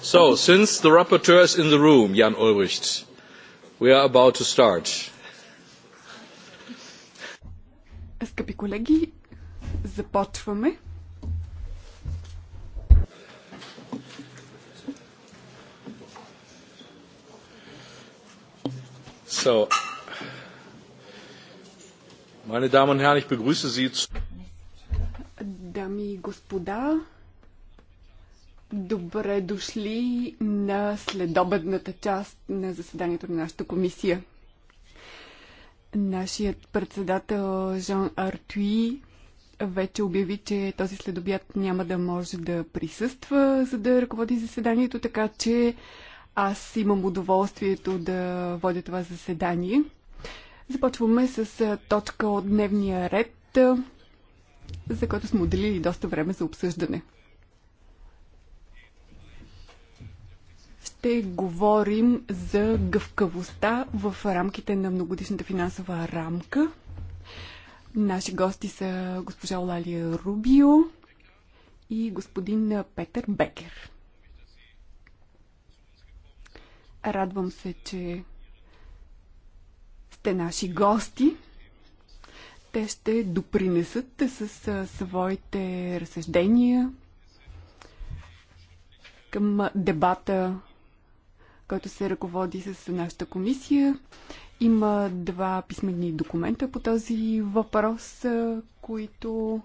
So, since the rapporteur is in the room, Jan Ulbricht, we are about to start. Скъпи колеги, започваме. So, meine Damen und Herren, ich begrüße Sie. Дами и господа, Добре дошли на следобедната част на заседанието на нашата комисия. Нашият председател Жан артуи вече обяви, че този следобед няма да може да присъства, за да ръководи заседанието, така че аз имам удоволствието да водя това заседание. Започваме с точка от дневния ред, за който сме отделили доста време за обсъждане. ще говорим за гъвкавостта в рамките на многодишната финансова рамка. Наши гости са госпожа Лалия Рубио и господин Петър Бекер. Радвам се, че сте наши гости. Те ще допринесат с своите разсъждения към дебата който се ръководи с нашата комисия. Има два писмени документа по този въпрос, които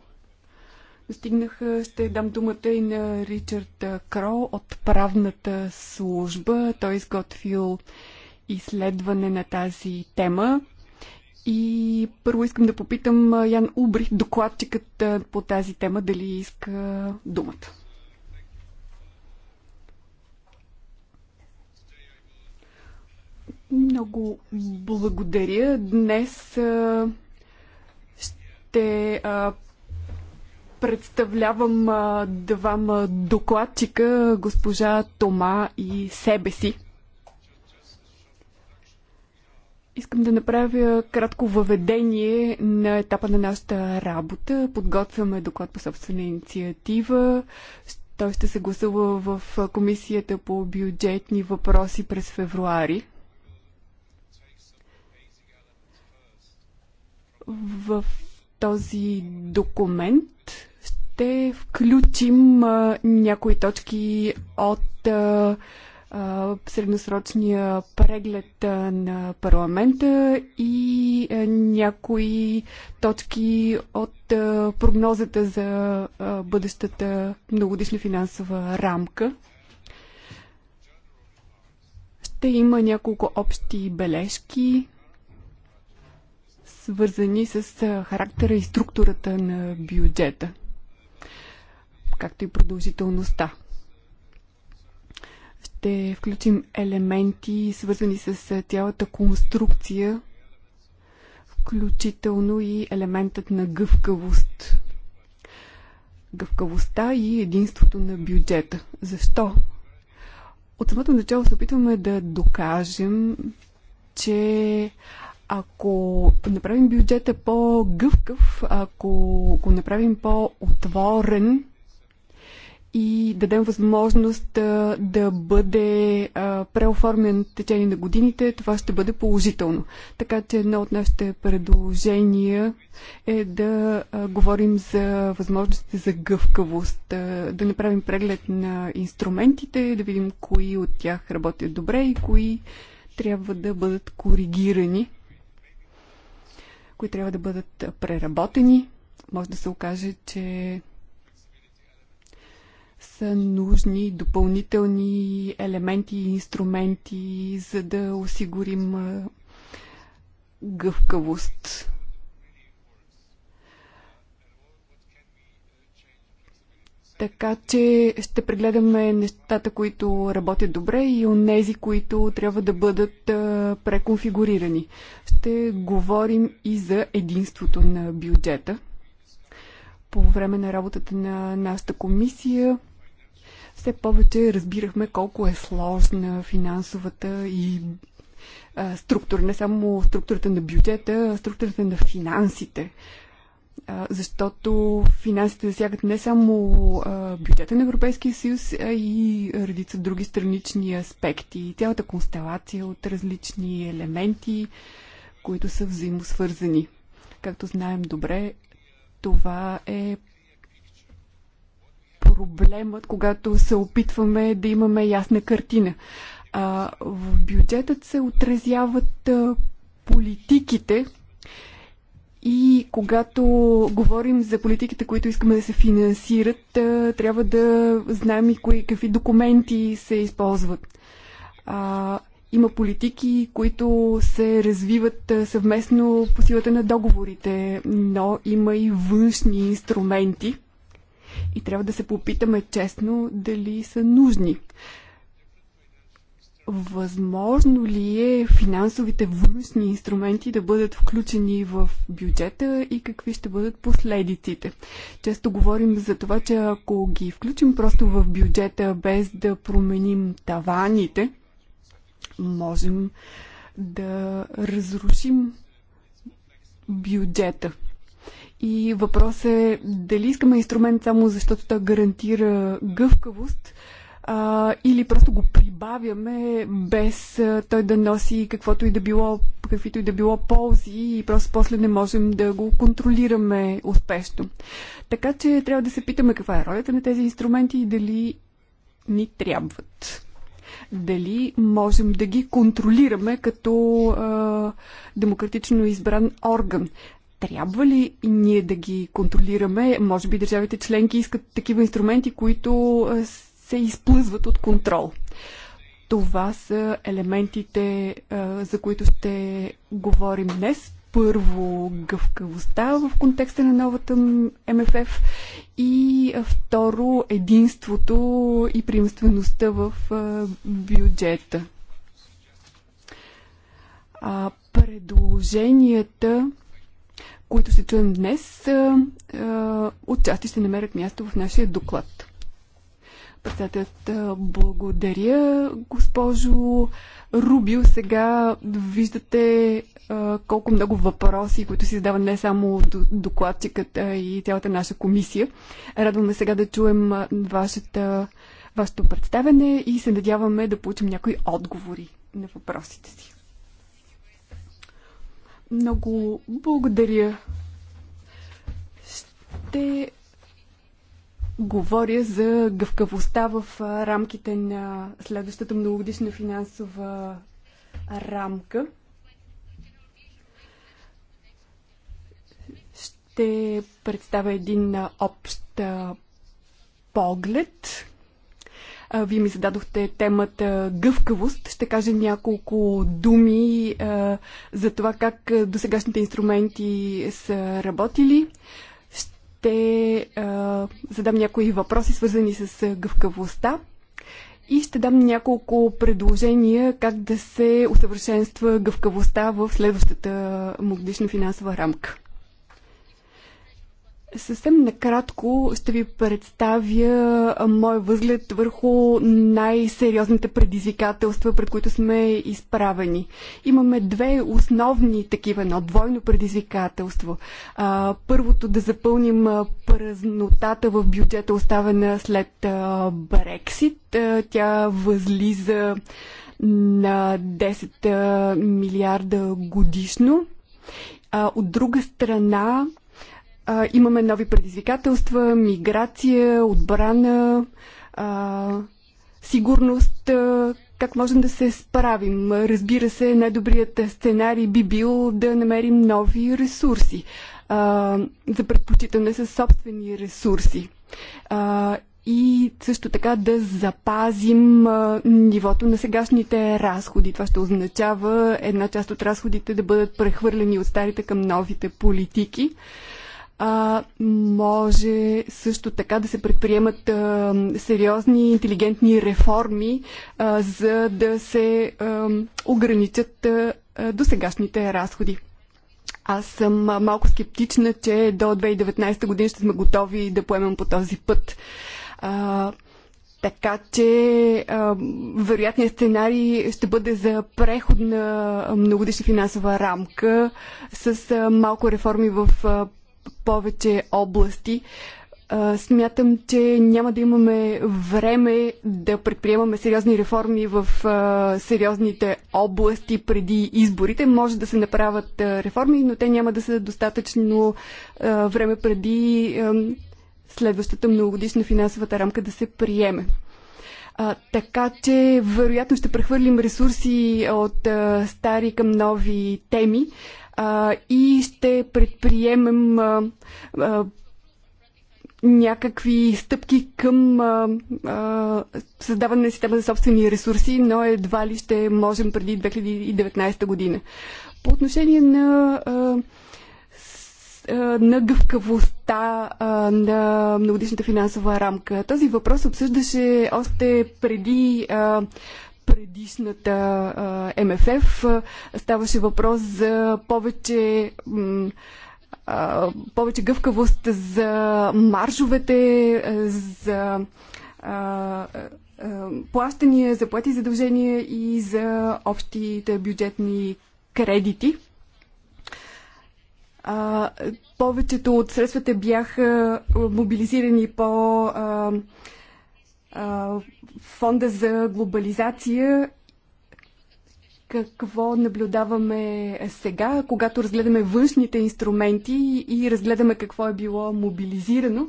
достигнаха. Ще дам думата и на Ричард Кроу от правната служба. Той е изготвил изследване на тази тема. И първо искам да попитам Ян Убрих, докладчикът по тази тема, дали иска думата. Много благодаря. Днес а, ще а, представлявам а, двама докладчика, госпожа Тома и себе си. Искам да направя кратко въведение на етапа на нашата работа. Подготвяме доклад по собствена инициатива. Той ще се гласува в Комисията по бюджетни въпроси през февруари В този документ ще включим а, някои точки от а, а, средносрочния преглед а, на парламента и а, някои точки от а, прогнозата за а, бъдещата многодишна финансова рамка. Ще има няколко общи бележки свързани с характера и структурата на бюджета, както и продължителността. Ще включим елементи, свързани с цялата конструкция, включително и елементът на гъвкавост. Гъвкавостта и единството на бюджета. Защо? От самото начало се опитваме да докажем, че ако направим бюджета по-гъвкав, ако го направим по-отворен и дадем възможност да бъде преоформен в течение на годините, това ще бъде положително. Така че едно от нашите предложения е да говорим за възможностите за гъвкавост, да направим преглед на инструментите, да видим кои от тях работят добре и кои трябва да бъдат коригирани които трябва да бъдат преработени. Може да се окаже, че са нужни допълнителни елементи и инструменти, за да осигурим гъвкавост Така че ще прегледаме нещата, които работят добре и онези, които трябва да бъдат преконфигурирани. Ще говорим и за единството на бюджета. По време на работата на нашата комисия все повече разбирахме колко е сложна финансовата и структура, не само структурата на бюджета, а структурата на финансите защото финансите засягат не само бюджета на Европейския съюз, а и редица други странични аспекти. Цялата констелация от различни елементи, които са взаимосвързани. Както знаем добре, това е проблемът, когато се опитваме да имаме ясна картина. А, в бюджетът се отразяват политиките, и когато говорим за политиките, които искаме да се финансират, трябва да знаем и кои, какви документи се използват. А, има политики, които се развиват съвместно по силата на договорите, но има и външни инструменти. И трябва да се попитаме честно дали са нужни. Възможно ли е финансовите външни инструменти да бъдат включени в бюджета и какви ще бъдат последиците? Често говорим за това, че ако ги включим просто в бюджета без да променим таваните, можем да разрушим бюджета. И въпрос е дали искаме инструмент само защото той гарантира гъвкавост, а, или просто го прибавяме без а, той да носи каквото и да било, каквито и да било ползи и просто после не можем да го контролираме успешно. Така че трябва да се питаме каква е ролята на тези инструменти и дали ни трябват. Дали можем да ги контролираме като а, демократично избран орган трябва ли ние да ги контролираме? Може би държавите членки искат такива инструменти, които се изплъзват от контрол. Това са елементите, за които ще говорим днес. Първо гъвкавостта в контекста на новата МФФ и второ единството и приемствеността в бюджета. Предложенията които ще чуем днес, отчасти ще намерят място в нашия доклад. Председателят благодаря, госпожо Рубио. Сега виждате колко много въпроси, които си задава не само докладчикът, а и цялата наша комисия. Радваме сега да чуем вашата, вашето представене и се надяваме да получим някои отговори на въпросите си. Много благодаря. Ще Говоря за гъвкавостта в рамките на следващата многогодишна финансова рамка. Ще представя един общ поглед. Вие ми зададохте темата гъвкавост. Ще кажа няколко думи за това как досегашните инструменти са работили ще а, задам някои въпроси, свързани с гъвкавостта и ще дам няколко предложения как да се усъвършенства гъвкавостта в следващата му годишна финансова рамка. Съвсем накратко ще ви представя мой възглед върху най-сериозните предизвикателства, пред които сме изправени. Имаме две основни такива, едно двойно предизвикателство. Първото да запълним празнотата в бюджета, оставена след Брексит. Тя възлиза на 10 милиарда годишно. От друга страна, а, имаме нови предизвикателства, миграция, отбрана, а, сигурност. А, как можем да се справим? Разбира се, най-добрият сценарий би бил да намерим нови ресурси а, за предпочитане с собствени ресурси. А, и също така да запазим а, нивото на сегашните разходи. Това ще означава една част от разходите да бъдат прехвърлени от старите към новите политики. А, а може също така да се предприемат а, сериозни интелигентни реформи, а, за да се а, ограничат а, досегашните разходи. Аз съм малко скептична, че до 2019 година ще сме готови да поемем по този път. А, така че а, вероятният сценарий ще бъде за преходна многодишна финансова рамка с а, малко реформи в а, повече области. Смятам, че няма да имаме време да предприемаме сериозни реформи в сериозните области преди изборите. Може да се направят реформи, но те няма да са достатъчно време преди следващата многогодишна финансовата рамка да се приеме. А, така че, вероятно, ще прехвърлим ресурси от а, стари към нови теми а, и ще предприемем а, а, някакви стъпки към а, а, създаване на система за собствени ресурси, но едва ли ще можем преди 2019 година. По отношение на а, на гъвкавостта на многодишната финансова рамка. Този въпрос обсъждаше още преди предишната МФФ. Ставаше въпрос за повече повече гъвкавост за маржовете, за плащания, за плати задължения и за общите бюджетни кредити. А, повечето от средствата бяха мобилизирани по а, а, фонда за глобализация какво наблюдаваме сега, когато разгледаме външните инструменти и разгледаме какво е било мобилизирано.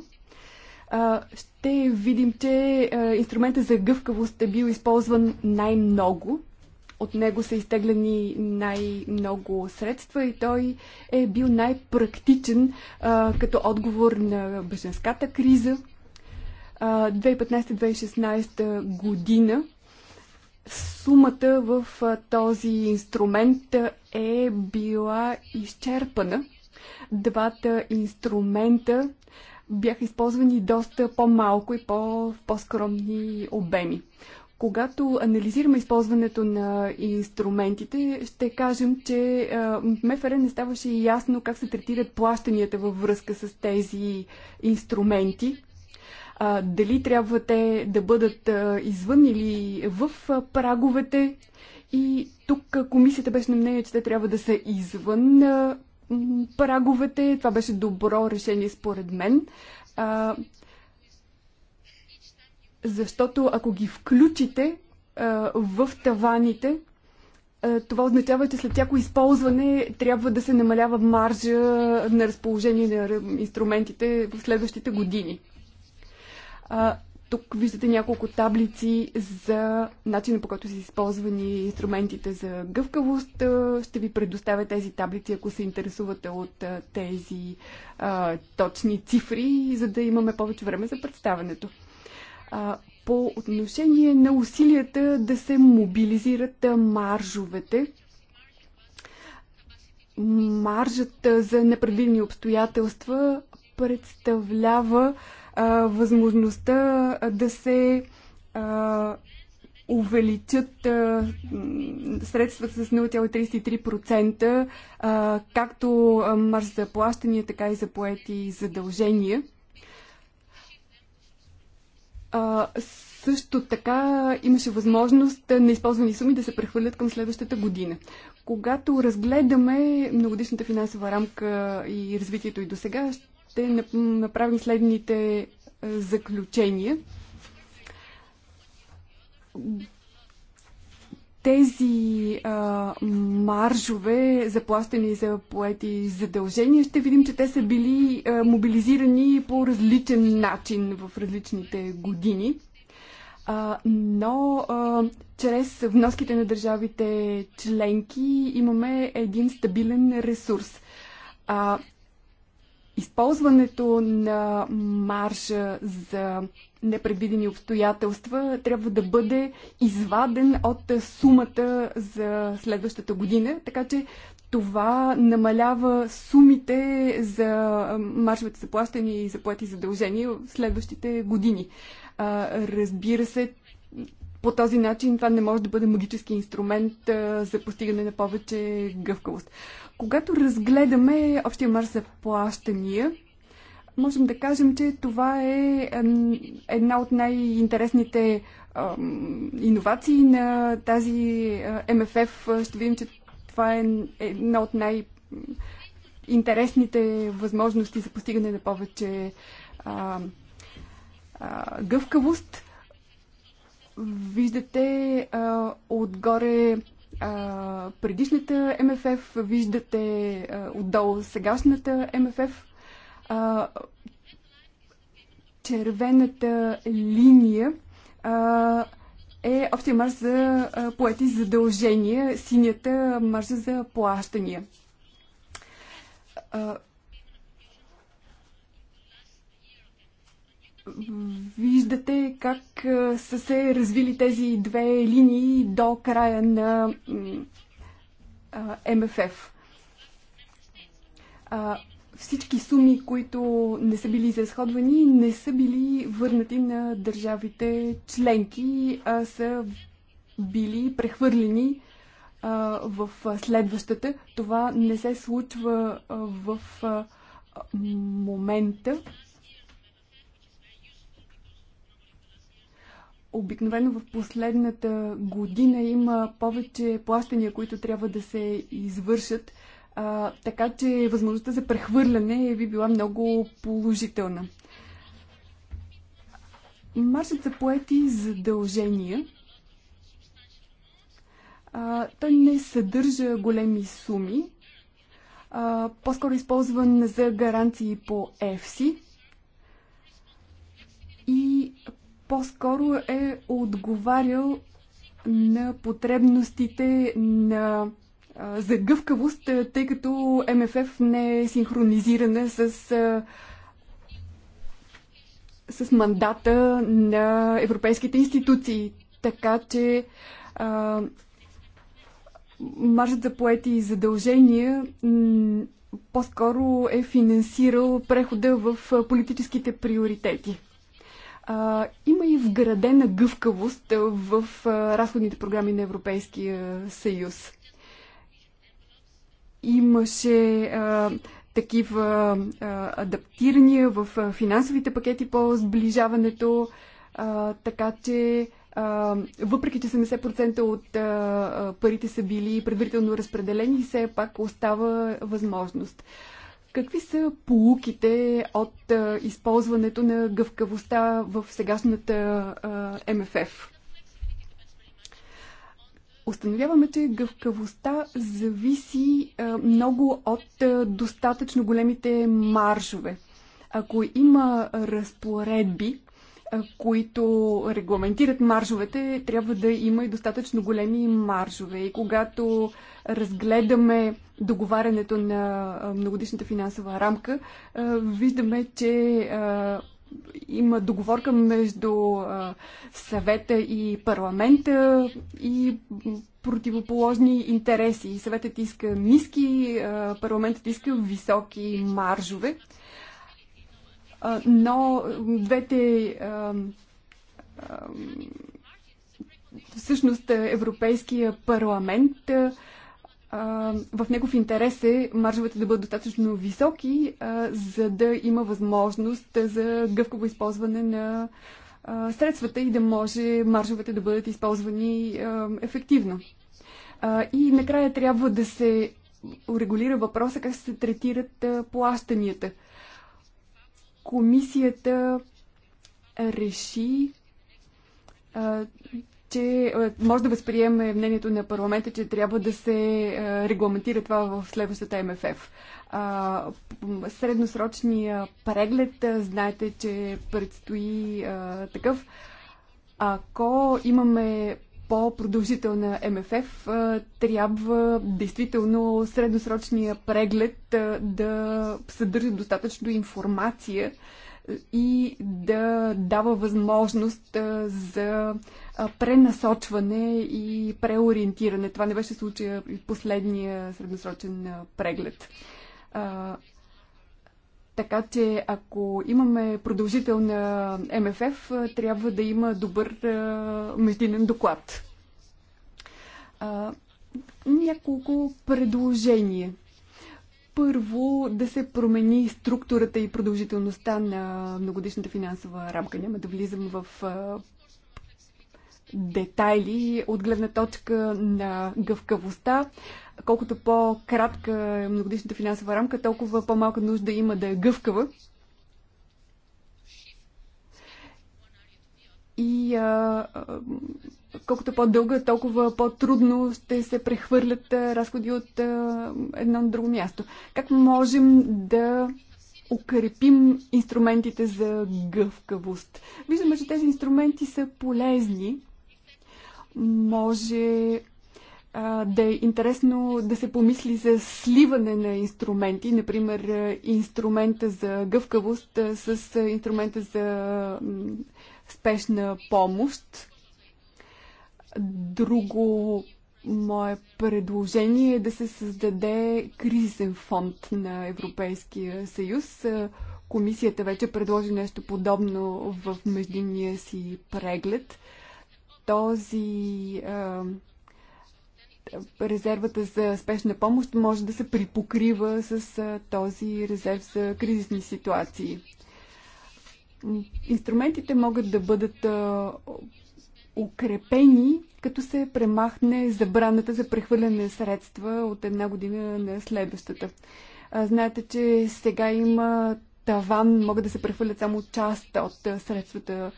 Ще видим, че инструментът за гъвкавост е бил използван най-много. От него са изтеглени най-много средства и той е бил най-практичен като отговор на беженската криза – 2015-2016 година сумата в този инструмент е била изчерпана. Двата инструмента бяха използвани доста по-малко и по- по-скромни обеми. Когато анализираме използването на инструментите, ще кажем, че МФР не ставаше ясно как се третират плащанията във връзка с тези инструменти а, дали трябва те да бъдат а, извън или в а, праговете. И тук а, комисията беше на мнение, че те трябва да са извън а, праговете. Това беше добро решение според мен. А, защото ако ги включите а, в таваните, това означава, че след всяко използване трябва да се намалява маржа на разположение на инструментите в следващите години. А, тук виждате няколко таблици за начина по който са използвани инструментите за гъвкавост. Ще ви предоставя тези таблици, ако се интересувате от тези а, точни цифри, за да имаме повече време за представането. А, по отношение на усилията да се мобилизират маржовете, маржата за непредвидени обстоятелства представлява възможността да се увеличат а, средствата с 0,33%, а, както марш за плащания, така и за поети задължения. А, също така имаше възможност неизползвани суми да се прехвърлят към следващата година. Когато разгледаме многодишната финансова рамка и развитието и до сега, ще направим следните е, заключения. Тези а, маржове, заплащани за поети задължения, ще видим, че те са били а, мобилизирани по различен начин в различните години. А, но а, чрез вноските на държавите членки имаме един стабилен ресурс. А, използването на маржа за непредвидени обстоятелства трябва да бъде изваден от сумата за следващата година, така че това намалява сумите за маршовете за и заплати задължения в следващите години. Разбира се, по този начин това не може да бъде магически инструмент за постигане на повече гъвкавост. Когато разгледаме общия марш за плащания, можем да кажем, че това е една от най-интересните иновации на тази МФФ. Ще видим, че това е една от най- интересните възможности за постигане на повече а, а, гъвкавост. Виждате а, отгоре а, предишната МФФ, виждате а, отдолу сегашната МФФ. А, червената линия а, е общия марш за а, поети задължения, синята марша за плащания. виждате как са се развили тези две линии до края на МФФ. Всички суми, които не са били изразходвани, не са били върнати на държавите членки, а са били прехвърлени в следващата. Това не се случва в момента. Обикновено в последната година има повече плащания, които трябва да се извършат, а, така че възможността за прехвърляне би била много положителна. Маршът за поети задължения. А, той не съдържа големи суми, по-скоро използван за гаранции по EFSI и по-скоро е отговарял на потребностите на за гъвкавост, тъй като МФФ не е синхронизирана с, с мандата на европейските институции. Така че а, маржът за поети и задължения по-скоро е финансирал прехода в политическите приоритети а, има и вградена гъвкавост в а, разходните програми на Европейския съюз. Имаше а, такива а, адаптирания в а, финансовите пакети по сближаването, а, така че а, въпреки, че 70% от а, парите са били предварително разпределени, все пак остава възможност. А, Какви са полуките от а, използването на гъвкавостта в сегашната а, МФФ? Установяваме, че гъвкавостта зависи а, много от а, достатъчно големите маржове. Ако има разпоредби, които регламентират маржовете, трябва да има и достатъчно големи маржове. И когато разгледаме договарянето на многодишната финансова рамка, виждаме, че има договорка между съвета и парламента и противоположни интереси. Съветът иска ниски, парламентът иска високи маржове но двете всъщност Европейския парламент в негов интерес е маржовете да бъдат достатъчно високи, за да има възможност за гъвково използване на средствата и да може маржовете да бъдат използвани ефективно. И накрая трябва да се урегулира въпроса как се третират плащанията комисията реши, че може да възприеме мнението на парламента, че трябва да се регламентира това в следващата МФФ. средносрочния преглед, знаете, че предстои такъв. Ако имаме по-продължителна МФФ, трябва действително средносрочния преглед да съдържа достатъчно информация и да дава възможност за пренасочване и преориентиране. Това не беше случая и последния средносрочен преглед. Така че ако имаме продължител на МФФ, трябва да има добър междинен доклад. А, няколко предложения. Първо, да се промени структурата и продължителността на многодишната финансова рамка. Няма да влизам в детайли от гледна точка на гъвкавостта. Колкото по-кратка е многодишната финансова рамка, толкова по-малка нужда има да е гъвкава. И а, колкото по-дълга, толкова по-трудно ще се прехвърлят разходи от а, едно на друго място. Как можем да укрепим инструментите за гъвкавост? Виждаме, че тези инструменти са полезни, може а, да е интересно да се помисли за сливане на инструменти, например инструмента за гъвкавост с инструмента за спешна помощ. Друго мое предложение е да се създаде кризен фонд на Европейския съюз. Комисията вече предложи нещо подобно в междинния си преглед – този а, резервата за спешна помощ може да се припокрива с а, този резерв за кризисни ситуации. Инструментите могат да бъдат а, укрепени, като се премахне забраната за прехвърляне средства от една година на следващата. А, знаете, че сега има таван, могат да се прехвърлят само част от средствата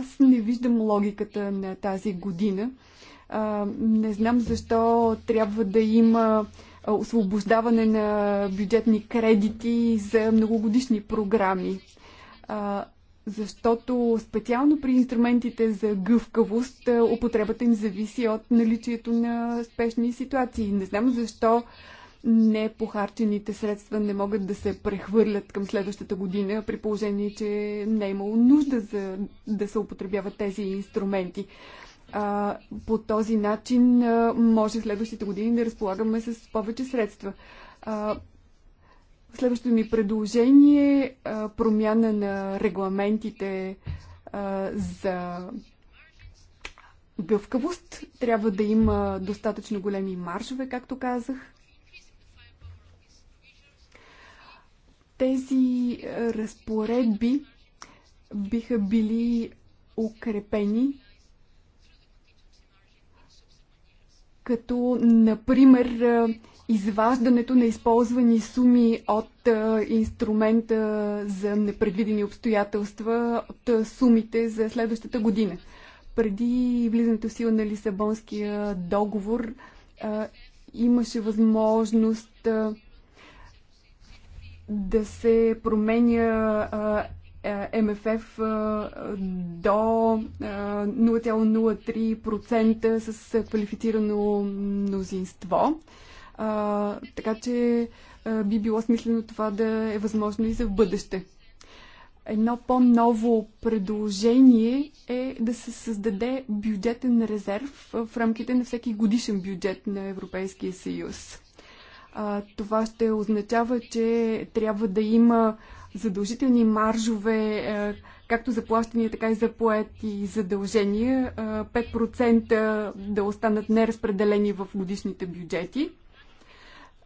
аз не виждам логиката на тази година. А, не знам защо трябва да има освобождаване на бюджетни кредити за многогодишни програми. А, защото специално при инструментите за гъвкавост употребата им зависи от наличието на спешни ситуации. Не знам защо непохарчените средства не могат да се прехвърлят към следващата година, при положение, че не е имало нужда за да се употребяват тези инструменти. А, по този начин а, може следващите години да разполагаме с повече средства. А, следващото ми предложение е промяна на регламентите а, за гъвкавост. Трябва да има достатъчно големи маршове, както казах. Тези е, разпоредби биха били укрепени като, например, е, изваждането на използвани суми от е, инструмента за непредвидени обстоятелства от сумите за следващата година. Преди влизането в сила на Лисабонския договор имаше възможност да се променя МФФ до 0,03% с квалифицирано мнозинство. Така че би било смислено това да е възможно и за в бъдеще. Едно по-ново предложение е да се създаде бюджетен резерв в рамките на всеки годишен бюджет на Европейския съюз а, това ще означава, че трябва да има задължителни маржове, а, е, както за плащания, така и за поети задължения. 5% е, да останат неразпределени в годишните бюджети.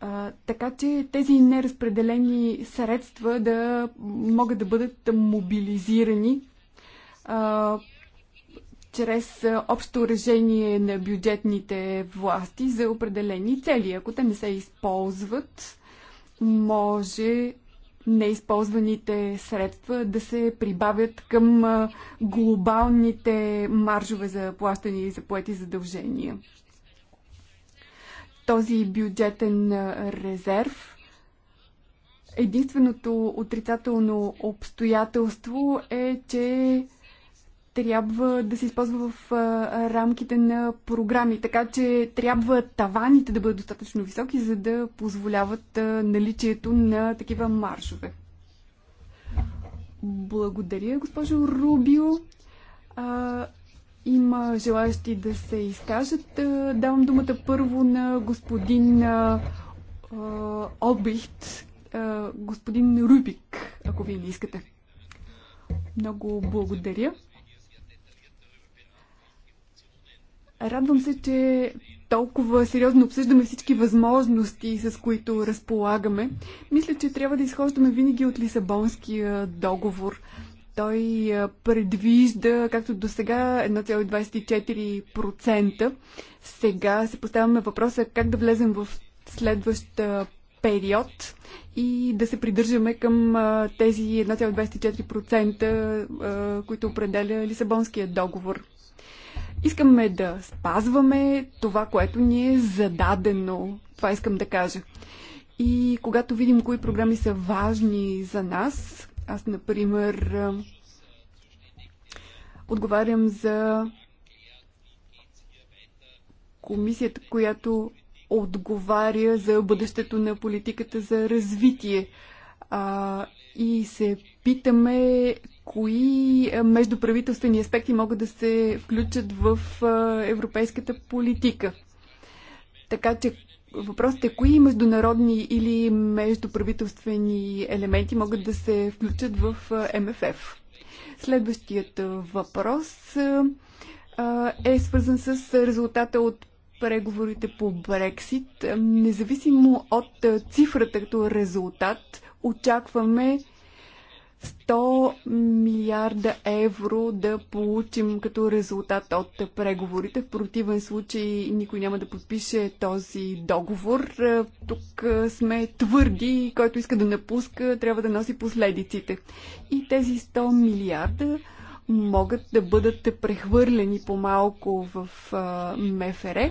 А, е, така че тези неразпределени средства да могат да бъдат мобилизирани а, чрез е, общо решение на бюджетните власти за определени цели. Ако те не се използват, може неизползваните средства да се прибавят към е, глобалните маржове за плащане и за поети задължения. Този бюджетен е, резерв единственото отрицателно обстоятелство е, че трябва да се използва в рамките на програми, така че трябва таваните да бъдат достатъчно високи, за да позволяват наличието на такива маршове. Благодаря, госпожо Рубио. А, има желаящи да се изкажат. А, давам думата първо на господин а, Обихт, а, господин Рубик, ако вие не искате. Много благодаря. Радвам се, че толкова сериозно обсъждаме всички възможности, с които разполагаме. Мисля, че трябва да изхождаме винаги от Лисабонския договор. Той предвижда, както до сега, 1,24%. Сега се поставяме въпроса как да влезем в следващ период и да се придържаме към тези 1,24%, които определя Лисабонския договор. Искаме да спазваме това, което ни е зададено. Това искам да кажа. И когато видим кои програми са важни за нас, аз, например, отговарям за комисията, която отговаря за бъдещето на политиката за развитие. А, и се питаме кои е, междуправителствени аспекти могат да се включат в е, европейската политика. Така че въпросът е кои международни или междуправителствени елементи могат да се включат в е, МФФ. Следващият въпрос е свързан с резултата от преговорите по Брексит. Независимо от цифрата като резултат, очакваме 100 милиарда евро да получим като резултат от преговорите. В противен случай никой няма да подпише този договор. Е, тук е, сме твърди и който иска да напуска, трябва да носи последиците. И тези 100 милиарда могат да бъдат прехвърлени по-малко в е, МФР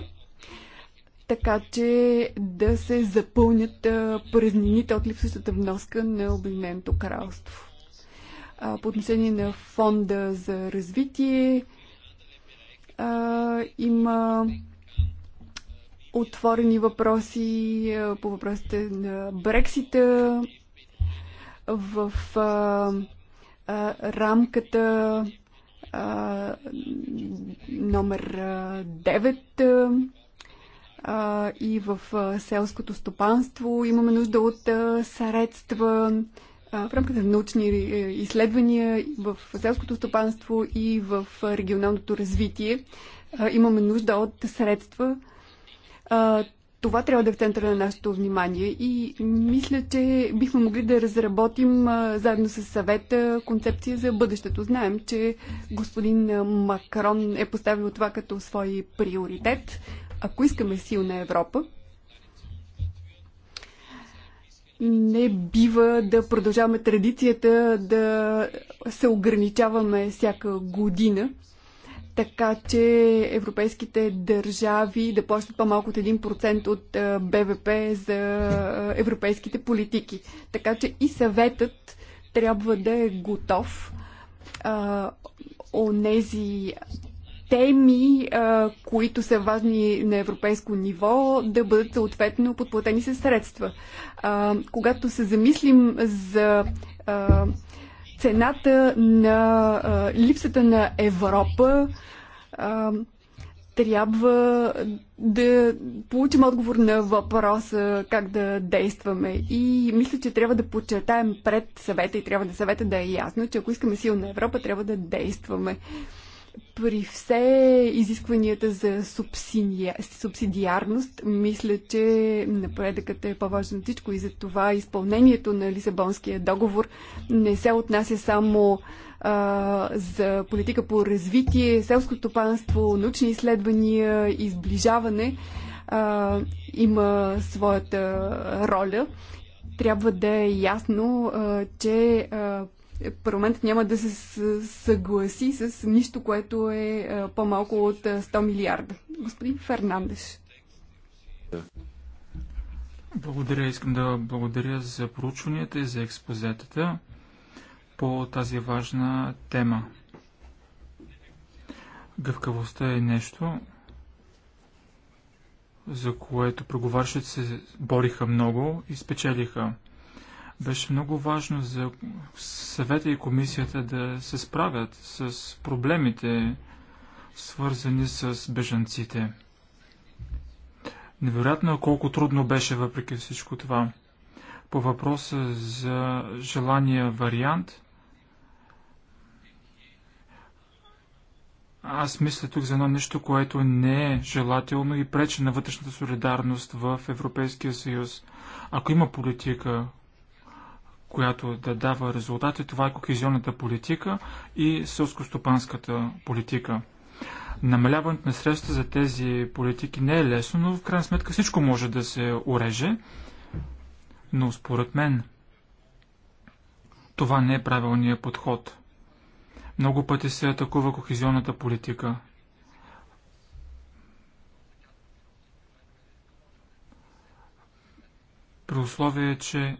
така че да се запълнят празнините от липсващата вноска на Обединеното кралство а, по отношение на фонда за развитие а, има отворени въпроси а, по въпросите на Брексита в а, а, рамката а, номер 9 а, и в селското стопанство. Имаме нужда от а, средства, в рамките на научни е, изследвания в селското стопанство и в регионалното развитие имаме нужда от средства. Това трябва да е в центъра на нашето внимание и мисля, че бихме могли да разработим заедно с съвета концепция за бъдещето. Знаем, че господин Макрон е поставил това като свой приоритет. Ако искаме силна Европа, не бива да продължаваме традицията да се ограничаваме всяка година, така че европейските държави да плащат по-малко от 1% от БВП за европейските политики. Така че и съветът трябва да е готов онези теми, а, които са важни на европейско ниво, да бъдат съответно подплатени със средства. А, когато се замислим за а, цената на а, липсата на Европа, а, трябва да получим отговор на въпроса как да действаме. И мисля, че трябва да подчертаем пред съвета и трябва да съвета да е ясно, че ако искаме силна Европа, трябва да действаме. При все изискванията за субсидия, субсидиарност, мисля, че напредъкът е по-важен от всичко и за това изпълнението на Лисабонския договор не се отнася само а, за политика по развитие, селско стопанство, научни изследвания, изближаване а, има своята роля. Трябва да е ясно, а, че а, парламентът няма да се съгласи с нищо, което е по-малко от 100 милиарда. Господин Фернандеш. Благодаря. Искам да благодаря за проучванията и за експозетата по тази важна тема. Гъвкавостта е нещо, за което преговарщите се бориха много и спечелиха. Беше много важно за съвета и комисията да се справят с проблемите, свързани с бежанците. Невероятно е колко трудно беше въпреки всичко това. По въпроса за желания вариант, аз мисля тук за едно нещо, което не е желателно и пречи на вътрешната солидарност в Европейския съюз. Ако има политика, която да дава резултати. Това е кохезионната политика и сълскостопанската политика. Намаляването на средства за тези политики не е лесно, но в крайна сметка всичко може да се уреже. Но според мен това не е правилният подход. Много пъти се атакува кохезионната политика. При условие, че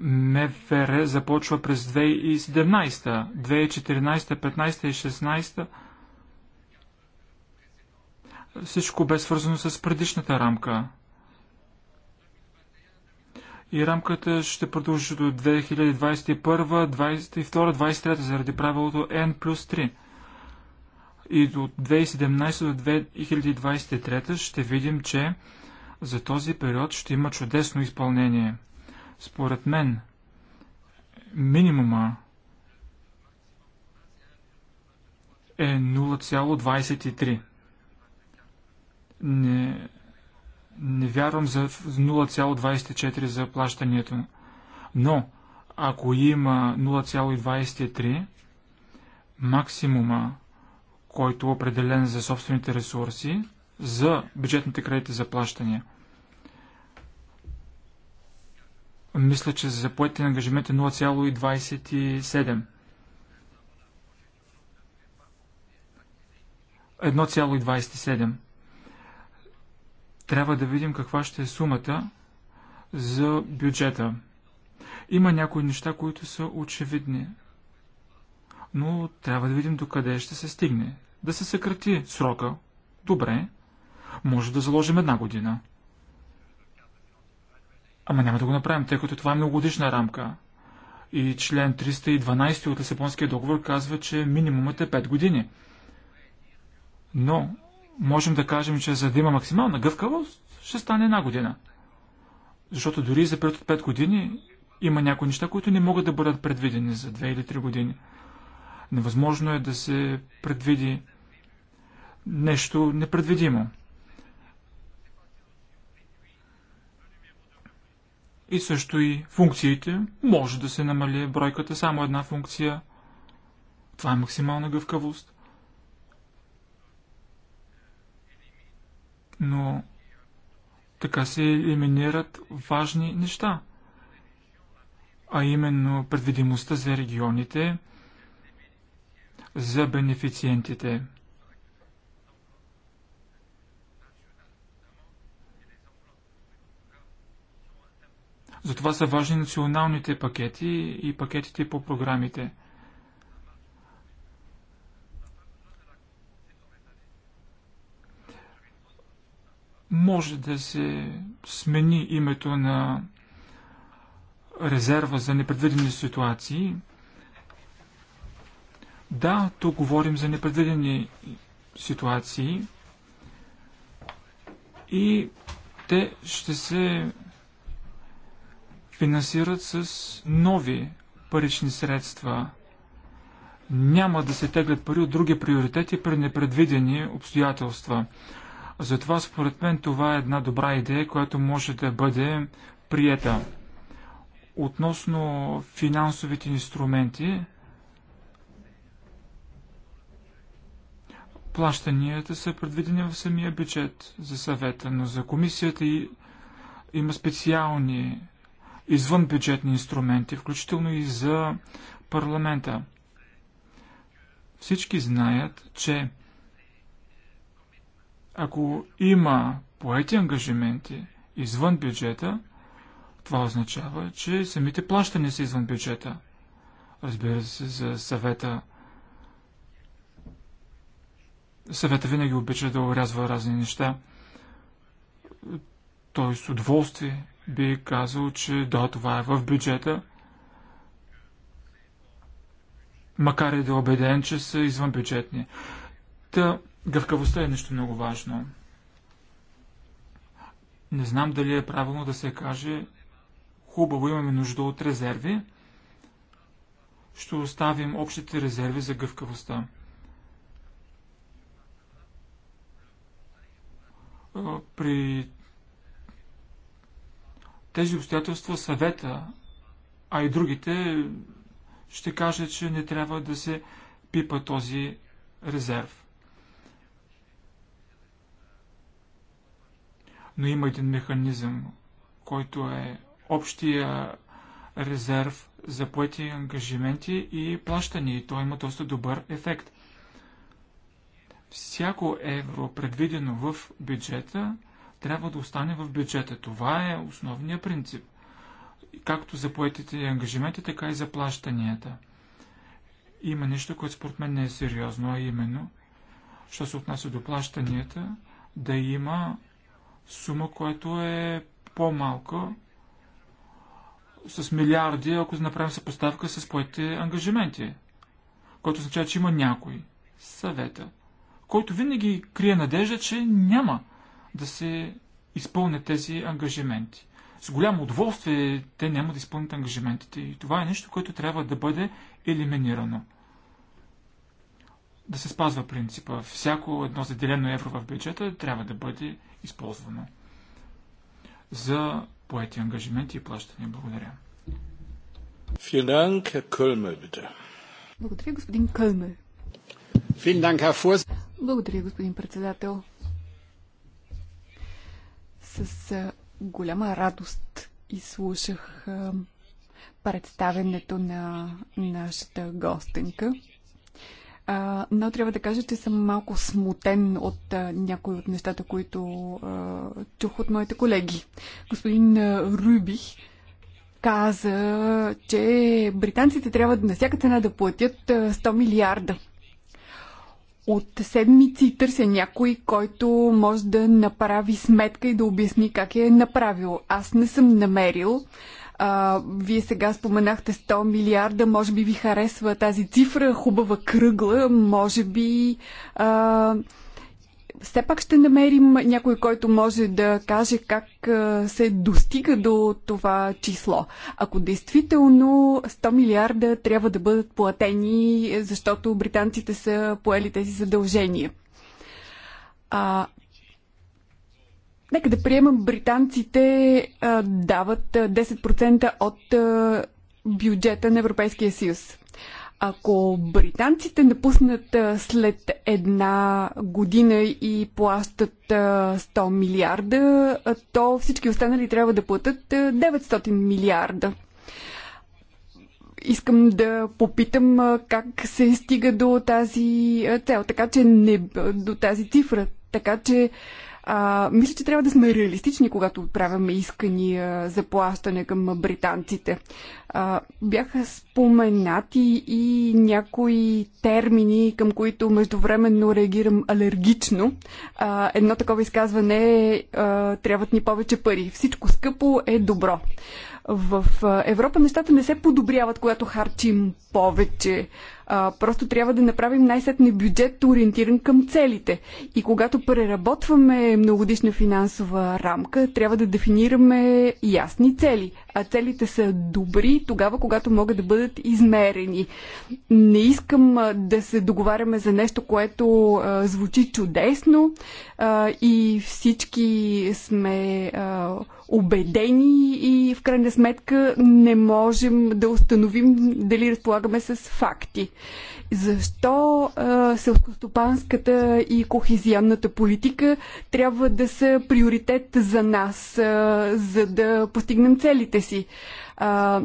МФР започва през 2017, 2014, 2015 и 2016. Всичко бе свързано с предишната рамка. И рамката ще продължи до 2021, 2022, 2023 заради правилото N плюс 3. И до 2017 до 2023 ще видим, че за този период ще има чудесно изпълнение – според мен, минимума е 0,23. Не, не вярвам за 0,24 за плащането. Но, ако има 0,23, максимума, който е определен за собствените ресурси, за бюджетните кредити за плащания – Мисля, че за поетите на ангажимент е 0,27. 1,27. Трябва да видим каква ще е сумата за бюджета. Има някои неща, които са очевидни. Но трябва да видим докъде ще се стигне. Да се съкрати срока. Добре. Може да заложим една година. Ама няма да го направим, тъй като това е многогодишна рамка. И член 312 от Лисабонския договор казва, че минимумът е 5 години. Но можем да кажем, че за да има максимална гъвкавост, ще стане една година. Защото дори за период от 5 години има някои неща, които не могат да бъдат предвидени за 2 или 3 години. Невъзможно е да се предвиди нещо непредвидимо. и също и функциите. Може да се намали бройката само една функция. Това е максимална гъвкавост. Но така се елиминират важни неща, а именно предвидимостта за регионите, за бенефициентите – Затова са важни националните пакети и пакетите по програмите. Може да се смени името на резерва за непредвидени ситуации. Да, тук говорим за непредвидени ситуации и те ще се финансират с нови парични средства. Няма да се теглят пари от други приоритети при непредвидени обстоятелства. Затова според мен това е една добра идея, която може да бъде приета. Относно финансовите инструменти, плащанията са предвидени в самия бюджет за съвета, но за комисията и има специални извън бюджетни инструменти, включително и за парламента. Всички знаят, че ако има поети ангажименти извън бюджета, това означава, че самите плащания са извън бюджета. Разбира се, за съвета. Съвета винаги обича да урязва разни неща. Той с удоволствие би казал, че да, това е в бюджета, макар и да е убеден, че са извънбюджетни. Та, гъвкавостта е нещо много важно. Не знам дали е правилно да се каже, хубаво имаме нужда от резерви, ще оставим общите резерви за гъвкавостта. При тези обстоятелства съвета, а и другите ще каже, че не трябва да се пипа този резерв. Но има един механизъм, който е общия резерв за поети ангажименти и плащания. И той има доста добър ефект. Всяко евро, предвидено в бюджета, трябва да остане в бюджета. Това е основният принцип. Както за поетите и ангажименти, така и за плащанията. Има нещо, което според мен не е сериозно, а именно, що се отнася до плащанията, да има сума, която е по-малка с милиарди, ако направим съпоставка с поетите ангажименти, което означава, че има някой съвета, който винаги крие надежда, че няма да се изпълнят тези ангажименти. С голямо удоволствие те няма да изпълнят ангажиментите и това е нещо, което трябва да бъде елиминирано. Да се спазва принципа. Всяко едно заделено евро в бюджета трябва да бъде използвано за поети ангажименти и плащания. Благодаря. Благодаря, господин Кълмер. Благодаря, господин председател. С голяма радост изслушах представенето на нашата гостенка. но трябва да кажа, че съм малко смутен от някои от нещата, които чух от моите колеги. Господин Рубих каза, че британците трябва на всяка цена да платят 100 милиарда от седмици търся някой, който може да направи сметка и да обясни как е направил. Аз не съм намерил. А, вие сега споменахте 100 милиарда, може би ви харесва тази цифра, хубава кръгла, може би а, все пак ще намерим някой, който може да каже как се достига до това число. Ако действително 100 милиарда трябва да бъдат платени, е, защото британците са поели тези задължения. А, нека да приемам, британците а, дават 10% от а, бюджета на Европейския съюз. Ако британците напуснат след една година и плащат 100 милиарда, то всички останали трябва да платят 900 милиарда. Искам да попитам как се стига до тази цел, така че не, до тази цифра. Така че а, мисля, че трябва да сме реалистични, когато отправяме искания за плащане към британците. А, бяха споменати и някои термини, към които междувременно реагирам алергично. А, едно такова изказване е трябват ни повече пари. Всичко скъпо е добро. В Европа нещата не се подобряват, когато харчим повече а, просто трябва да направим най-сетне бюджет, ориентиран към целите. И когато преработваме многодишна финансова рамка, трябва да дефинираме ясни цели. А целите са добри тогава, когато могат да бъдат измерени. Не искам да се договаряме за нещо, което а, звучи чудесно а, и всички сме а, убедени и в крайна сметка не можем да установим дали разполагаме с факти. Защо селскостопанската и кохезионната политика трябва да са приоритет за нас, а, за да постигнем целите си? А,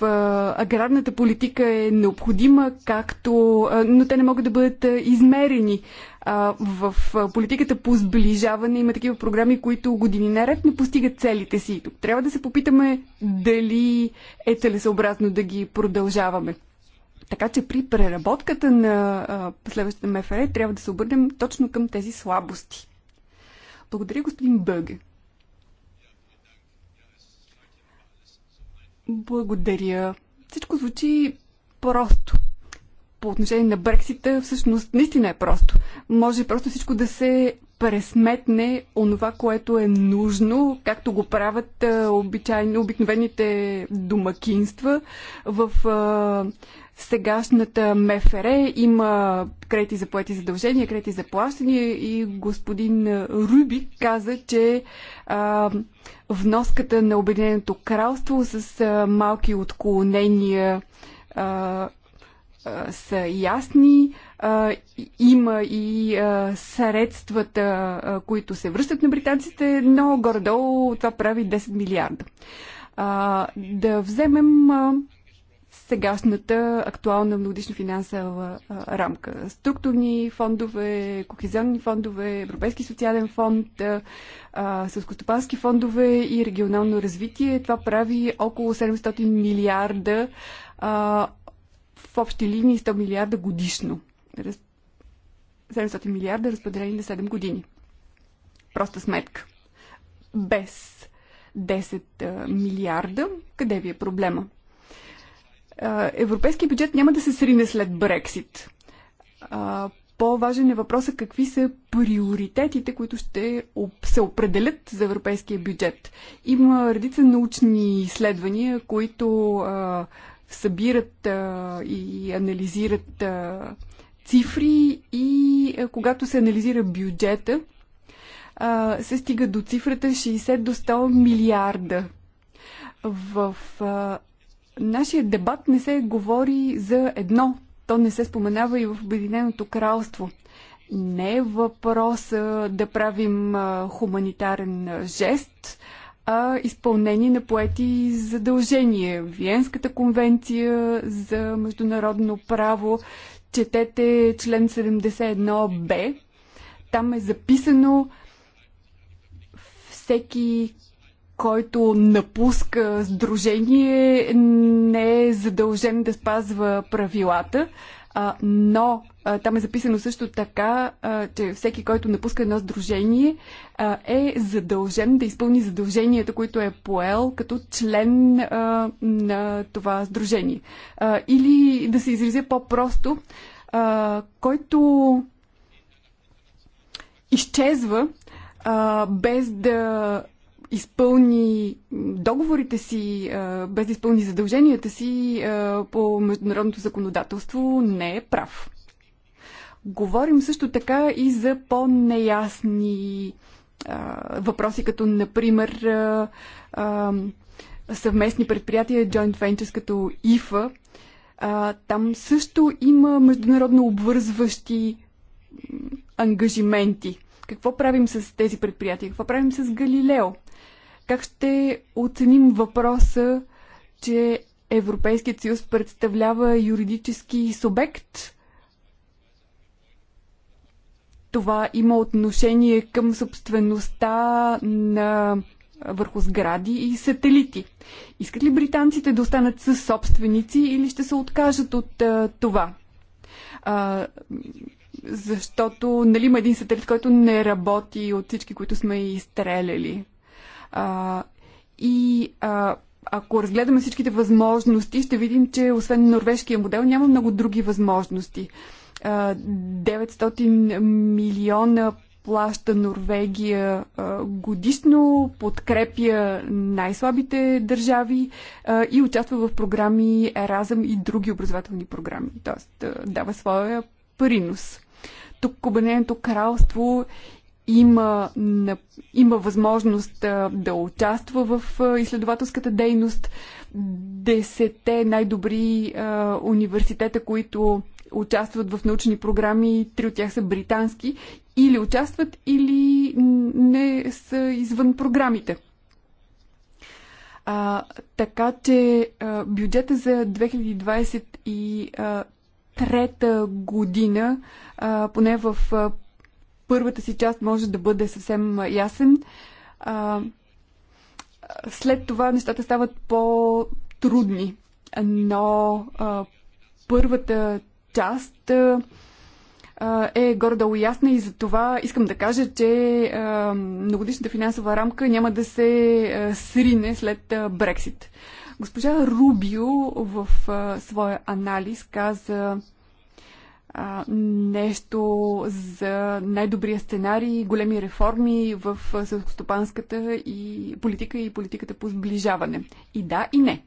в а, аграрната политика е необходима, както, а, но те не могат да бъдат а, измерени. А, в а, политиката по сближаване има такива програми, които години наред не постигат целите си. Тук трябва да се попитаме дали е целесообразно да ги продължаваме. Така че при преработката на следващата МФР трябва да се обърнем точно към тези слабости. Благодаря, господин Бъге. Благодаря. Всичко звучи просто. По отношение на Брексита, всъщност наистина е просто. Може просто всичко да се пресметне онова, което е нужно, както го правят обичайно, обикновените домакинства в а, сегашната МФР има кредити за поети задължения, кредити за плащания и господин Руби каза, че а, вноската на Обединеното кралство с а, малки отклонения а, а, са ясни. А, има и а, средствата, а, които се връщат на британците, но горе-долу това прави 10 милиарда. А, да вземем. А, сегашната актуална многодишна финансова рамка. Структурни фондове, кохезионни фондове, Европейски социален фонд, сълскостопански фондове и регионално развитие. Това прави около 700 милиарда в общи линии 100 милиарда годишно. 700 милиарда разпределени на 7 години. Проста сметка. Без 10 милиарда, къде ви е проблема? Европейския бюджет няма да се срине след Брексит. По-важен е въпросът какви са приоритетите, които ще се определят за европейския бюджет. Има редица научни изследвания, които събират и анализират цифри и когато се анализира бюджета, се стига до цифрата 60 до 100 милиарда. В нашия дебат не се говори за едно. То не се споменава и в Обединеното кралство. Не е въпрос да правим хуманитарен жест, а изпълнение на поети задължения. Виенската конвенция за международно право, четете член 71б. Там е записано всеки който напуска сдружение, не е задължен да спазва правилата, а, но а, там е записано също така, а, че всеки, който напуска едно сдружение, а, е задължен да изпълни задълженията, които е поел като член а, на това сдружение. А, или да се изразя по-просто, а, който изчезва а, без да изпълни договорите си, без да изпълни задълженията си по международното законодателство, не е прав. Говорим също така и за по-неясни въпроси, като например съвместни предприятия, joint ventures като ИФА. Там също има международно обвързващи ангажименти. Какво правим с тези предприятия? Какво правим с Галилео? Как ще оценим въпроса, че Европейският съюз представлява юридически субект? Това има отношение към собствеността на върху сгради и сателити. Искат ли британците да останат със собственици или ще се откажат от а, това? А, защото нали, има един сателит, който не работи от всички, които сме изстреляли. А, и а, ако разгледаме всичките възможности, ще видим, че освен норвежкия модел няма много други възможности. 900 милиона плаща Норвегия годишно, подкрепя най-слабите държави и участва в програми Еразъм и други образователни програми. Тоест дава своя принос. Тук Обединеното кралство има, има възможност да участва в изследователската дейност. Десете най-добри университета, които участват в научни програми, три от тях са британски, или участват, или не са извън програмите. А, така че а, бюджета за 2023 година, а, поне в първата си част може да бъде съвсем ясен. А, след това нещата стават по-трудни, но а, първата част а, е горе-долу ясна и за това искам да кажа, че а, многодишната финансова рамка няма да се а, срине след а, Брексит. Госпожа Рубио в а, своя анализ каза, а, нещо за най-добрия сценарий, големи реформи в селскостопанската и политика и политиката по сближаване. И да, и не.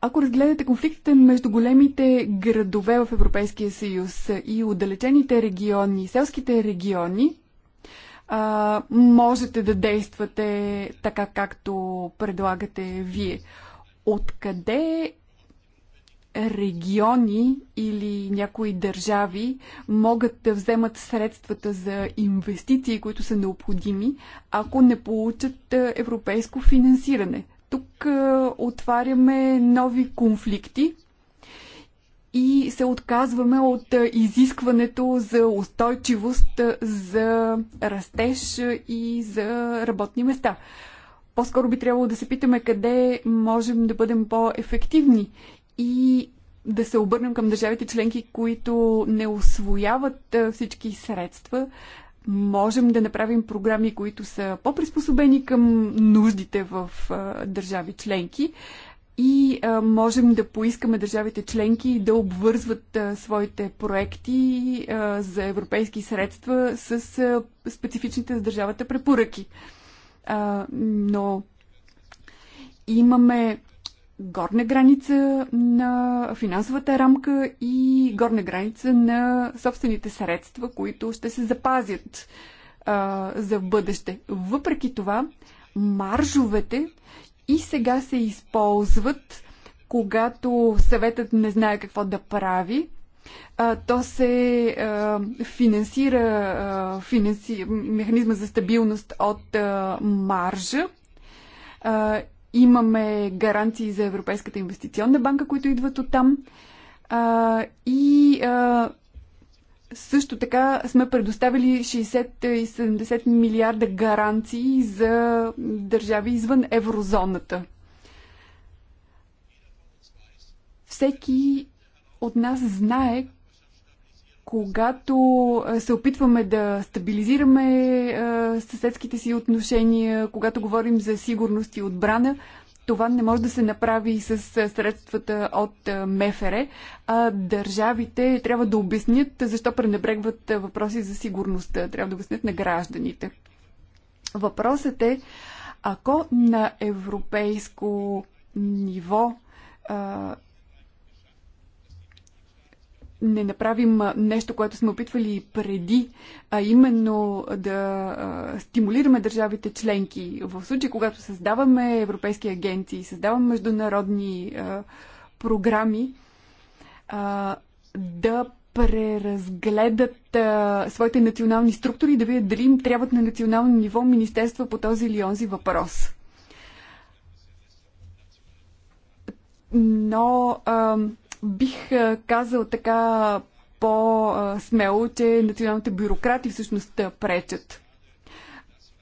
Ако разгледате конфликтите между големите градове в Европейския съюз и отдалечените региони, селските региони, а, можете да действате така, както предлагате вие. Откъде региони или някои държави могат да вземат средствата за инвестиции, които са необходими, ако не получат европейско финансиране. Тук отваряме нови конфликти и се отказваме от изискването за устойчивост, за растеж и за работни места по-скоро би трябвало да се питаме къде можем да бъдем по-ефективни и да се обърнем към държавите членки, които не освояват всички средства. Можем да направим програми, които са по-приспособени към нуждите в държави членки и можем да поискаме държавите членки да обвързват своите проекти за европейски средства с специфичните за държавата препоръки. но имаме горна граница на финансовата рамка и горна граница на собствените средства, които ще се запазят а, за бъдеще. Въпреки това, маржовете и сега се използват, когато съветът не знае какво да прави. А, то се а, финансира а, финанси, механизма за стабилност от а, маржа. А, Имаме гаранции за Европейската инвестиционна банка, които идват от там. А, и а, също така сме предоставили 60 и 70 милиарда гаранции за държави извън еврозоната. Всеки от нас знае когато се опитваме да стабилизираме съседските си отношения, когато говорим за сигурност и отбрана, това не може да се направи с средствата от МФР, а държавите трябва да обяснят защо пренебрегват въпроси за сигурността. Трябва да обяснят на гражданите. Въпросът е, ако на европейско ниво не направим нещо, което сме опитвали преди, а именно да стимулираме държавите членки. В случай, когато създаваме европейски агенции, създаваме международни програми, да преразгледат а, своите национални структури и да видят дали им трябват на национално ниво министерства по този или онзи въпрос. Но а, Бих казал така по-смело, че националните бюрократи всъщност пречат.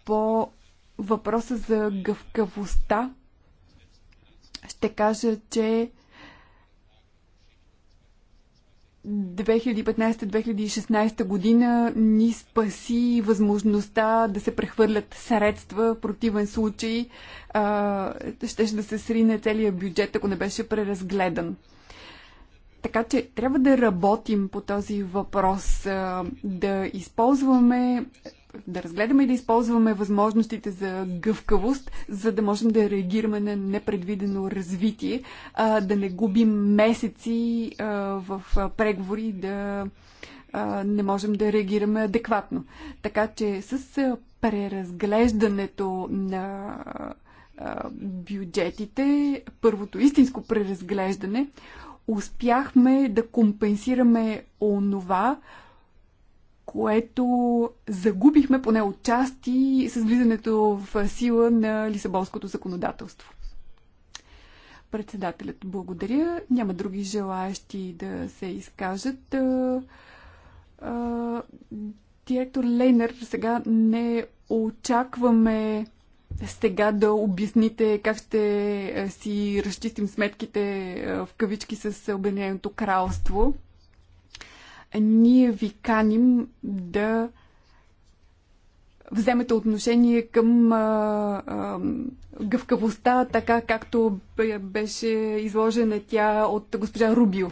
По въпроса за гъвкавостта ще кажа, че 2015-2016 година ни спаси възможността да се прехвърлят средства. В противен случай а, щеше да се срине целият бюджет, ако не беше преразгледан. Така че трябва да работим по този въпрос, да използваме, да разгледаме и да използваме възможностите за гъвкавост, за да можем да реагираме на непредвидено развитие, да не губим месеци в преговори, да не можем да реагираме адекватно. Така че с преразглеждането на бюджетите, първото истинско преразглеждане, успяхме да компенсираме онова, което загубихме поне отчасти с влизането в сила на Лисабонското законодателство. Председателят благодаря. Няма други желаящи да се изкажат. Директор Лейнер, сега не очакваме сега да обясните как ще е, си разчистим сметките е, в кавички с Обединеното кралство. Ние ви каним да вземете отношение към гъвкавостта, така както беше изложена тя от госпожа Рубио.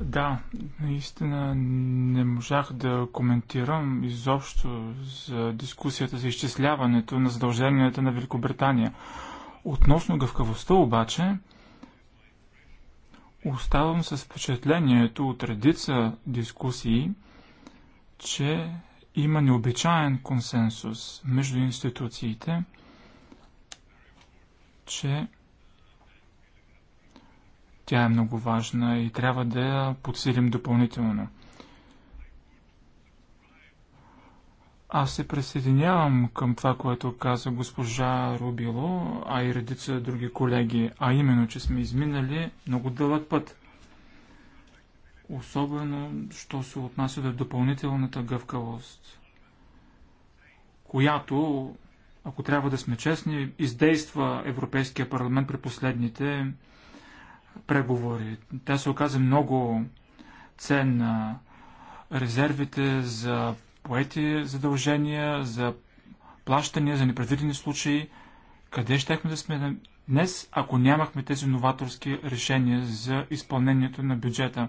Да, наистина не можах да коментирам изобщо за дискусията за изчисляването на задълженията на Великобритания. Относно гъвкавостта обаче, оставам с впечатлението от редица дискусии, че има необичаен консенсус между институциите, че тя е много важна и трябва да я подсилим допълнително. Аз се присъединявам към това, което каза госпожа Рубило, а и редица други колеги, а именно, че сме изминали много дълъг път. Особено, що се отнася до допълнителната гъвкавост, която, ако трябва да сме честни, издейства Европейския парламент при последните преговори. Тя се оказа много ценна. Резервите за поети задължения, за плащания, за непредвидени случаи. Къде щехме да сме днес, ако нямахме тези новаторски решения за изпълнението на бюджета?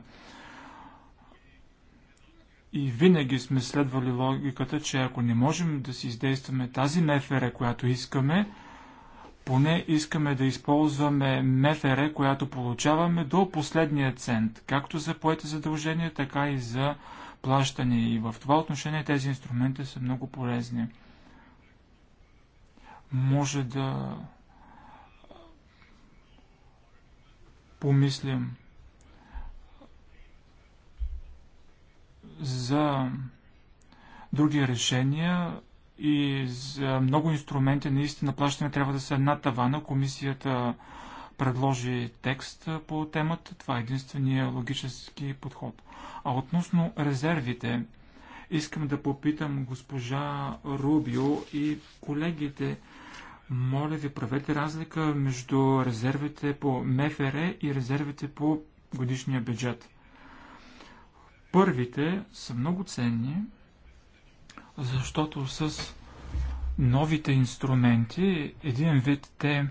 И винаги сме следвали логиката, че ако не можем да си издействаме тази МФР, която искаме, поне искаме да използваме МФР, която получаваме до последния цент, както за поете задължения, така и за плащане. И в това отношение тези инструменти са много полезни. Може да помислим за други решения, и за много инструменти наистина плащане трябва да са една тавана. Комисията предложи текст по темата. Това е единствения логически подход. А относно резервите, искам да попитам госпожа Рубио и колегите, моля ви, правете разлика между резервите по МФР и резервите по годишния бюджет. Първите са много ценни, защото с новите инструменти, един вид те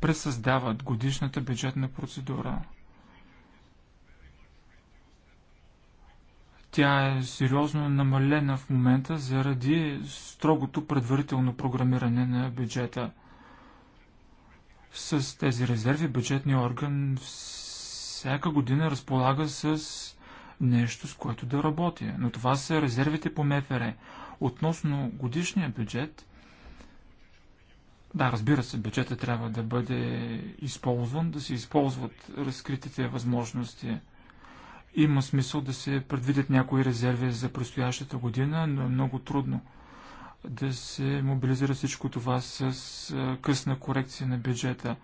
пресъздават годишната бюджетна процедура. Тя е сериозно намалена в момента заради строгото предварително програмиране на бюджета. С тези резерви бюджетния орган всяка година разполага с нещо, с което да работи. Но това са резервите по МФР. Относно годишния бюджет, да, разбира се, бюджета трябва да бъде използван, да се използват разкритите възможности. Има смисъл да се предвидят някои резерви за предстоящата година, но е много трудно да се мобилизира всичко това с късна корекция на бюджета.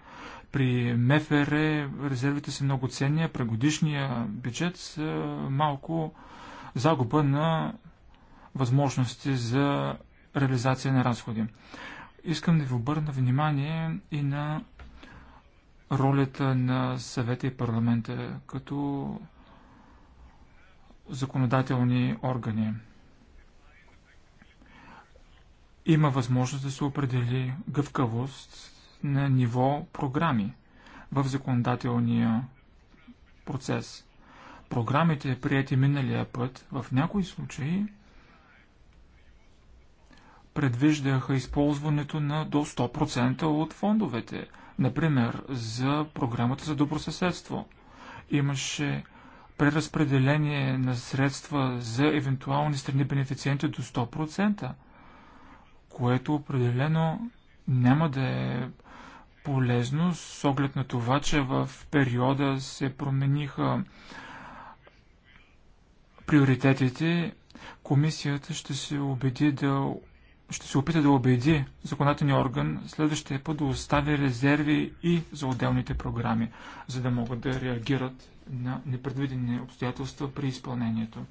При МФР е резервите са много ценни, а при годишния бюджет са малко загуба на възможности за реализация на разходи. Искам да ви обърна внимание и на ролята на съвета и парламента като законодателни органи. Има възможност да се определи гъвкавост на ниво програми в законодателния процес. Програмите, прияти миналия път, в някои случаи предвиждаха използването на до 100% от фондовете. Например, за програмата за добросъседство. Имаше преразпределение на средства за евентуални страни бенефициенти до 100%, което определено няма да е полезно с оглед на това, че в периода се промениха приоритетите. Комисията ще се убеди да ще се опита да убеди законодателния орган следващия път да остави резерви и за отделните програми, за да могат да реагират на непредвидени обстоятелства при изпълнението.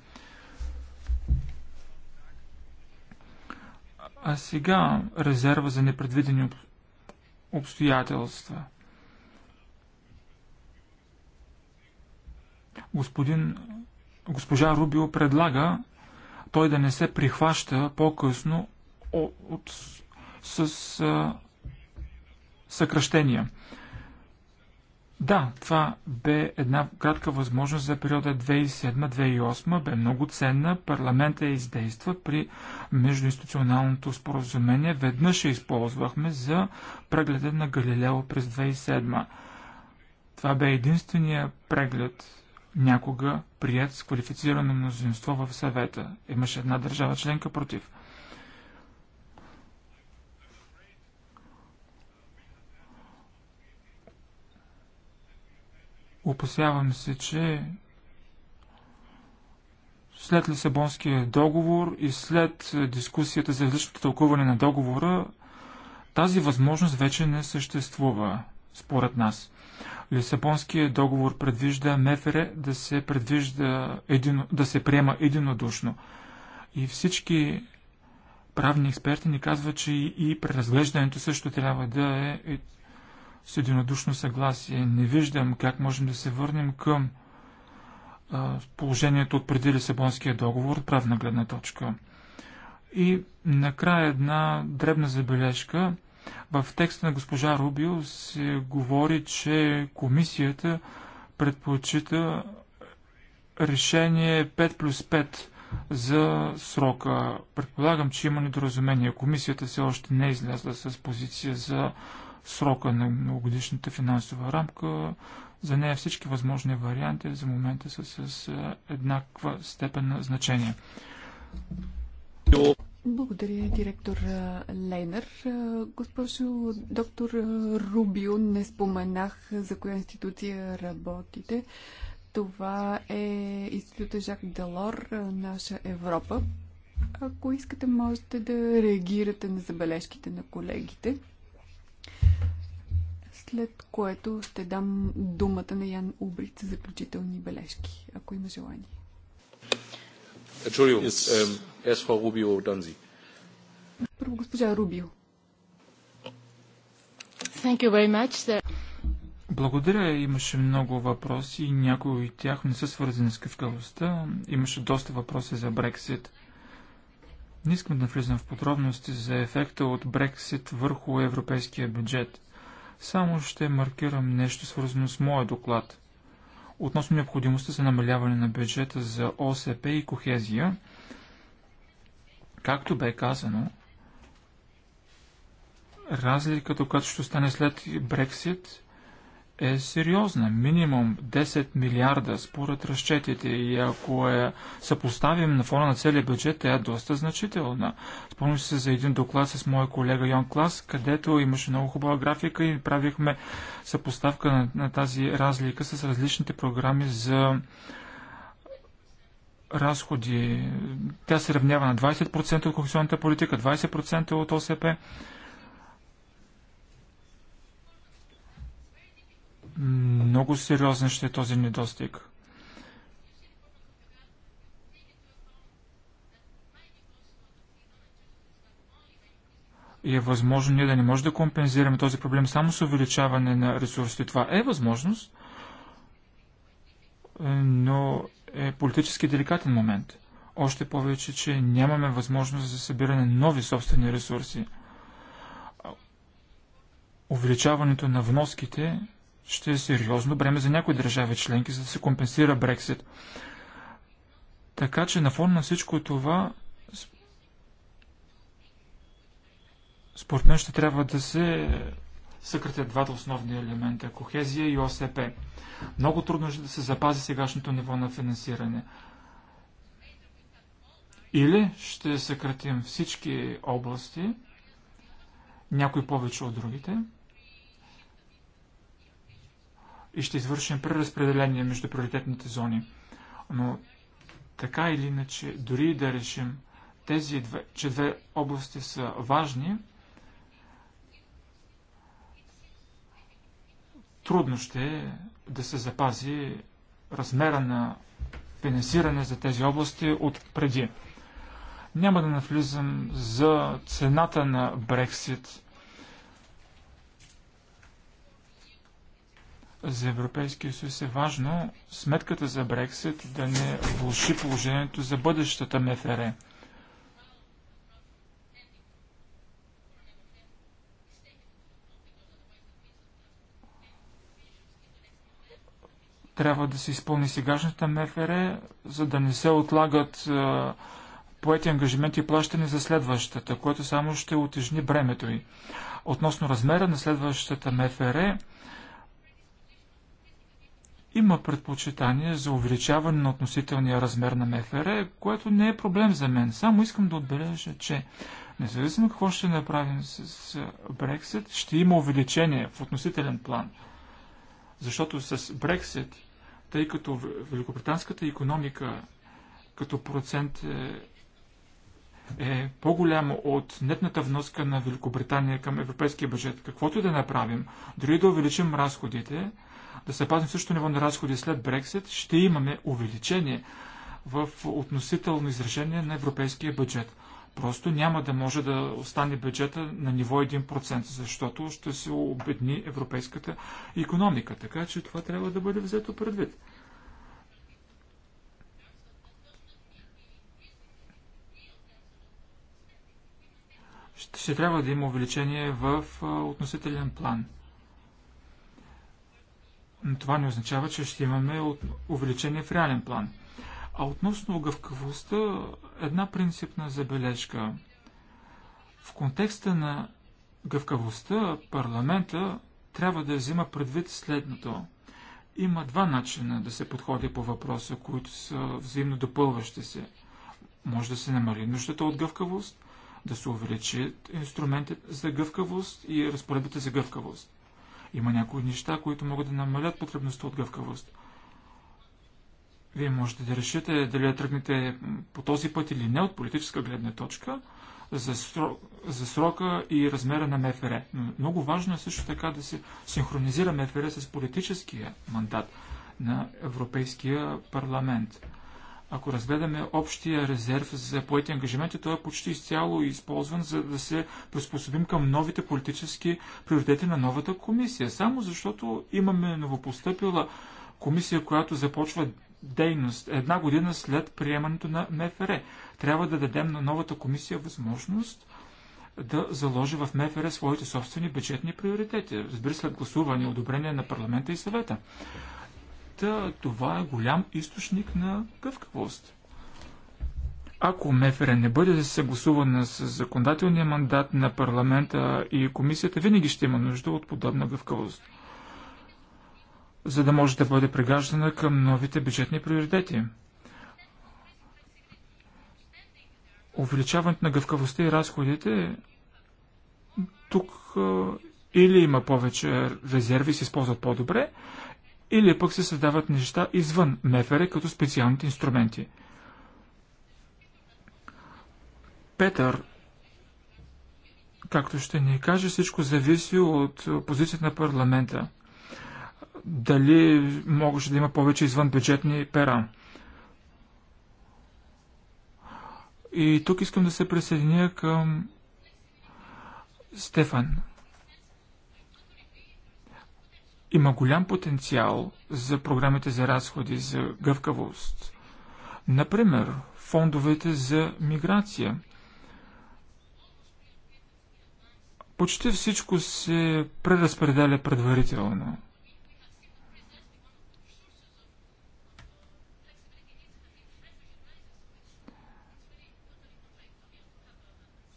А сега резерва за непредвидени обстоятелства обстоятелства. Господин, госпожа Рубио предлага той да не се прихваща по-късно от, с а, съкръщения. Да, това бе една кратка възможност за периода 2007-2008, бе много ценна. Парламента я издейства при междуинституционалното споразумение. Веднъж я използвахме за прегледа на Галилео през 2007. Това бе единствения преглед някога прият с квалифицирано мнозинство в съвета. Имаше една държава членка против. Опасявам се, че след Лисабонския договор и след е, дискусията за различното тълкуване на договора, тази възможност вече не съществува, според нас. Лисабонския договор предвижда МЕФЕРЕ да се, предвижда едино, да се приема единодушно. И всички правни експерти ни казват, че и преразглеждането също трябва да е с единодушно съгласие. Не виждам как можем да се върнем към а, положението от преди Лисабонския договор от правна гледна точка. И накрая една дребна забележка. В текста на госпожа Рубио се говори, че комисията предпочита решение 5 плюс 5 за срока. Предполагам, че има недоразумение. Комисията все още не е излязла с позиция за срока на многогодишната финансова рамка. За нея всички възможни варианти за момента са с еднаква степен на значение. Благодаря, директор Лейнер. Госпожо доктор Рубио, не споменах за коя институция работите. Това е института Жак Делор, наша Европа. Ако искате, можете да реагирате на забележките на колегите след което ще дам думата на Ян Убрит за заключителни бележки, ако има желание. Entschuldigung, yes. Ähm, Rubio, dann Sie. Първо госпожа Рубио. Thank you very much. Благодаря. Имаше много въпроси и някои от тях не са свързани с къвкавостта. Имаше доста въпроси за Брексит. Не искам да влизам в подробности за ефекта от Брексит върху европейския бюджет. Само ще маркирам нещо свързано с моя доклад. Относно необходимостта за намаляване на бюджета за ОСП и кохезия, както бе казано, разликата, която ще стане след Брексит, е сериозна. Минимум 10 милиарда според разчетите и ако я е съпоставим на фона на целия бюджет, тя е доста значителна. Спомням се за един доклад с моя колега Йон Клас, където имаше много хубава графика и правихме съпоставка на, на тази разлика с различните програми за разходи. Тя се равнява на 20% от кохесионната политика, 20% от ОСП. Много сериозен ще е този недостиг. И е възможно ние да не може да компензираме този проблем само с увеличаване на ресурсите. Това е възможност, но е политически деликатен момент. Още повече, че нямаме възможност за събиране на нови собствени ресурси. Увеличаването на вноските ще е сериозно бреме за някои държави членки, за да се компенсира Брексит. Така че на фон на всичко това, според мен ще трябва да се съкратят двата основни елемента – кохезия и ОСП. Много трудно ще да се запази сегашното ниво на финансиране. Или ще съкратим всички области, някои повече от другите – и ще извършим преразпределение между приоритетните зони. Но така или иначе, дори да решим тези две, че две области са важни, трудно ще е да се запази размера на финансиране за тези области от преди. Няма да навлизам за цената на Брексит за Европейския съюз е важно сметката за Брексит да не влуши положението за бъдещата МФР. Трябва да се изпълни сегашната МФР, за да не се отлагат поети ангажименти и плащане за следващата, което само ще отежни бремето й. Относно размера на следващата МФР, има предпочитание за увеличаване на относителния размер на МФР, което не е проблем за мен. Само искам да отбележа, че независимо какво ще направим с Брексит, ще има увеличение в относителен план. Защото с Брексит, тъй като великобританската економика като процент е, е по-голяма от нетната вноска на Великобритания към европейския бюджет, каквото и да направим, дори да увеличим разходите, да се пазим също ниво на разходи след Брексит, ще имаме увеличение в относително изражение на европейския бюджет. Просто няма да може да остане бюджета на ниво 1%, защото ще се обедни европейската економика. Така че това трябва да бъде взето предвид. ще трябва да има увеличение в относителен план. Но това не означава, че ще имаме увеличение в реален план. А относно гъвкавостта, една принципна забележка. В контекста на гъвкавостта парламента трябва да взима предвид следното. Има два начина да се подходи по въпроса, които са взаимно допълващи се. Може да се намали нуждата от гъвкавост, да се увеличат инструментите за гъвкавост и разпоредбите за гъвкавост. Има някои неща, които могат да намалят потребността от гъвкавост. Вие можете да решите дали да тръгнете по този път или не от политическа гледна точка за, срок, за срока и размера на МФР. Но много важно е също така да се синхронизира МФР с политическия мандат на Европейския парламент. Ако разгледаме общия резерв за поети ангажименти, той е почти изцяло използван, за да се приспособим към новите политически приоритети на новата комисия. Само защото имаме новопостъпила комисия, която започва дейност една година след приемането на МФР. Трябва да дадем на новата комисия възможност да заложи в МФР своите собствени бюджетни приоритети. Разбира след гласуване и одобрение на парламента и съвета момента това е голям източник на гъвкавост. Ако МФР не бъде съгласувана с законодателния мандат на парламента и комисията, винаги ще има нужда от подобна гъвкавост, за да може да бъде пригаждана към новите бюджетни приоритети. Увеличаването на гъвкавостта и разходите тук или има повече резерви се използват по-добре, или пък се създават неща извън МФР като специалните инструменти. Петър, както ще ни каже, всичко зависи от позицията на парламента. Дали могаше да има повече извън бюджетни пера. И тук искам да се присъединя към Стефан. Има голям потенциал за програмите за разходи за гъвкавост. Например, фондовете за миграция. Почти всичко се преразпределя предварително.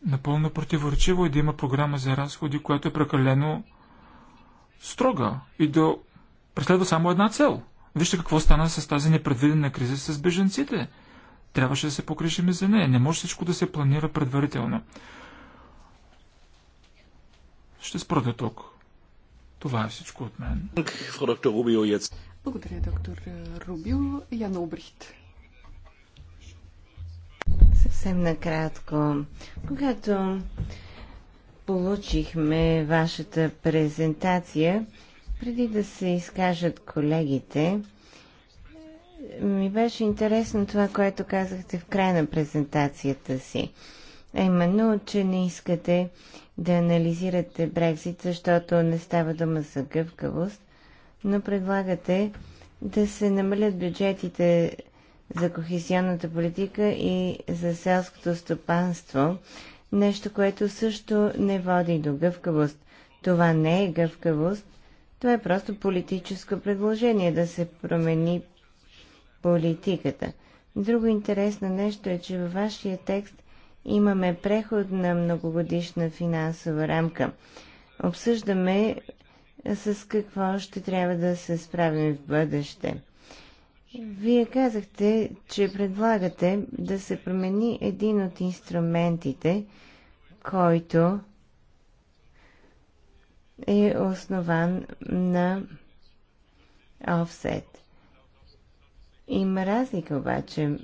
Напълно противоречиво е да има програма за разходи, която е прекалено строга и да преследва само една цел. Вижте какво стана с тази непредвидена криза с беженците. Трябваше да се покришим и за нея. Не може всичко да се планира предварително. Ще спра тук. Това е всичко от мен. Благодаря, доктор Рубио. на Обрихт. Съвсем накратко. Когато получихме вашата презентация. Преди да се изкажат колегите, ми беше интересно това, което казахте в края на презентацията си. А именно, че не искате да анализирате Брекзит, защото не става дума за гъвкавост, но предлагате да се намалят бюджетите за кохезионната политика и за селското стопанство нещо, което също не води до гъвкавост. Това не е гъвкавост, това е просто политическо предложение да се промени политиката. Друго интересно нещо е, че във вашия текст имаме преход на многогодишна финансова рамка. Обсъждаме с какво ще трябва да се справим в бъдеще. Вие казахте, че предлагате да се промени един от инструментите, който е основан на офсет. Има разлика обаче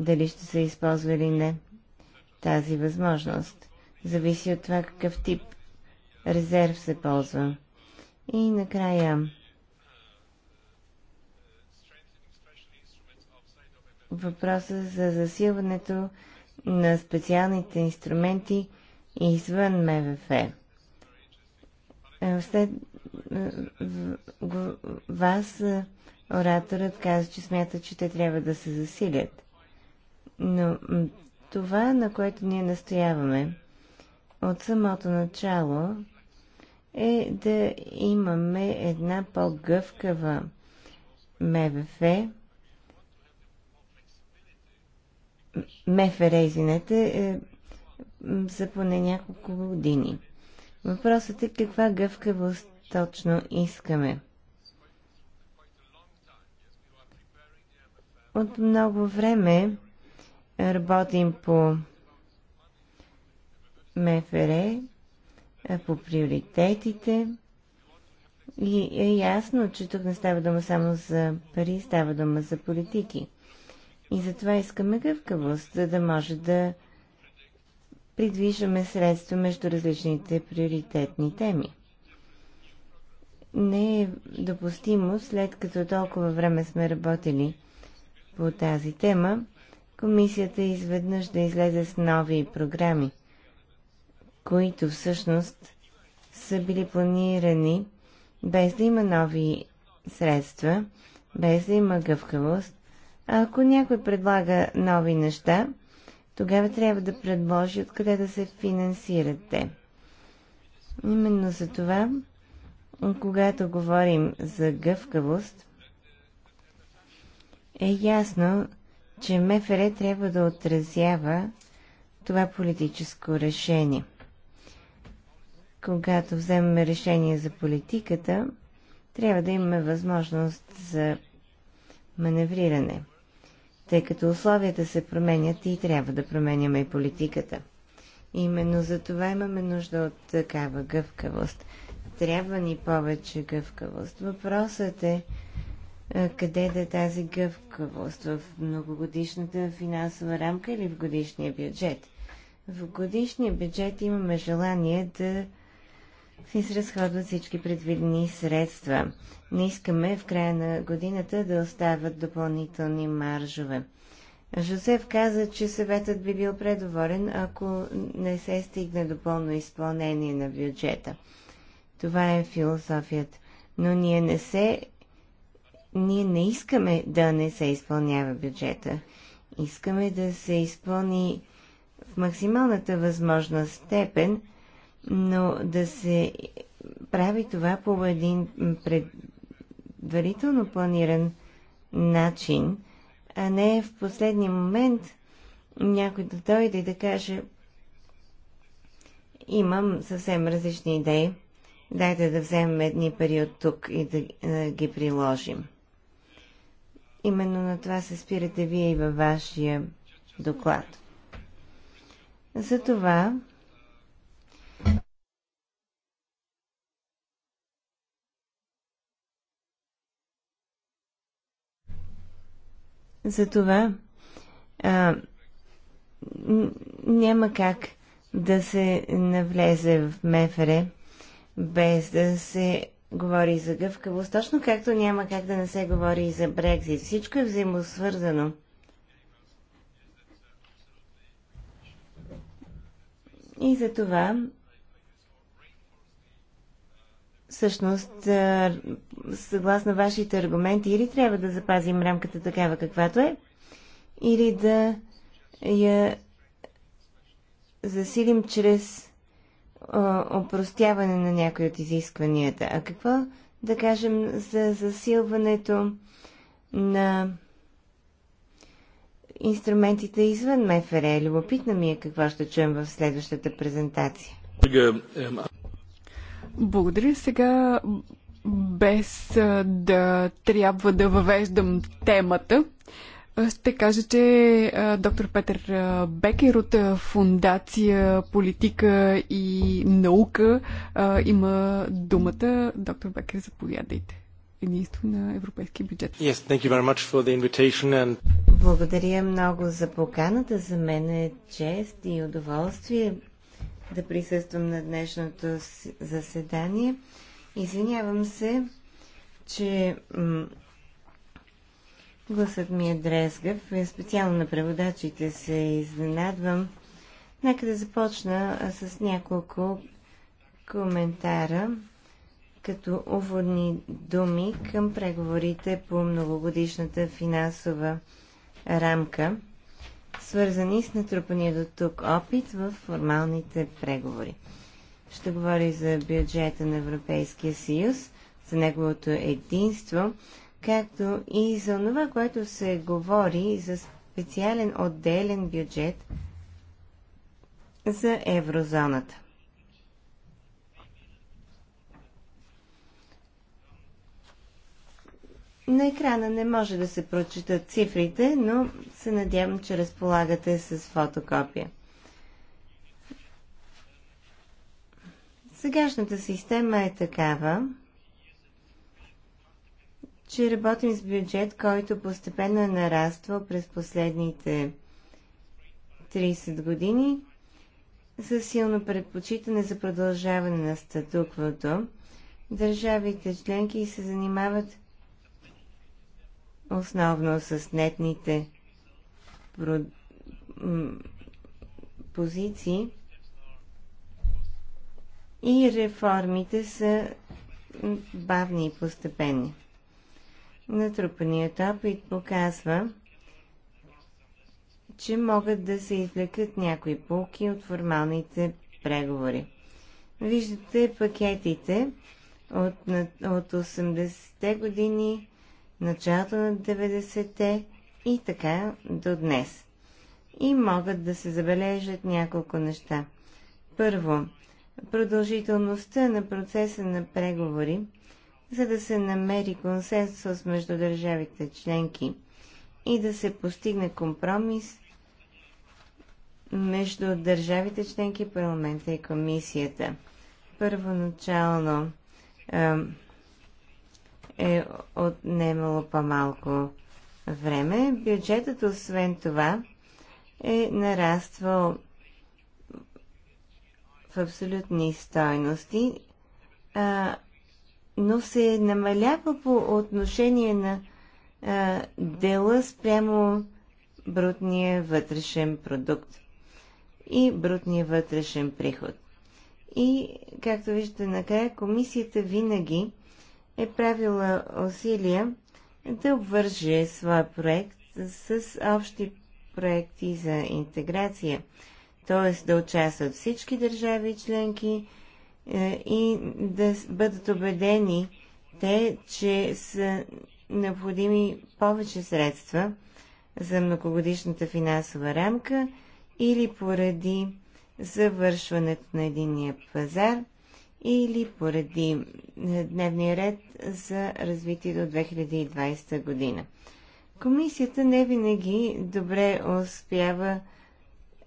дали ще се използва или не тази възможност. Зависи от това какъв тип резерв се ползва. И накрая въпроса за засилването на специалните инструменти извън МВФ. Е, след е, вас е, ораторът каза, че смята, че те трябва да се засилят. Но това, на което ние настояваме от самото начало, е да имаме една по-гъвкава МВФ, МФР, извинете, за е, поне няколко години. Въпросът е каква гъвкавост точно искаме. От много време работим по МФР, е, по приоритетите и е ясно, че тук не става дума само за пари, става дума за политики. И затова искаме гъвкавост, за да може да придвижваме средства между различните приоритетни теми. Не е допустимо, след като толкова време сме работили по тази тема, комисията изведнъж да излезе с нови програми, които всъщност са били планирани без да има нови средства, без да има гъвкавост ако някой предлага нови неща, тогава трябва да предложи откъде да се финансират те. Именно за това, когато говорим за гъвкавост, е ясно, че МФР трябва да отразява това политическо решение. Когато вземем решение за политиката, трябва да имаме възможност за маневриране тъй като условията се променят и трябва да променяме и политиката. Именно за това имаме нужда от такава гъвкавост. Трябва ни повече гъвкавост. Въпросът е къде да е тази гъвкавост? В многогодишната финансова рамка или в годишния бюджет? В годишния бюджет имаме желание да се изразходват всички предвидени средства. Не искаме в края на годината да остават допълнителни маржове. Жозеф каза, че съветът би бил предоволен, ако не се стигне до пълно изпълнение на бюджета. Това е философията. Но ние не се... Ние не искаме да не се изпълнява бюджета. Искаме да се изпълни в максималната възможна степен – но да се прави това по един предварително планиран начин, а не в последния момент някой да дойде и да каже имам съвсем различни идеи, дайте да вземем едни пари от тук и да ги приложим. Именно на това се спирате вие и във вашия доклад. Затова Затова а, няма как да се навлезе в МФР без да се говори за гъвкавост, точно както няма как да не се говори и за Брекзит. Всичко е взаимосвързано. И за това всъщност, съгласно вашите аргументи, или трябва да запазим рамката такава каквато е, или да я засилим чрез опростяване на някои от изискванията. А какво да кажем за засилването на инструментите извън МФР? Любопитна ми е какво ще чуем в следващата презентация. Благодаря. Сега, без да трябва да въвеждам темата, ще кажа, че доктор Петър Бекер от Фундация Политика и наука има думата. Доктор Бекер, заповядайте. Единство на европейския бюджет. Yes, thank you very much for the invitation and... Благодаря много за поканата. За мен е чест и удоволствие да присъствам на днешното заседание. Извинявам се, че гласът ми е дрезгав. Специално на преводачите се изненадвам. Нека да започна с няколко коментара като уводни думи към преговорите по многогодишната финансова рамка свързани с натрупания до тук опит в формалните преговори. Ще говори за бюджета на Европейския съюз, за неговото единство, както и за това, което се говори за специален отделен бюджет за еврозоната. На екрана не може да се прочитат цифрите, но се надявам, че разполагате с фотокопия. Сегашната система е такава, че работим с бюджет, който постепенно е нараствал през последните 30 години със силно предпочитане за продължаване на статуквото. Държавите членки се занимават основно с нетните позиции и реформите са бавни и постепенни. Натрупаният опит показва, че могат да се извлекат някои полки от формалните преговори. Виждате пакетите от, от 80-те години, началото на 90-те и така до днес. И могат да се забележат няколко неща. Първо, продължителността на процеса на преговори, за да се намери консенсус между държавите членки и да се постигне компромис между държавите членки, парламента и комисията. Първоначално е, е отнемало по-малко време. Бюджетът, освен това, е нараствал в абсолютни стойности, а, но се е намалява по отношение на а, дела спрямо брутния вътрешен продукт и брутния вътрешен приход. И, както виждате накрая, комисията винаги е правила усилия да обвърже своя проект с общи проекти за интеграция, т.е. да участват всички държави и членки е, и да бъдат убедени те, че са необходими повече средства за многогодишната финансова рамка или поради завършването на единия пазар – или поради е, дневния ред за развитие до 2020 година. Комисията не винаги добре успява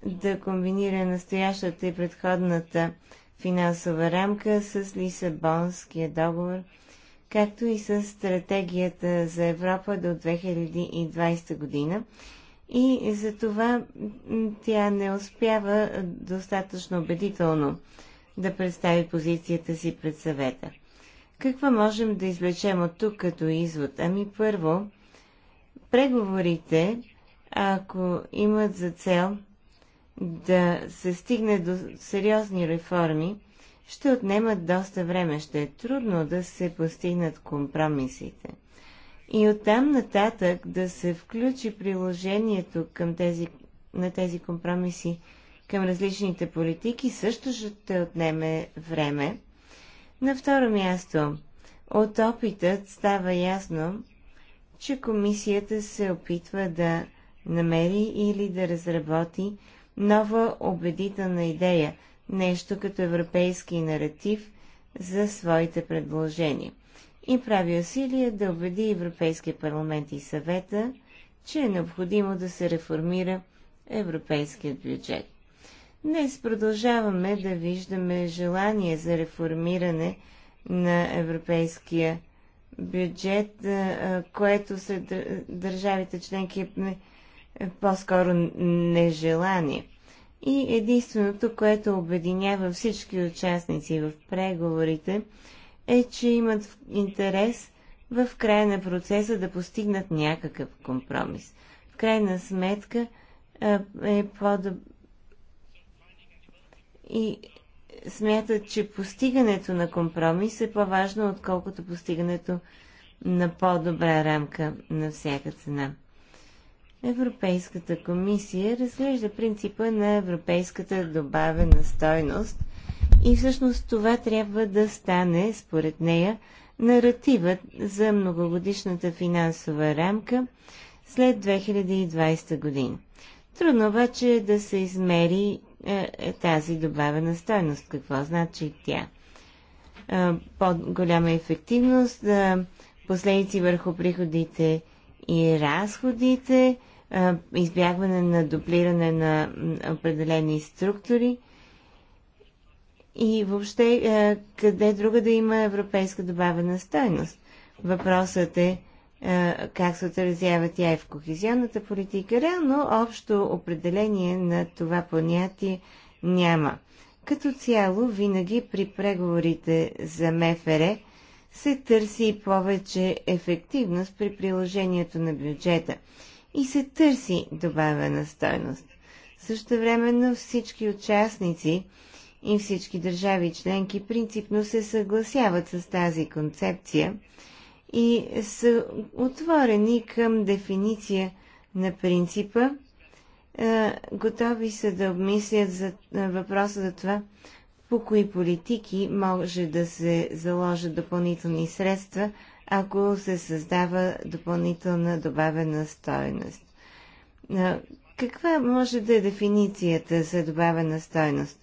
да комбинира настоящата и предходната финансова рамка с Лисабонския договор, както и с стратегията за Европа до 2020 година. И за това тя не успява достатъчно убедително да представи позицията си пред съвета. Какво можем да извлечем от тук като извод? Ами първо, преговорите, ако имат за цел да се стигне до сериозни реформи, ще отнемат доста време, ще е трудно да се постигнат компромисите. И оттам нататък да се включи приложението към тези, на тези компромиси към различните политики също ще отнеме време. На второ място, от опитът става ясно, че комисията се опитва да намери или да разработи нова убедителна идея, нещо като европейски наратив за своите предложения. И прави усилия да убеди Европейския парламент и съвета, че е необходимо да се реформира европейският бюджет. Днес продължаваме да виждаме желание за реформиране на европейския бюджет, което сред държавите членки е по-скоро нежелание. И единственото, което обединява всички участници в преговорите, е, че имат интерес в края на процеса да постигнат някакъв компромис. В крайна сметка е по-добре и смятат, че постигането на компромис е по-важно, отколкото постигането на по-добра рамка на всяка цена. Европейската комисия разглежда принципа на европейската добавена стойност и всъщност това трябва да стане, според нея, наративът за многогодишната финансова рамка след 2020 година. Трудно обаче е да се измери е, е тази добавена стойност. Какво значи тя? Е, по-голяма ефективност, последици върху приходите и разходите, избягване на дуплиране на определени структури и въобще къде друга да има европейска добавена стойност. Въпросът е е, как се отразява тя и в кохезионната политика. Реално общо определение на това понятие няма. Като цяло, винаги при преговорите за МФР се търси повече ефективност при приложението на бюджета и се търси добавена стойност. времено всички участници и всички държави членки принципно се съгласяват с тази концепция – и са отворени към дефиниция на принципа. Е, готови са да обмислят за е, въпроса за това, по кои политики може да се заложат допълнителни средства, ако се създава допълнителна добавена стоеност. Е, каква може да е дефиницията за добавена стоеност?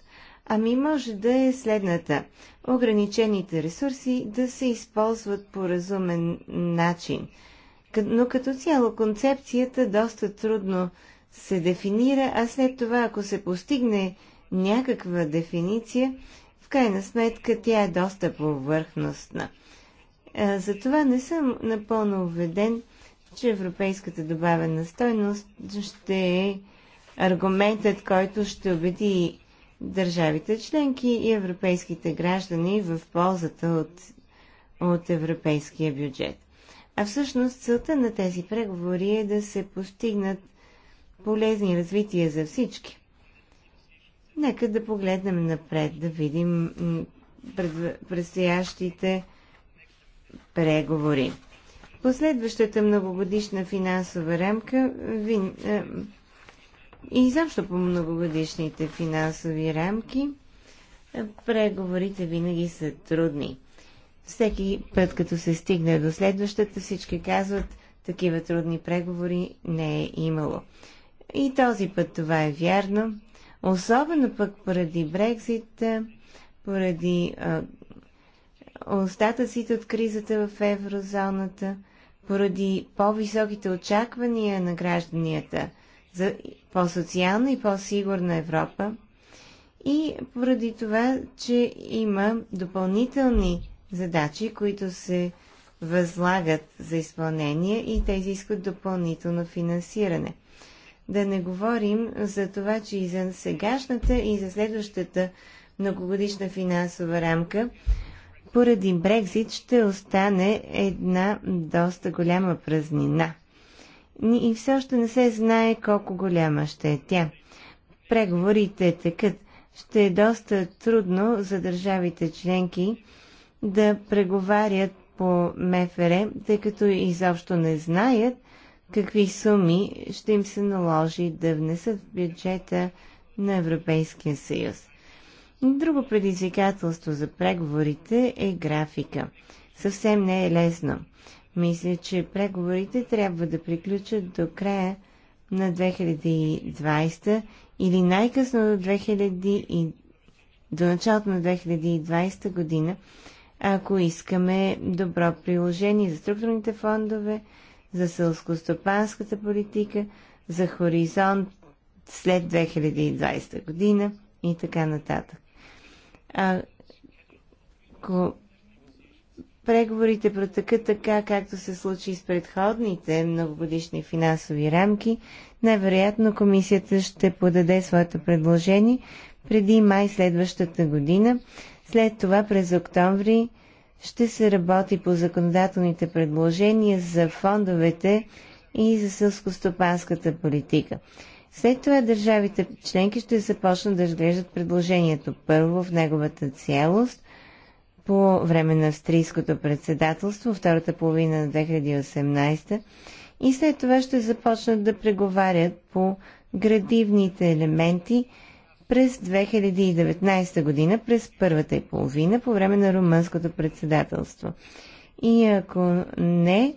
Ами може да е следната. Ограничените ресурси да се използват по разумен начин. Но като цяло концепцията доста трудно се дефинира, а след това, ако се постигне някаква дефиниция, в крайна сметка тя е доста повърхностна. Е, затова не съм напълно убеден, че европейската добавена стойност ще е аргументът, който ще убеди държавите членки и европейските граждани в ползата от, от европейския бюджет. А всъщност целта на тези преговори е да се постигнат полезни развития за всички. Нека да погледнем напред, да видим пред, предстоящите преговори. Последващата многогодишна финансова рамка е, и защо по многогодишните финансови рамки, е, преговорите винаги са трудни. Всеки път, като се стигне до следващата, всички казват, такива трудни преговори не е имало. И този път това е вярно, особено пък поради Брекзит, е, поради а, е, остатъците от кризата в еврозоната, поради по-високите очаквания на гражданията за по-социална и по-сигурна Европа и поради това, че има допълнителни задачи, които се възлагат за изпълнение и те изискват допълнително финансиране. Да не говорим за това, че и за сегашната и за следващата многогодишна финансова рамка поради Брекзит ще остане една доста голяма празнина – и все още не се знае колко голяма ще е тя. Преговорите текат. Ще е доста трудно за държавите членки да преговарят по МФР, тъй като изобщо не знаят какви суми ще им се наложи да внесат в бюджета на Европейския съюз. Друго предизвикателство за преговорите е графика. Съвсем не е лесно. Мисля, че преговорите трябва да приключат до края на 2020 или най-късно до, 2000 и... до началото на 2020 година, ако искаме добро приложение за структурните фондове, за сълскостопанската политика, за хоризонт след 2020 година и така нататък. Ако преговорите протъкат така, както се случи с предходните многогодишни финансови рамки, най-вероятно комисията ще подаде своето предложение преди май следващата година. След това през октомври ще се работи по законодателните предложения за фондовете и за сълскостопанската политика. След това държавите членки ще започнат да разглеждат предложението първо в неговата цялост, по време на австрийското председателство, втората половина на 2018 и след това ще започнат да преговарят по градивните елементи през 2019 година, през първата и половина, по време на румънското председателство. И ако не,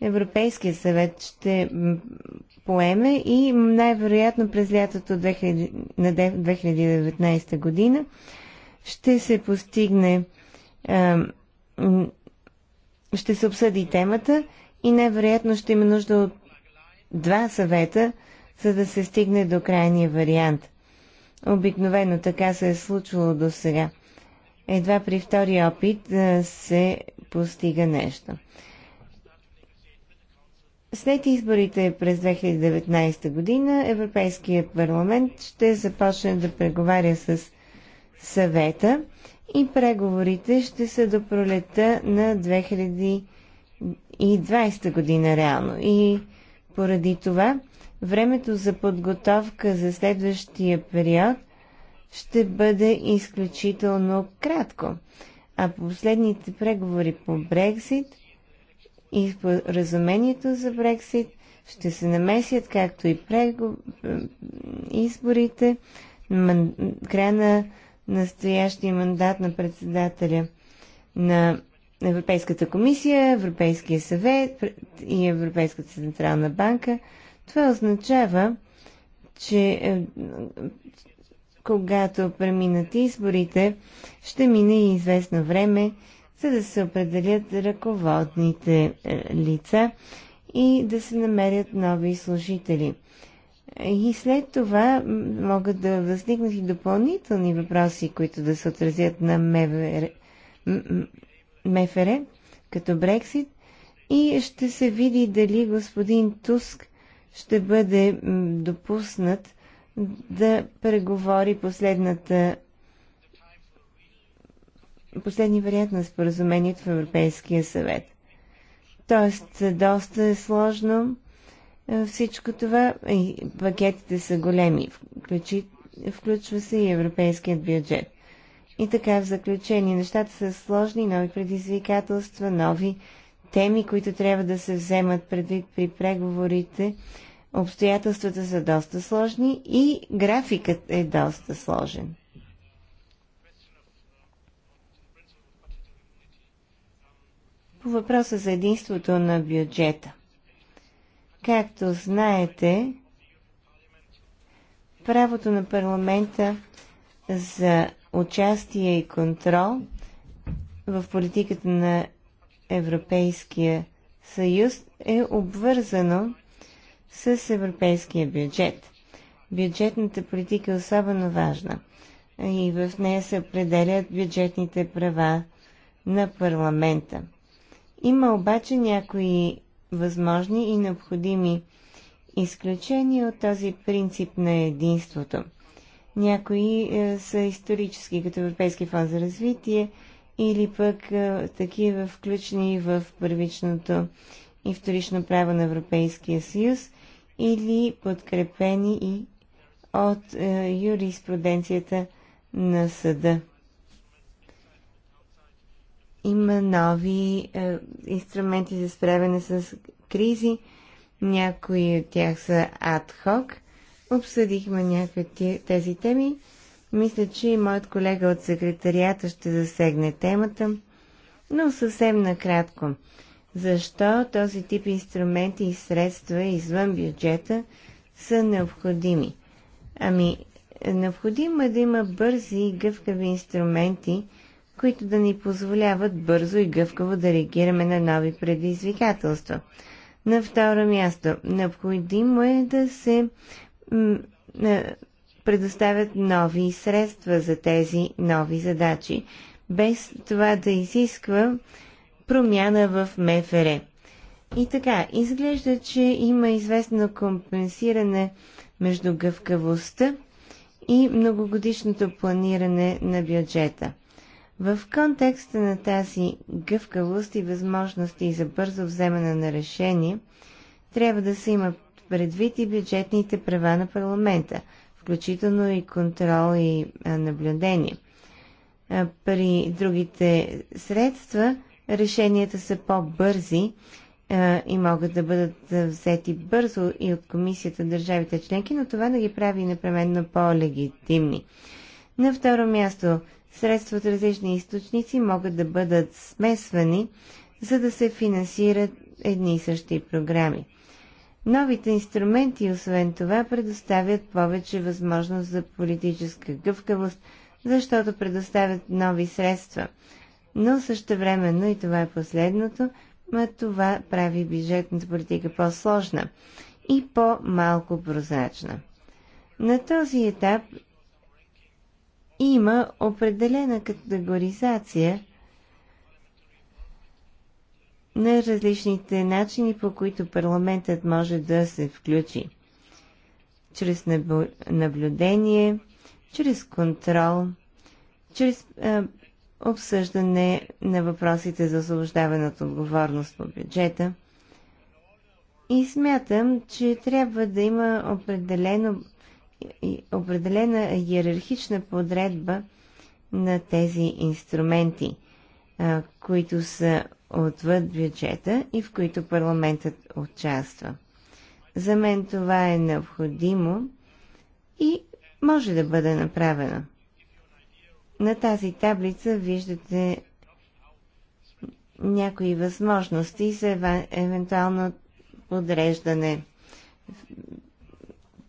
Европейския съвет ще поеме и най-вероятно през лятото 2000, на 2019 година ще се постигне ще се обсъди темата и най-вероятно ще има нужда от два съвета, за да се стигне до крайния вариант. Обикновено така се е случвало до сега. Едва при втори опит се постига нещо. След изборите през 2019 година Европейският парламент ще започне да преговаря с съвета и преговорите ще са до пролета на 2020 година реално. И поради това времето за подготовка за следващия период ще бъде изключително кратко. А последните преговори по Брексит и споразумението за Брексит ще се намесят, както и прегов... изборите, м... края на настоящия мандат на председателя на Европейската комисия, Европейския съвет и Европейската централна банка. Това означава, че е, когато преминат изборите, ще мине и известно време, за да се определят ръководните е, лица и да се намерят нови служители. И след това могат да възникнат и допълнителни въпроси, които да се отразят на Мефере, МФР, като Брексит. И ще се види дали господин Туск ще бъде допуснат да преговори последната последния вариант на споразумението в Европейския съвет. Тоест, доста е сложно е, всичко това, и пакетите са големи, включи, включва се и европейският бюджет. И така, в заключение, нещата са сложни, нови предизвикателства, нови теми, които трябва да се вземат предвид при преговорите. Обстоятелствата са доста сложни и графикът е доста сложен. По въпроса за единството на бюджета. Както знаете, правото на парламента за участие и контрол в политиката на Европейския съюз е обвързано с европейския бюджет. Бюджетната политика е особено важна и в нея се определят бюджетните права на парламента. Има обаче някои възможни и необходими изключения от този принцип на единството. Някои е, са исторически, като Европейски фонд за развитие, или пък е, такива включени в първичното и вторично право на Европейския съюз, или подкрепени и от е, юриспруденцията на съда. Има нови е, инструменти за справяне с кризи. Някои от тях са адхок. Обсъдихме някои от тези теми. Мисля, че и моят колега от секретарията ще засегне темата, но съвсем накратко. Защо този тип инструменти и средства извън бюджета са необходими? Ами, е, необходимо е да има бързи и гъвкави инструменти които да ни позволяват бързо и гъвкаво да реагираме на нови предизвикателства. На второ място, необходимо е да се е, предоставят нови средства за тези нови задачи, без това да изисква промяна в МФР. И така, изглежда, че има известно компенсиране между гъвкавостта и многогодишното планиране на бюджета – в контекста на тази гъвкавост и възможности за бързо вземане на решение, трябва да се има предвид и бюджетните права на парламента, включително и контрол и наблюдение. При другите средства решенията са по-бързи и могат да бъдат взети бързо и от комисията държавите членки, но това да ги прави непременно по-легитимни. На второ място, Средства от различни източници могат да бъдат смесвани, за да се финансират едни и същи програми. Новите инструменти, освен това, предоставят повече възможност за политическа гъвкавост, защото предоставят нови средства. Но същевременно, и това е последното, ма това прави бюджетната политика по-сложна и по-малко прозрачна. На този етап има определена категоризация на различните начини, по които парламентът може да се включи. Чрез наблюдение, чрез контрол, чрез е, обсъждане на въпросите за освобождаване от отговорност по бюджета. И смятам, че трябва да има определено определена иерархична подредба на тези инструменти, които са отвъд бюджета и в които парламентът участва. За мен това е необходимо и може да бъде направено. На тази таблица виждате някои възможности за евентуално подреждане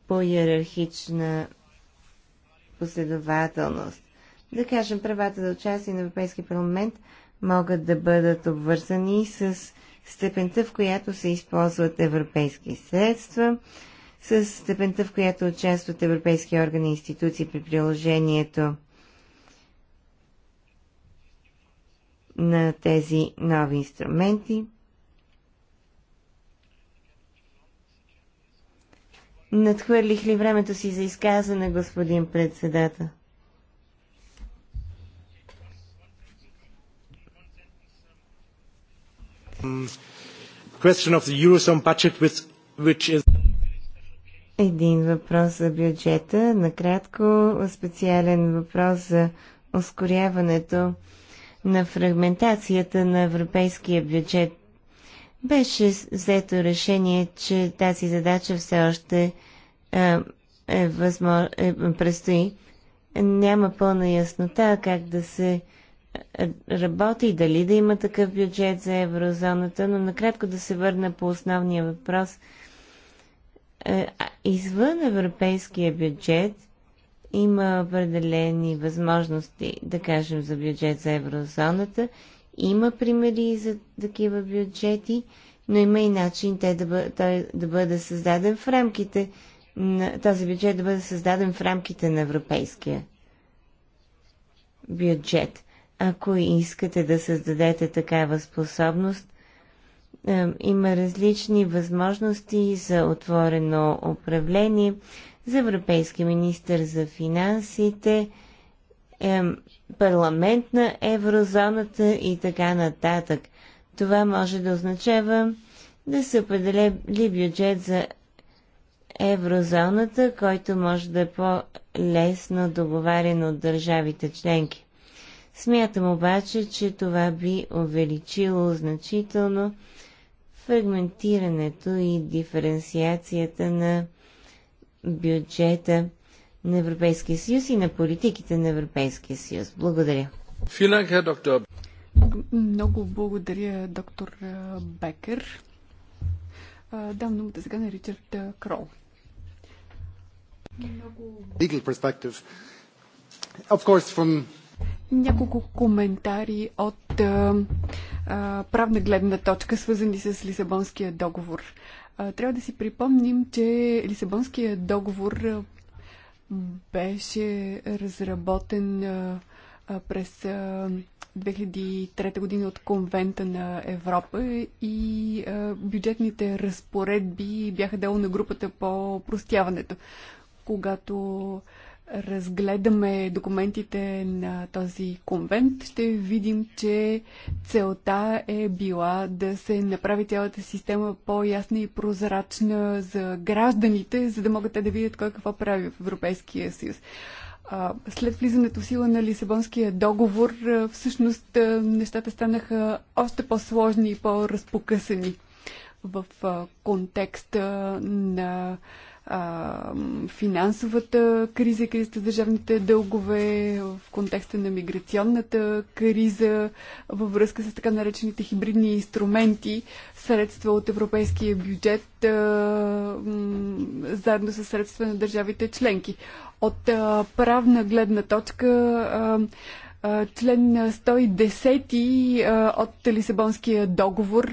по иерархична последователност. Да кажем, правата за участие на Европейския парламент могат да бъдат обвързани с степента, в която се използват европейски средства, с степента, в която участват европейски органи и институции при приложението на тези нови инструменти – Надхвърлих ли времето си за изказване, господин председател? Един въпрос за бюджета, накратко специален въпрос за ускоряването на фрагментацията на европейския бюджет беше взето решение, че тази задача все още а, е, възмож... е, предстои. Няма пълна яснота как да се работи и дали да има такъв бюджет за еврозоната, но накратко да се върна по основния въпрос. Е, извън европейския бюджет има определени възможности, да кажем, за бюджет за еврозоната – има примери за такива бюджети, но има и начин те да бъ... той да бъде създаден в рамките на този бюджет да бъде създаден в рамките на европейския бюджет. Ако искате да създадете такава способност, има различни възможности за отворено управление, за Европейски министр за финансите, е, парламент на еврозоната и така нататък. Това може да означава да се определи бюджет за еврозоната, който може да е по-лесно договарен от държавите членки. Смятам обаче, че това би увеличило значително фрагментирането и диференциацията на бюджета на Европейския съюз и на политиките на Европейския съюз. Благодаря. Много благодаря, доктор Бекер. Дам думата сега на Ричард Крол. Няколко коментари от а, а, правна гледна точка, свързани с Лисабонския договор. А, трябва да си припомним, че Лисабонския договор беше разработен през 2003 година от Конвента на Европа и бюджетните разпоредби бяха дело на групата по простяването. Когато разгледаме документите на този конвент, ще видим, че целта е била да се направи цялата система по-ясна и прозрачна за гражданите, за да могат те да видят кой какво прави в Европейския съюз. След влизането в сила на Лисабонския договор, всъщност нещата станаха още по-сложни и по-разпокъсани в контекста на а, финансовата криза, кризата с държавните дългове, в контекста на миграционната криза, във връзка с така наречените хибридни инструменти, средства от европейския бюджет, а, заедно с средства на държавите членки. От а, правна гледна точка. А, Член 110 от Лисабонския договор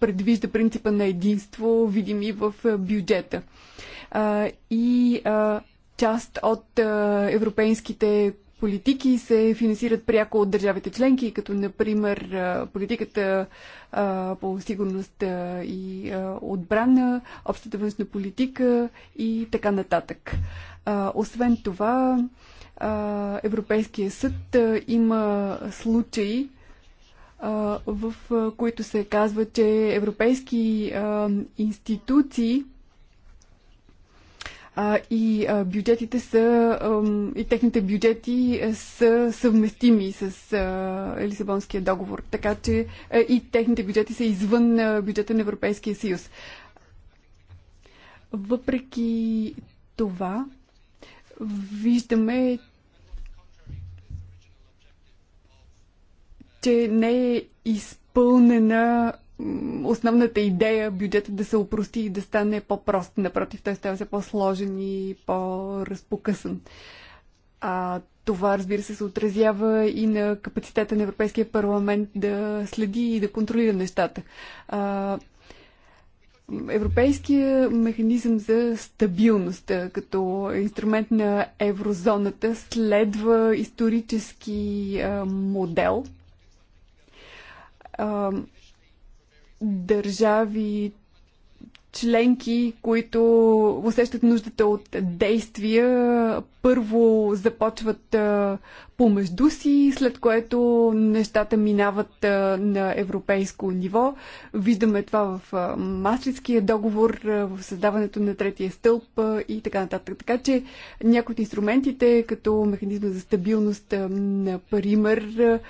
предвижда принципа на единство, видими в бюджета. И част от европейските политики се финансират пряко от държавите членки, като например политиката по сигурност и отбрана, общата външна политика и така нататък. Освен това, Европейския съд има случаи, в които се казва, че европейски институции и бюджетите са и техните бюджети е, са съвместими с Лисабонския договор, така че е, и техните бюджети са извън бюджета на Европейския съюз. Въпреки това, виждаме, че не е изпълнена основната идея бюджета да се опрости и да стане по-прост. Напротив, той става все по-сложен и по-разпокъсан. А това, разбира се, се отразява и на капацитета на Европейския парламент да следи и да контролира нещата. А, Европейския механизъм за стабилност като инструмент на еврозоната следва исторически а, модел – а, държави членки, които усещат нуждата от действия, първо започват а, помежду си, след което нещата минават а, на европейско ниво. Виждаме това в а, договор, а, в създаването на третия стълб а, и така нататък. Така че някои от инструментите, като механизма за стабилност, а, например,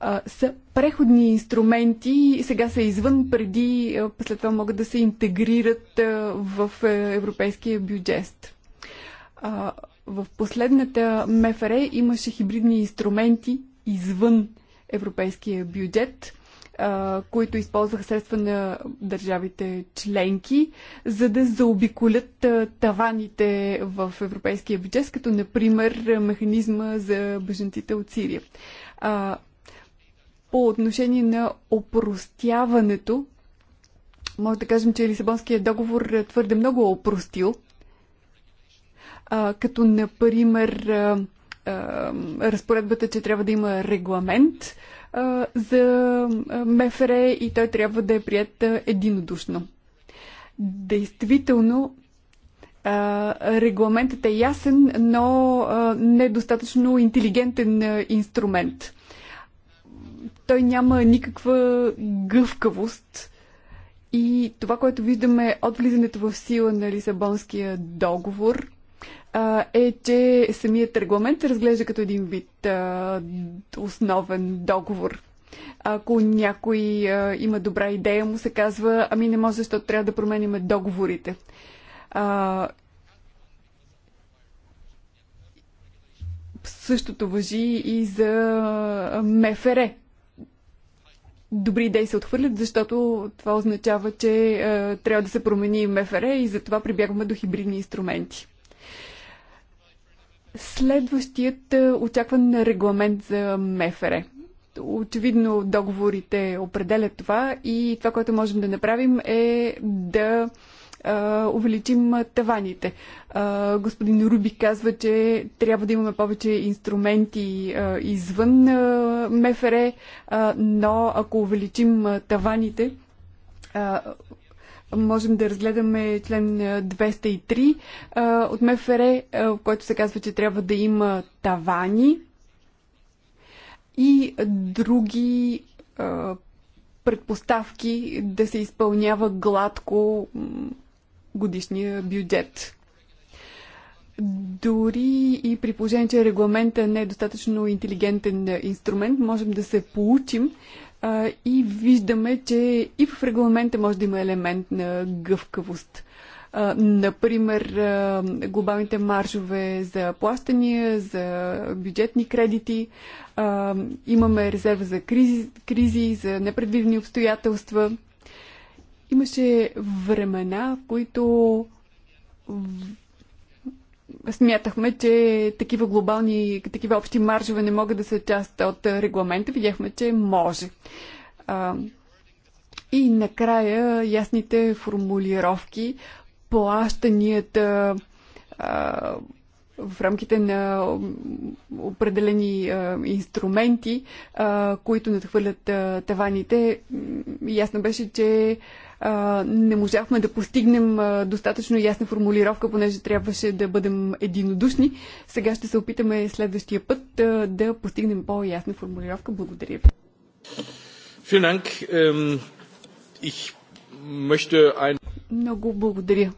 а, са преходни инструменти и сега са извън преди, а, след това могат да се интегрират а, в европейския бюджет. А, в последната МФР имаше хибридни инструменти извън европейския бюджет, а, които използваха средства на държавите членки, за да заобиколят таваните в европейския бюджет, като например механизма за бежанците от Сирия. А, по отношение на опростяването, може да кажем, че Лисабонският договор е, твърде много е опростил, а, като, например, а, а, разпоредбата, че трябва да има регламент а, за МФР и той трябва да е прият единодушно. Действително, регламентът е ясен, но недостатъчно интелигентен инструмент той няма никаква гъвкавост. И това, което виждаме от влизането в сила на Лисабонския договор, е, че самият регламент се разглежда като един вид основен договор. Ако някой има добра идея, му се казва, ами не може, защото трябва да променим договорите. Същото въжи и за МФР добри идеи се отхвърлят, защото това означава, че е, трябва да се промени МФР и затова прибягваме до хибридни инструменти. Следващият е, очакван регламент за МФР. Очевидно договорите определят това и това, което можем да направим е да увеличим таваните. господин Руби казва, че трябва да имаме повече инструменти извън МФР, но ако увеличим таваните, можем да разгледаме член 203 от МФР, в който се казва, че трябва да има тавани и други предпоставки да се изпълнява гладко годишния бюджет. Дори и при положение, че регламента не е достатъчно интелигентен инструмент, можем да се получим а, и виждаме, че и в регламента може да има елемент на гъвкавост. А, например, а, глобалните маржове за плащания, за бюджетни кредити, а, имаме резерва за кризи, кризи за непредвидени обстоятелства Имаше времена, в които смятахме, че такива глобални, такива общи маржове не могат да са част от регламента. Видяхме, че може. И накрая ясните формулировки, плащанията в рамките на определени а, инструменти, а, които надхвърлят а, таваните. Ясно беше, че не можахме да постигнем достатъчно ясна формулировка, понеже трябваше да бъдем единодушни. Сега ще се опитаме следващия път да постигнем по-ясна формулировка. Благодаря ви. Ähm, Много благодаря.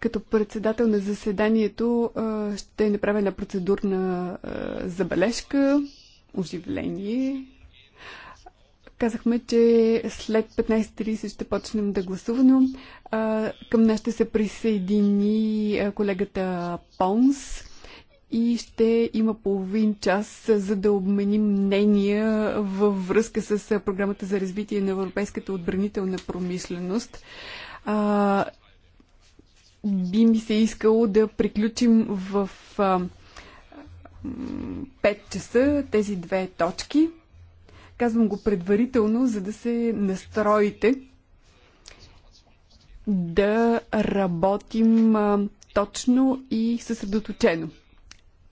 Като председател на заседанието ще направя една процедурна забележка, оживление, Казахме, че след 15.30 ще почнем да гласуваме. Към нас ще се присъедини колегата Понс и ще има половин час, за да обменим мнения във връзка с програмата за развитие на европейската отбранителна промишленост. би ми се искало да приключим в 5 часа тези две точки. Казвам го предварително, за да се настроите да работим точно и съсредоточено.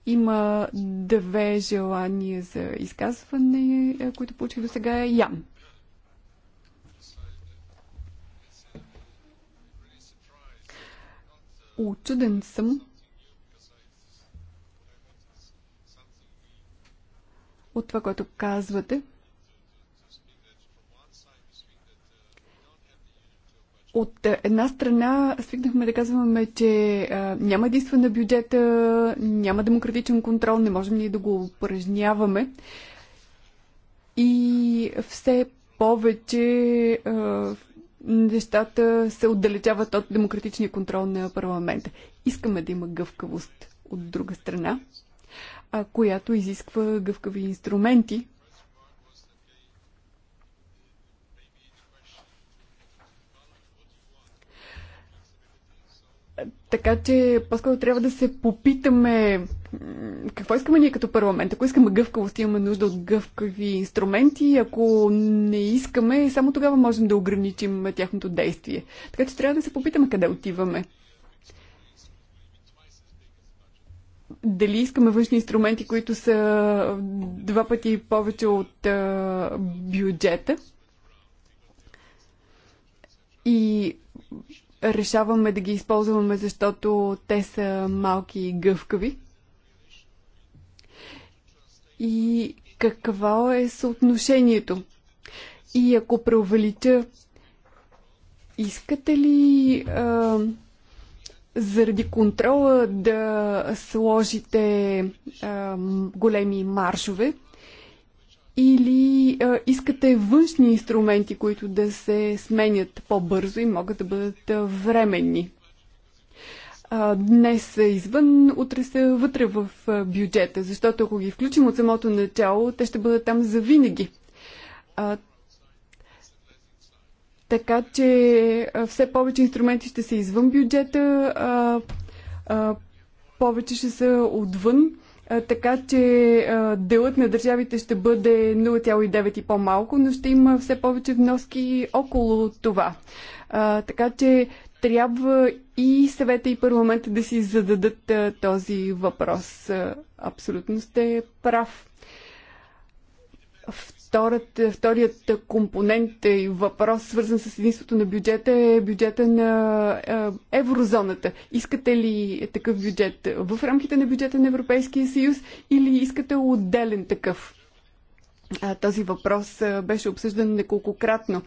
Има две желания за изказване, които получих до сега. Ян. Очуден съм. От това, което казвате. От една страна свикнахме да казваме, че а, няма действа на бюджета, няма демократичен контрол, не можем ние да го упражняваме. И все повече а, нещата се отдалечават от демократичния контрол на парламента. Искаме да има гъвкавост от друга страна, а, която изисква гъвкави инструменти, Така че по-скоро трябва да се попитаме какво искаме ние като парламент. Ако искаме гъвкавост, имаме нужда от гъвкави инструменти. Ако не искаме, само тогава можем да ограничим тяхното действие. Така че трябва да се попитаме къде отиваме. Дали искаме външни инструменти, които са два пъти повече от а, бюджета? И решаваме да ги използваме, защото те са малки и гъвкави? И какво е съотношението? И ако преувелича, искате ли а, заради контрола да сложите а, големи маршове? или а, искате външни инструменти, които да се сменят по-бързо и могат да бъдат а, временни. А, днес са извън, утре са вътре в а, бюджета, защото ако ги включим от самото начало, те ще бъдат там завинаги. А, така че а, все повече инструменти ще са извън бюджета, а, а, повече ще са отвън така че делът на държавите ще бъде 0,9 и по-малко, но ще има все повече вноски около това. Така че трябва и съвета и парламента да си зададат този въпрос. Абсолютно сте прав. Втората, вторият компонент и въпрос, свързан с единството на бюджета, е бюджета на еврозоната. Искате ли такъв бюджет в рамките на бюджета на Европейския съюз или искате отделен такъв? Този въпрос беше обсъждан неколкократно.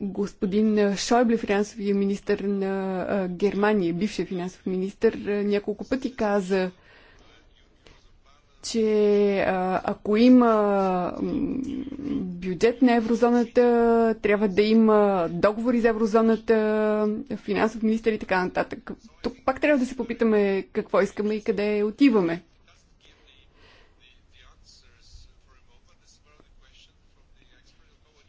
Господин Шойбле, финансовия министр на Германия, бившия финансов министр, няколко пъти каза, че ако има бюджет на еврозоната, трябва да има договори за еврозоната, финансов министър и така нататък. Тук пак трябва да се попитаме какво искаме и къде отиваме.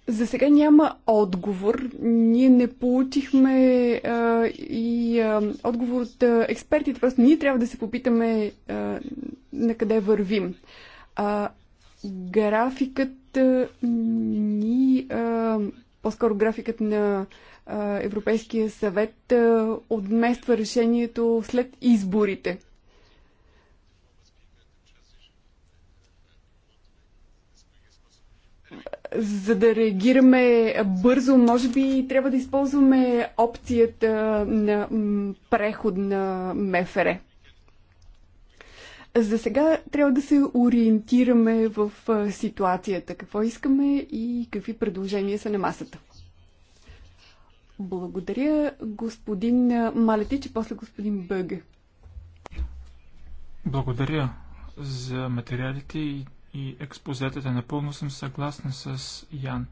За сега няма отговор. Ние не получихме а, и а, отговор от а, експертите. Просто ние трябва да се попитаме а, на къде вървим. А, графикът а, ни, а, по-скоро графикът на а, Европейския съвет а, отмества решението след изборите. за да реагираме бързо, може би трябва да използваме опцията на преход на МФР. За сега трябва да се ориентираме в ситуацията. Какво искаме и какви предложения са на масата. Благодаря господин Малетич и после господин Бъге. Благодаря за материалите и и експозетата. Напълно съм съгласна с Ян,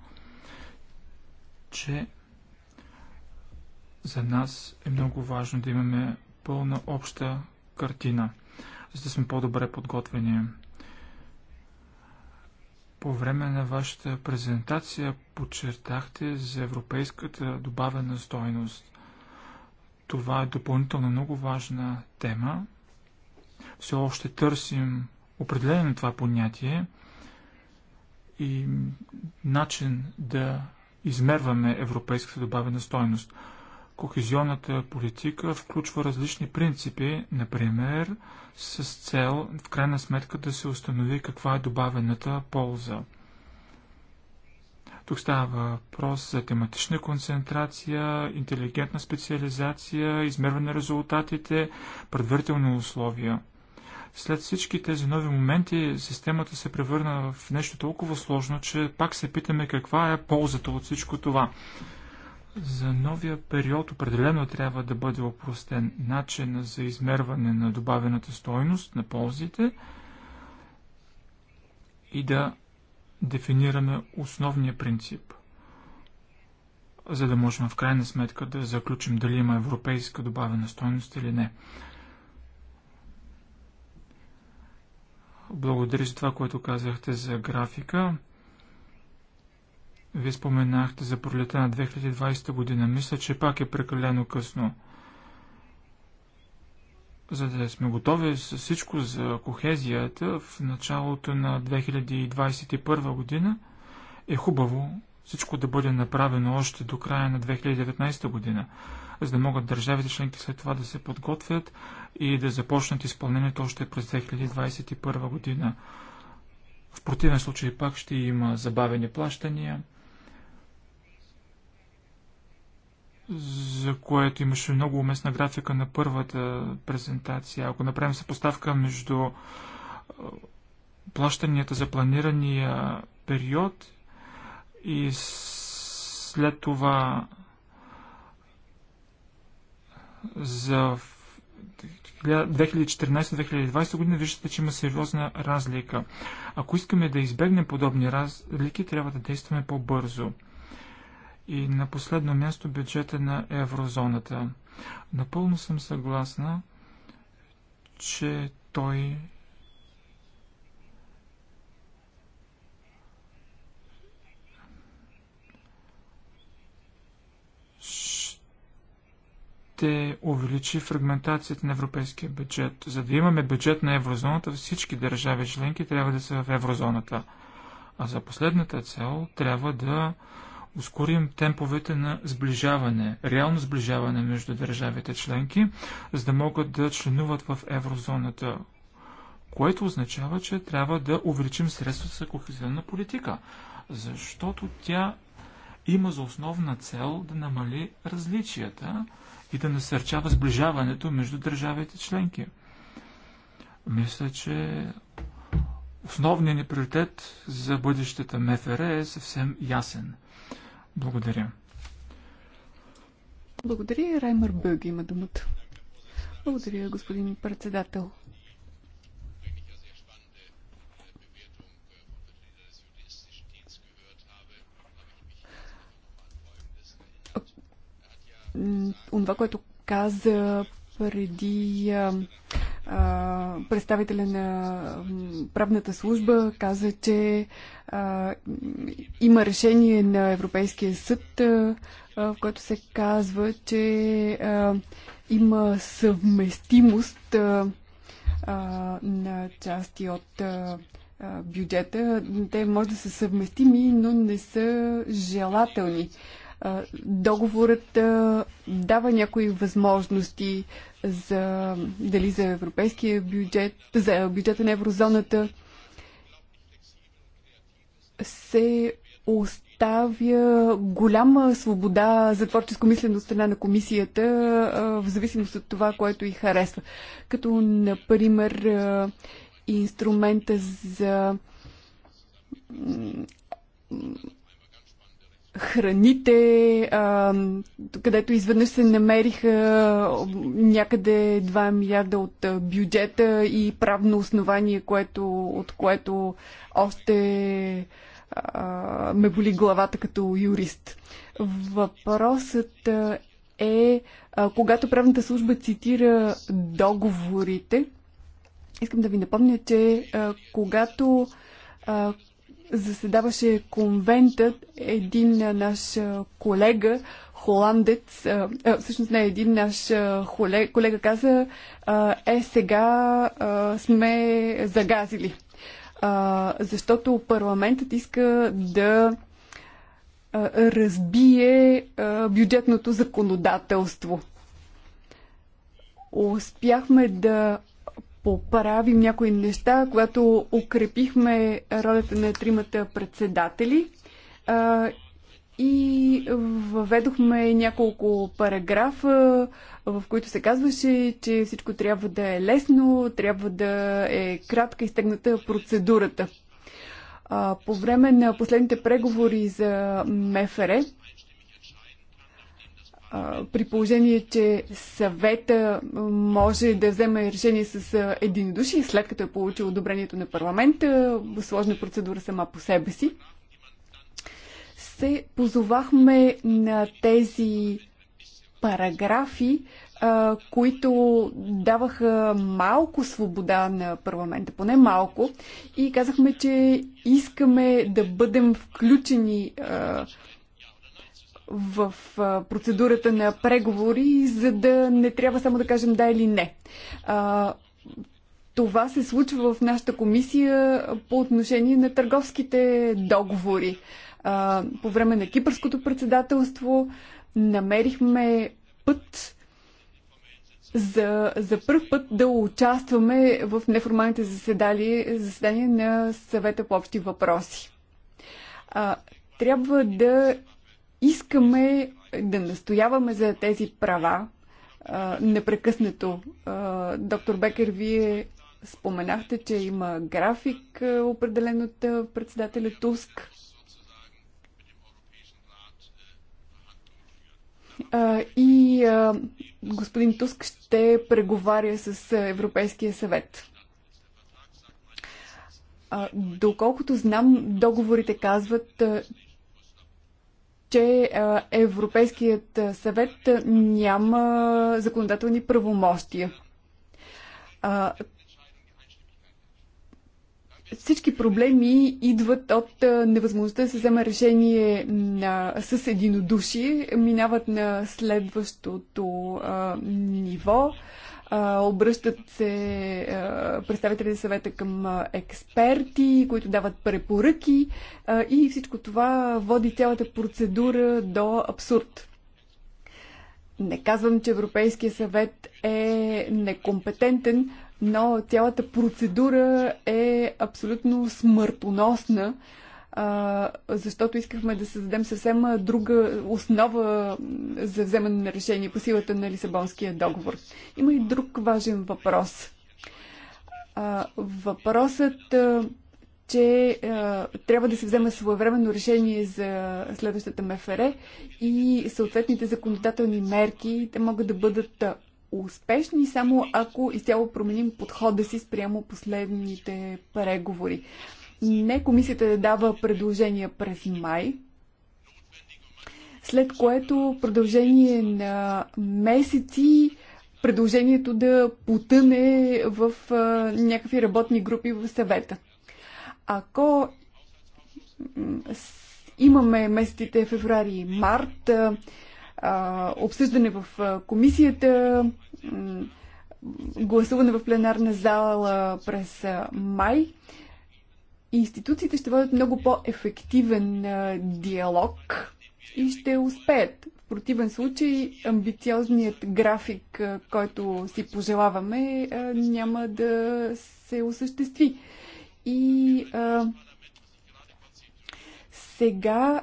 че за нас е много важно да имаме пълна обща картина, за да сме по-добре подготвени. По време на вашата презентация подчертахте за европейската добавена стойност. Това е допълнително много важна тема. Все още търсим определение на това понятие и начин да измерваме европейската добавена стойност. Кохезионната политика включва различни принципи, например, с цел в крайна сметка да се установи каква е добавената полза. Тук става въпрос за тематична концентрация, интелигентна специализация, измерване на резултатите, предварителни условия – след всички тези нови моменти, системата се превърна в нещо толкова сложно, че пак се питаме каква е ползата от всичко това. За новия период определено трябва да бъде опростен начин за измерване на добавената стойност на ползите и да дефинираме основния принцип, за да можем в крайна сметка да заключим дали има европейска добавена стойност или не. Благодаря за това, което казахте за графика. Вие споменахте за пролета на 2020 година. Мисля, че пак е прекалено късно. За да сме готови с всичко за кохезията в началото на 2021 година, е хубаво всичко да бъде направено още до края на 2019 година за да могат държавите членки след това да се подготвят и да започнат изпълнението още през 2021 година. В противен случай пак ще има забавени плащания, за което имаше много уместна графика на първата презентация. Ако направим съпоставка между плащанията за планирания период и след това за 2014-2020 година виждате, че има сериозна разлика. Ако искаме да избегнем подобни разлики, трябва да действаме по-бързо. И на последно място бюджета на еврозоната. Напълно съм съгласна, че той ще увеличи фрагментацията на европейския бюджет. За да имаме бюджет на еврозоната, всички държави членки трябва да са в еврозоната. А за последната цел трябва да ускорим темповете на сближаване, реално сближаване между държавите членки, за да могат да членуват в еврозоната, което означава, че трябва да увеличим средствата за кохезионна политика, защото тя има за основна цел да намали различията и да насърчава сближаването между държавите членки. Мисля, че основният ни приоритет за бъдещата МФР е съвсем ясен. Благодаря. Благодаря. Раймър Бълг има думата. Благодаря, господин председател. това, което каза преди а, а, представителя на правната служба каза, че а, има решение на Европейския съд, а, в което се казва, че а, има съвместимост а, а, на части от а, бюджета. Те може да са съвместими, но не са желателни. Договорът дава някои възможности за, дали за европейския бюджет, за бюджета на еврозоната. Се оставя голяма свобода за творческо мислене от страна на комисията, в зависимост от това, което и харесва. Като, например, инструмента за храните, а, където изведнъж се намериха някъде 2 милиарда от бюджета и правно основание, което, от което още а, ме боли главата като юрист. Въпросът е, а, когато правната служба цитира договорите, искам да ви напомня, че а, когато а, заседаваше конвентът един наш колега, холандец, а, всъщност не един наш колега, колега каза, а, е сега а, сме загазили. А, защото парламентът иска да а, разбие а, бюджетното законодателство. Успяхме да поправим някои неща, когато укрепихме ролята на тримата председатели и въведохме няколко параграфа, в които се казваше, че всичко трябва да е лесно, трябва да е кратка и стегната процедурата. По време на последните преговори за МФР, при положение, че съвета може да вземе решение с души, след като е получил одобрението на парламента, сложна процедура сама по себе си, се позовахме на тези параграфи, които даваха малко свобода на парламента, поне малко, и казахме, че искаме да бъдем включени в процедурата на преговори, за да не трябва само да кажем да или не. Това се случва в нашата комисия по отношение на търговските договори. По време на кипърското председателство намерихме път за, за първ път да участваме в неформалните заседания, заседания на съвета по общи въпроси. А, трябва да искаме да настояваме за тези права а, непрекъснато. А, доктор Бекер, вие споменахте, че има график, определен от председателя Туск. А, и а, господин Туск ще преговаря с Европейския съвет. А, доколкото знам, договорите казват, че Европейският съвет няма законодателни правомощия. Всички проблеми идват от невъзможността да се вземе решение на, с единодушие, минават на следващото а, ниво. А, Обръщат се представители на съвета към експерти, които дават препоръки и всичко това води цялата процедура до абсурд. Не казвам, че Европейския съвет е некомпетентен, но цялата процедура е абсолютно смъртоносна защото искахме да създадем съвсем друга основа за вземане на решение по силата на Лисабонския договор. Има и друг важен въпрос. Въпросът, че трябва да се вземе своевременно решение за следващата МФР и съответните законодателни мерки, те могат да бъдат успешни, само ако изцяло променим подхода си спрямо последните преговори не комисията да дава предложения през май, след което в продължение на месеци предложението да потъне в а, някакви работни групи в съвета. Ако имаме месеците феврари и март, а, обсъждане в комисията, гласуване в пленарна зала през май, институциите ще водят много по-ефективен диалог и ще успеят. В противен случай, амбициозният график, който си пожелаваме, няма да се осъществи. И а, сега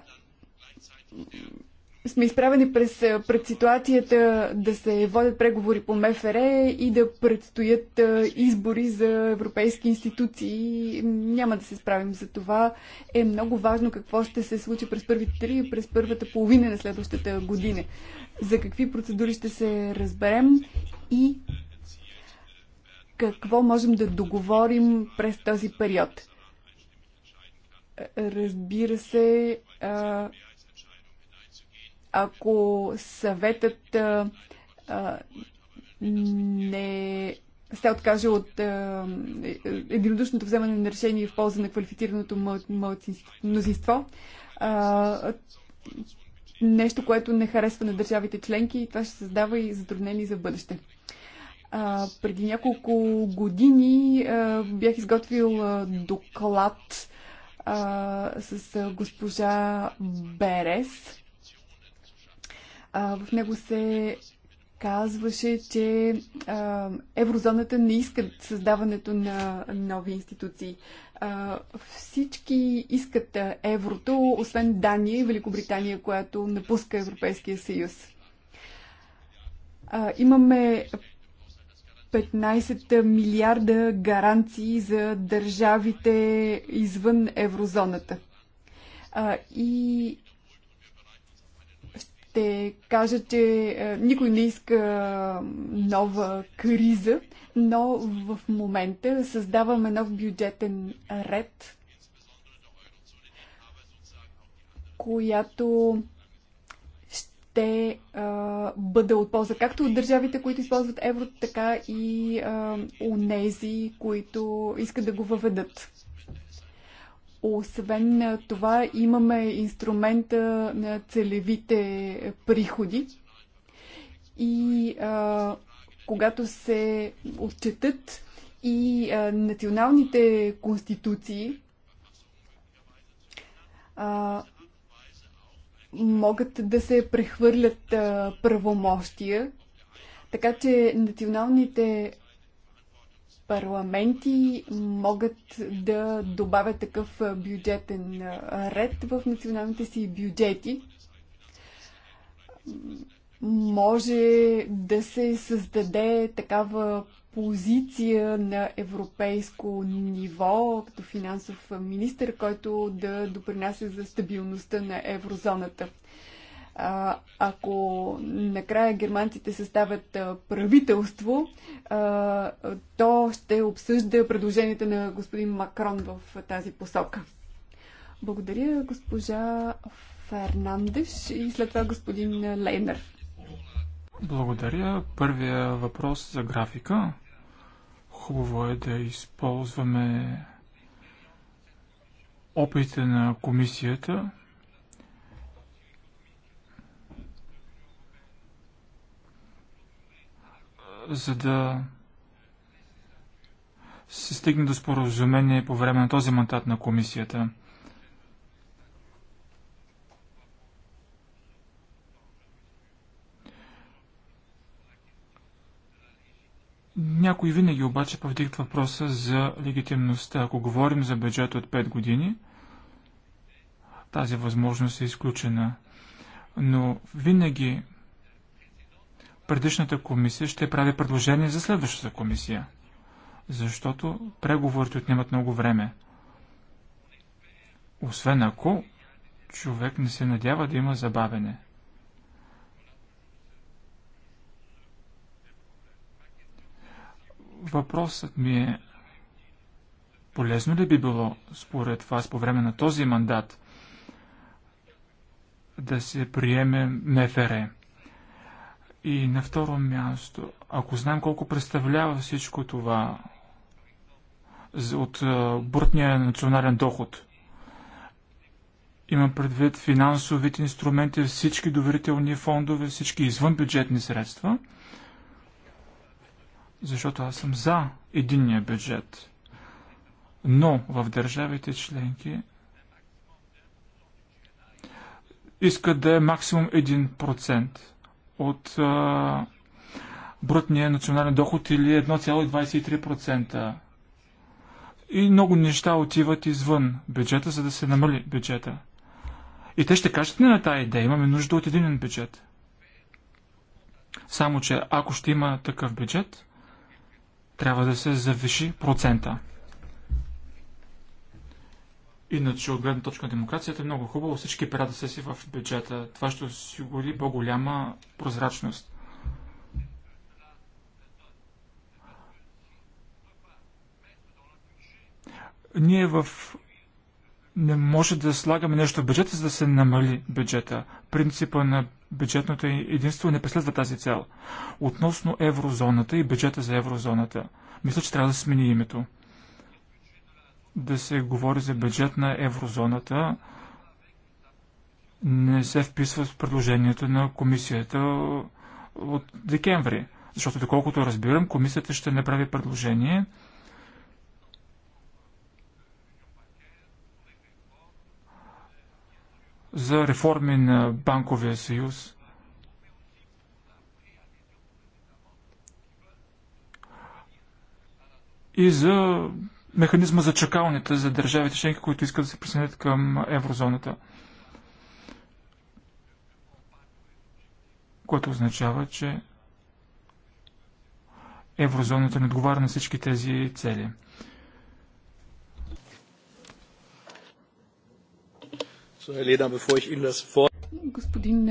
сме изправени през, е, пред ситуацията да се водят преговори по МФР и да предстоят е, избори за европейски институции. Няма да се справим за това. Е много важно какво ще се случи през първите три, и през първата половина на следващата година. За какви процедури ще се разберем и какво можем да договорим през този период. Е, разбира се, ако съветът а, не се откаже от а, единодушното вземане на решение в полза на квалифицираното мнозинство, а, нещо, което не харесва на държавите членки и това ще създава и затруднени за бъдеще. А, преди няколко години а, бях изготвил а, доклад а, с а, госпожа Берес а, в него се казваше, че а, еврозоната не иска създаването на нови институции. А, всички искат еврото, освен Дания и Великобритания, която напуска Европейския съюз. А, имаме 15 милиарда гаранции за държавите извън еврозоната. А, и те кажа, че е, никой не иска е, нова криза, но в момента създаваме нов бюджетен ред, която ще а, е, бъде от полза както от държавите, които използват еврото, така и а, у нези, които искат да го въведат. Освен това имаме инструмента на целевите приходи и а, когато се отчетат и а, националните конституции, а, могат да се прехвърлят а, правомощия, така че националните парламенти могат да добавят такъв бюджетен ред в националните си бюджети. Може да се създаде такава позиция на европейско ниво, като финансов министр, който да допринася за стабилността на еврозоната. А, ако накрая германците съставят правителство, а, то ще обсъжда предложенията на господин Макрон в тази посока. Благодаря, госпожа Фернандеш и след това господин Лейнер. Благодаря. Първия въпрос за графика. Хубаво е да използваме опитите на комисията за да се стигне до споразумение по време на този мандат на комисията. Някой винаги обаче повдигат въпроса за легитимността. Ако говорим за бюджет от 5 години, тази възможност е изключена. Но винаги предишната комисия ще прави предложение за следващата комисия, защото преговорите отнемат много време. Освен ако човек не се надява да има забавене. Въпросът ми е, полезно ли би било, според вас, по време на този мандат, да се приеме МФР? И на второ място, ако знаем колко представлява всичко това от брутния национален доход, има предвид финансовите инструменти, всички доверителни фондове, всички извънбюджетни средства, защото аз съм за единния бюджет. Но в държавите членки искат да е максимум 1% от а, брутния национален доход или 1,23%. И много неща отиват извън бюджета, за да се намали бюджета. И те ще кажат не на тази идея, имаме нужда от един бюджет. Само, че ако ще има такъв бюджет, трябва да се завиши процента. Иначе, от гледна точка на демокрацията, е много хубаво всички пера да се си в бюджета. Това ще осигури по-голяма прозрачност. Ние в... не може да слагаме нещо в бюджета, за да се намали бюджета. Принципа на бюджетното единство не преследва тази цел. Относно еврозоната и бюджета за еврозоната, мисля, че трябва да смени името да се говори за бюджет на еврозоната не се вписва с предложението на комисията от декември. Защото, доколкото разбирам, комисията ще направи предложение за реформи на банковия съюз. И за механизма за чакалните за държавите членки, които искат да се присъединят към еврозоната. Което означава, че еврозоната не отговаря на всички тези цели. Господин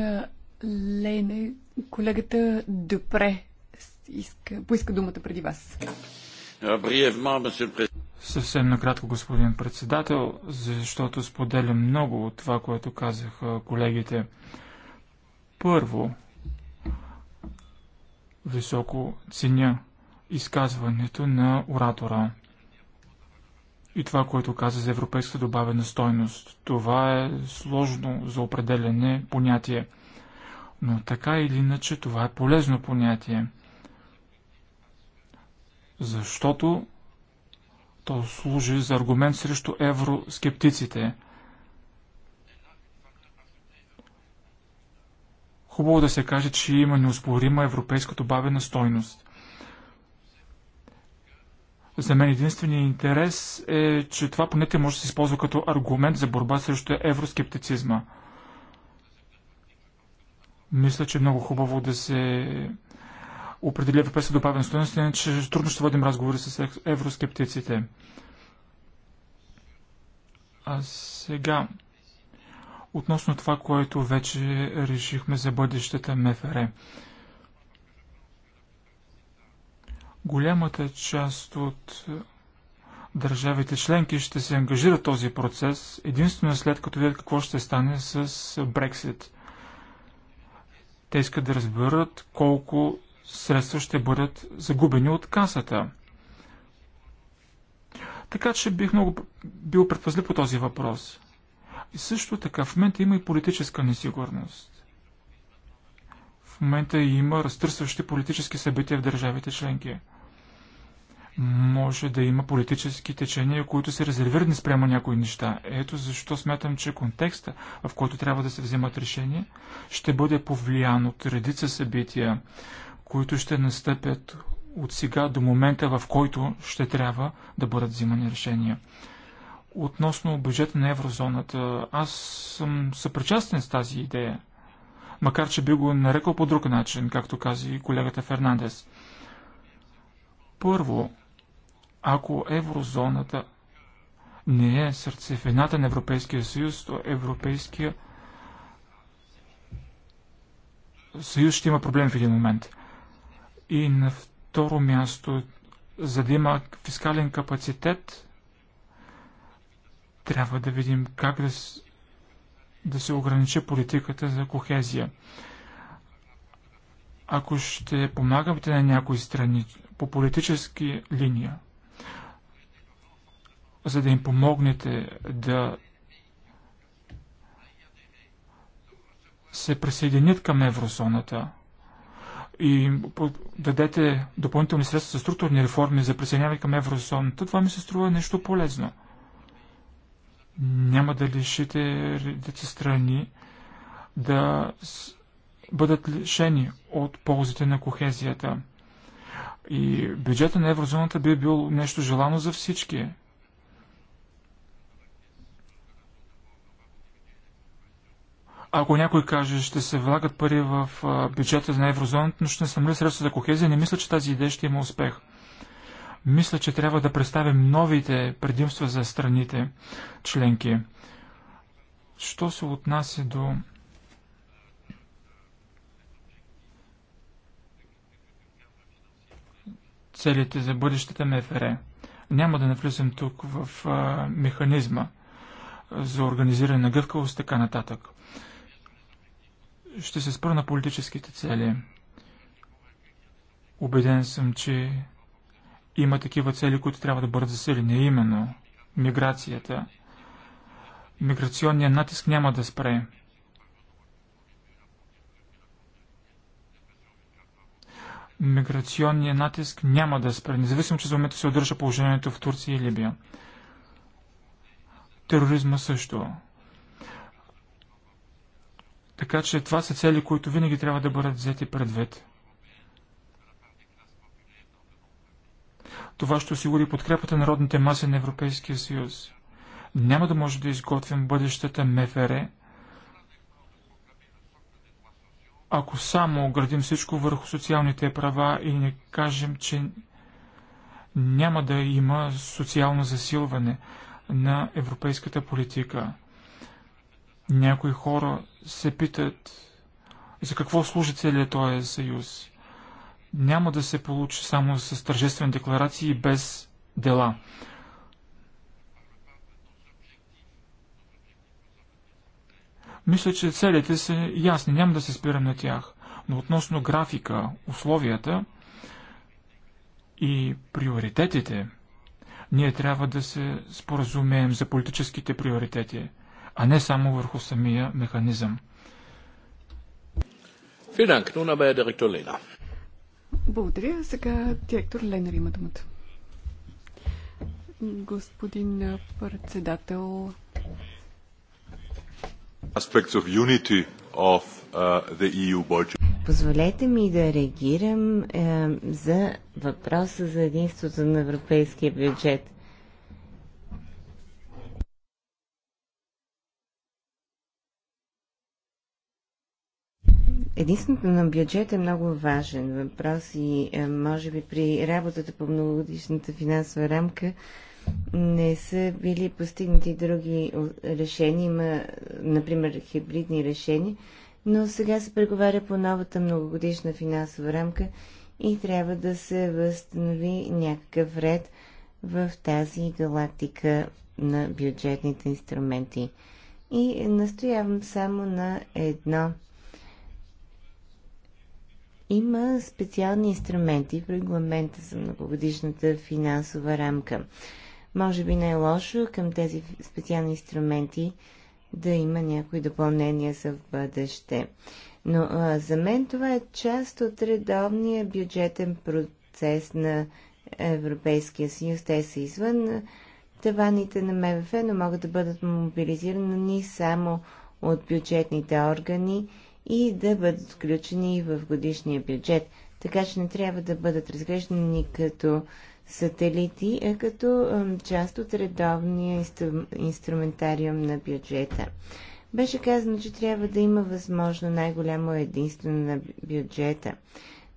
Лене, колегата Депре иска, поиска думата преди вас. Е, Бриевма, месье Съвсем накратко, господин председател, защото споделя много от това, което казаха колегите. Първо, високо ценя изказването на оратора и това, което каза за европейска добавена стойност. Това е сложно за определене понятие. Но така или иначе това е полезно понятие. Защото то служи за аргумент срещу евроскептиците. Хубаво да се каже, че има неоспорима европейска добавена стойност. За мен единственият интерес е, че това понятие може да се използва като аргумент за борба срещу евроскептицизма. Мисля, че е много хубаво да се определи европейска добавена стоеност, иначе трудно ще водим разговори с евроскептиците. А сега, относно това, което вече решихме за бъдещата МФР. Голямата част от държавите членки ще се ангажират този процес, единствено след като видят какво ще стане с Брексит. Те искат да разберат колко средства ще бъдат загубени от касата. Така че бих много бил предпазлив по този въпрос. И също така в момента има и политическа несигурност. В момента има разтърсващи политически събития в държавите членки. Може да има политически течения, които са резервирани спрямо някои неща. Ето защо смятам, че контекста, в който трябва да се вземат решения, ще бъде повлиян от редица събития които ще настъпят от сега до момента, в който ще трябва да бъдат взимани решения. Относно бюджета на еврозоната, аз съм съпричастен с тази идея, макар че би го нарекал по друг начин, както каза и колегата Фернандес. Първо, ако еврозоната не е сърцевината на Европейския съюз, то Европейския съюз ще има проблем в един момент. И на второ място, за да има фискален капацитет, трябва да видим как да, да се ограничи политиката за кохезия. Ако ще помагате на някои страни по политически линия, за да им помогнете да се присъединят към еврозоната, и дадете допълнителни средства за структурни реформи за присъединяване към еврозоната, това ми се струва нещо полезно. Няма да лишите редица страни да бъдат лишени от ползите на кохезията. И бюджета на еврозоната би бил нещо желано за всички, Ако някой каже, ще се влагат пари в бюджета на еврозоната, но ще не съмли средства за кохезия, не мисля, че тази идея ще има успех. Мисля, че трябва да представим новите предимства за страните членки. Що се отнася до целите за бъдещата МФР. Няма да навлизам тук в а, механизма за организиране на гъвкавост, така нататък. Ще се спра на политическите цели. Обеден съм, че има такива цели, които трябва да бъдат заселени, именно миграцията. Миграционният натиск няма да спре. Миграционният натиск няма да спре, независимо, че за момента се удържа положението в Турция и Либия. Тероризма също. Така че това са цели, които винаги трябва да бъдат взети предвид. Това ще осигури подкрепата на народните маси на Европейския съюз. Няма да може да изготвим бъдещата МФР, ако само градим всичко върху социалните права и не кажем, че няма да има социално засилване на европейската политика. Някои хора се питат за какво служи целият този съюз. Няма да се получи само с тържествени декларации без дела. Мисля, че целите са ясни, няма да се спирам на тях. Но относно графика, условията и приоритетите, ние трябва да се споразумеем за политическите приоритети а не само върху самия механизъм. Благодаря. Сега директор Ленар има думата. Господин председател. Aspects of unity of uh, the EU budget. Позволете ми да реагирам е, за въпроса за единството на европейския бюджет. Единственото на бюджет е много важен въпрос и е, може би при работата по многогодишната финансова рамка не са били постигнати други решения. Има, например, хибридни решения, но сега се преговаря по новата многогодишна финансова рамка и трябва да се възстанови някакъв ред в тази галактика на бюджетните инструменти. И настоявам само на едно – има специални инструменти в регламента за многогодишната финансова рамка. Може би не е лошо към тези специални инструменти да има някои допълнения за в бъдеще. Но а, за мен това е част от редовния бюджетен процес на Европейския съюз. Те са извън таваните на МВФ, но могат да бъдат мобилизирани само от бюджетните органи и да бъдат включени в годишния бюджет. Така че не трябва да бъдат разглеждани като сателити, а като част от редовния инструментариум на бюджета. Беше казано, че трябва да има възможно най-голямо единство на бюджета.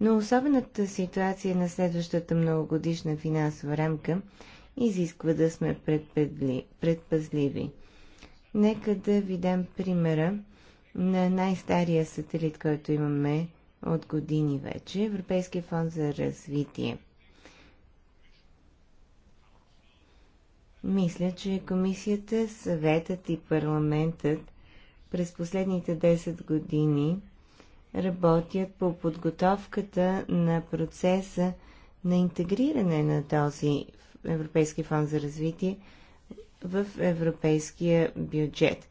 Но особената ситуация на следващата многогодишна финансова рамка изисква да сме предпазливи. Нека да ви дам примера на най-стария сателит, който имаме от години вече, Европейския фонд за развитие. Мисля, че комисията, съветът и парламентът през последните 10 години работят по подготовката на процеса на интегриране на този Европейски фонд за развитие в европейския бюджет.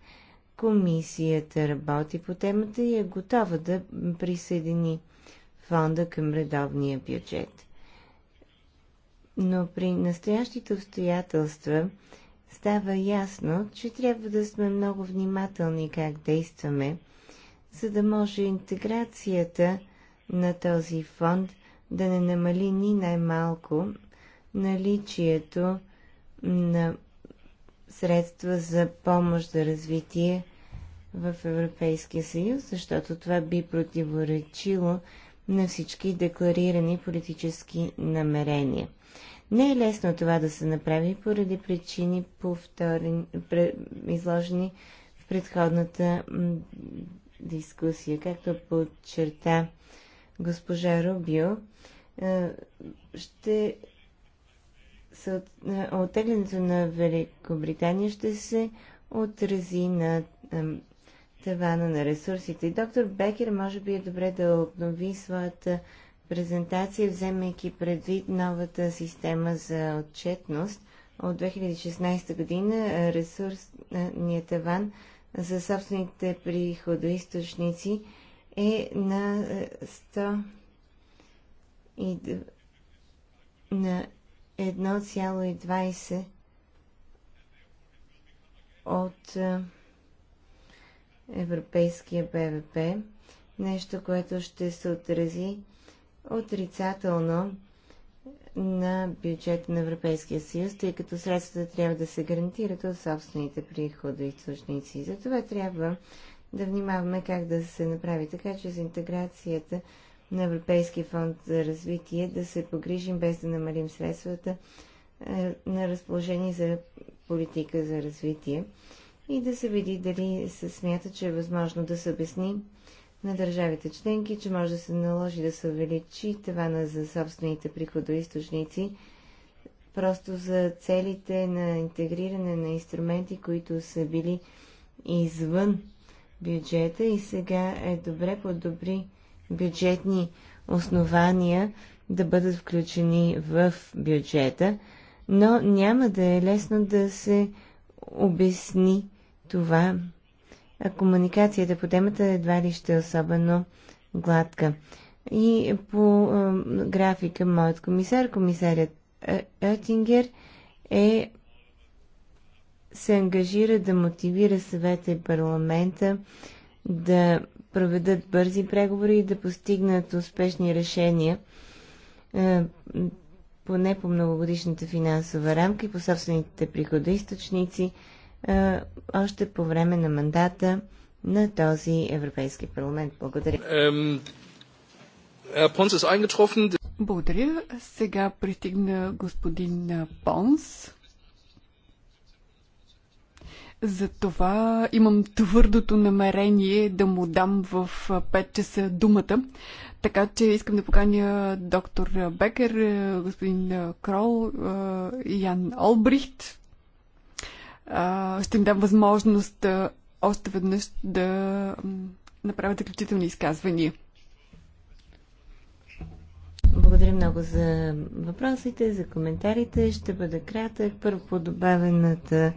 Комисията работи по темата и е готова да присъедини фонда към редовния бюджет. Но при настоящите обстоятелства става ясно, че трябва да сме много внимателни как действаме, за да може интеграцията на този фонд да не намали ни най-малко наличието на средства за помощ за развитие в Европейския съюз, защото това би противоречило на всички декларирани политически намерения. Не е лесно това да се направи поради причини, повторени, изложени в предходната дискусия. Както подчерта госпожа Рубио, е, ще е, оттеглянето на Великобритания ще се отрази на тавана на ресурсите. доктор Бекер може би е добре да обнови своята презентация, вземайки предвид новата система за отчетност от 2016 година, ресурсният таван за собствените приходоисточници е на 100 е, и на 1,20 от европейския БВП, нещо, което ще се отрази отрицателно на бюджет на Европейския съюз, тъй като средствата трябва да се гарантират от собствените и източници. Затова трябва да внимаваме как да се направи така, че за интеграцията на Европейския фонд за развитие, да се погрижим без да намалим средствата е, на разположение за политика за развитие и да се види дали се смята, че е възможно да се обясни на държавите членки, че може да се наложи да се увеличи на за собствените приходоисточници, просто за целите на интегриране на инструменти, които са били извън бюджета и сега е добре подобри бюджетни основания да бъдат включени в бюджета, но няма да е лесно да се обясни това. А комуникацията по темата едва ли ще е особено гладка. И по а, графика моят комисар, комисарят е, Оттингер е се ангажира да мотивира съвета и парламента да проведат бързи преговори и да постигнат успешни решения е, поне по многогодишната финансова рамка и по собствените приходоисточници е, още по време на мандата на този Европейски парламент. Благодаря. Благодаря. Сега пристигна господин Понс. Затова имам твърдото намерение да му дам в 5 часа думата. Така че искам да поканя доктор Бекер, господин Крол, Ян Олбрихт. Ще им дам възможност още веднъж да направят заключителни изказвания. Благодаря много за въпросите, за коментарите. Ще бъда кратък. Първо по добавената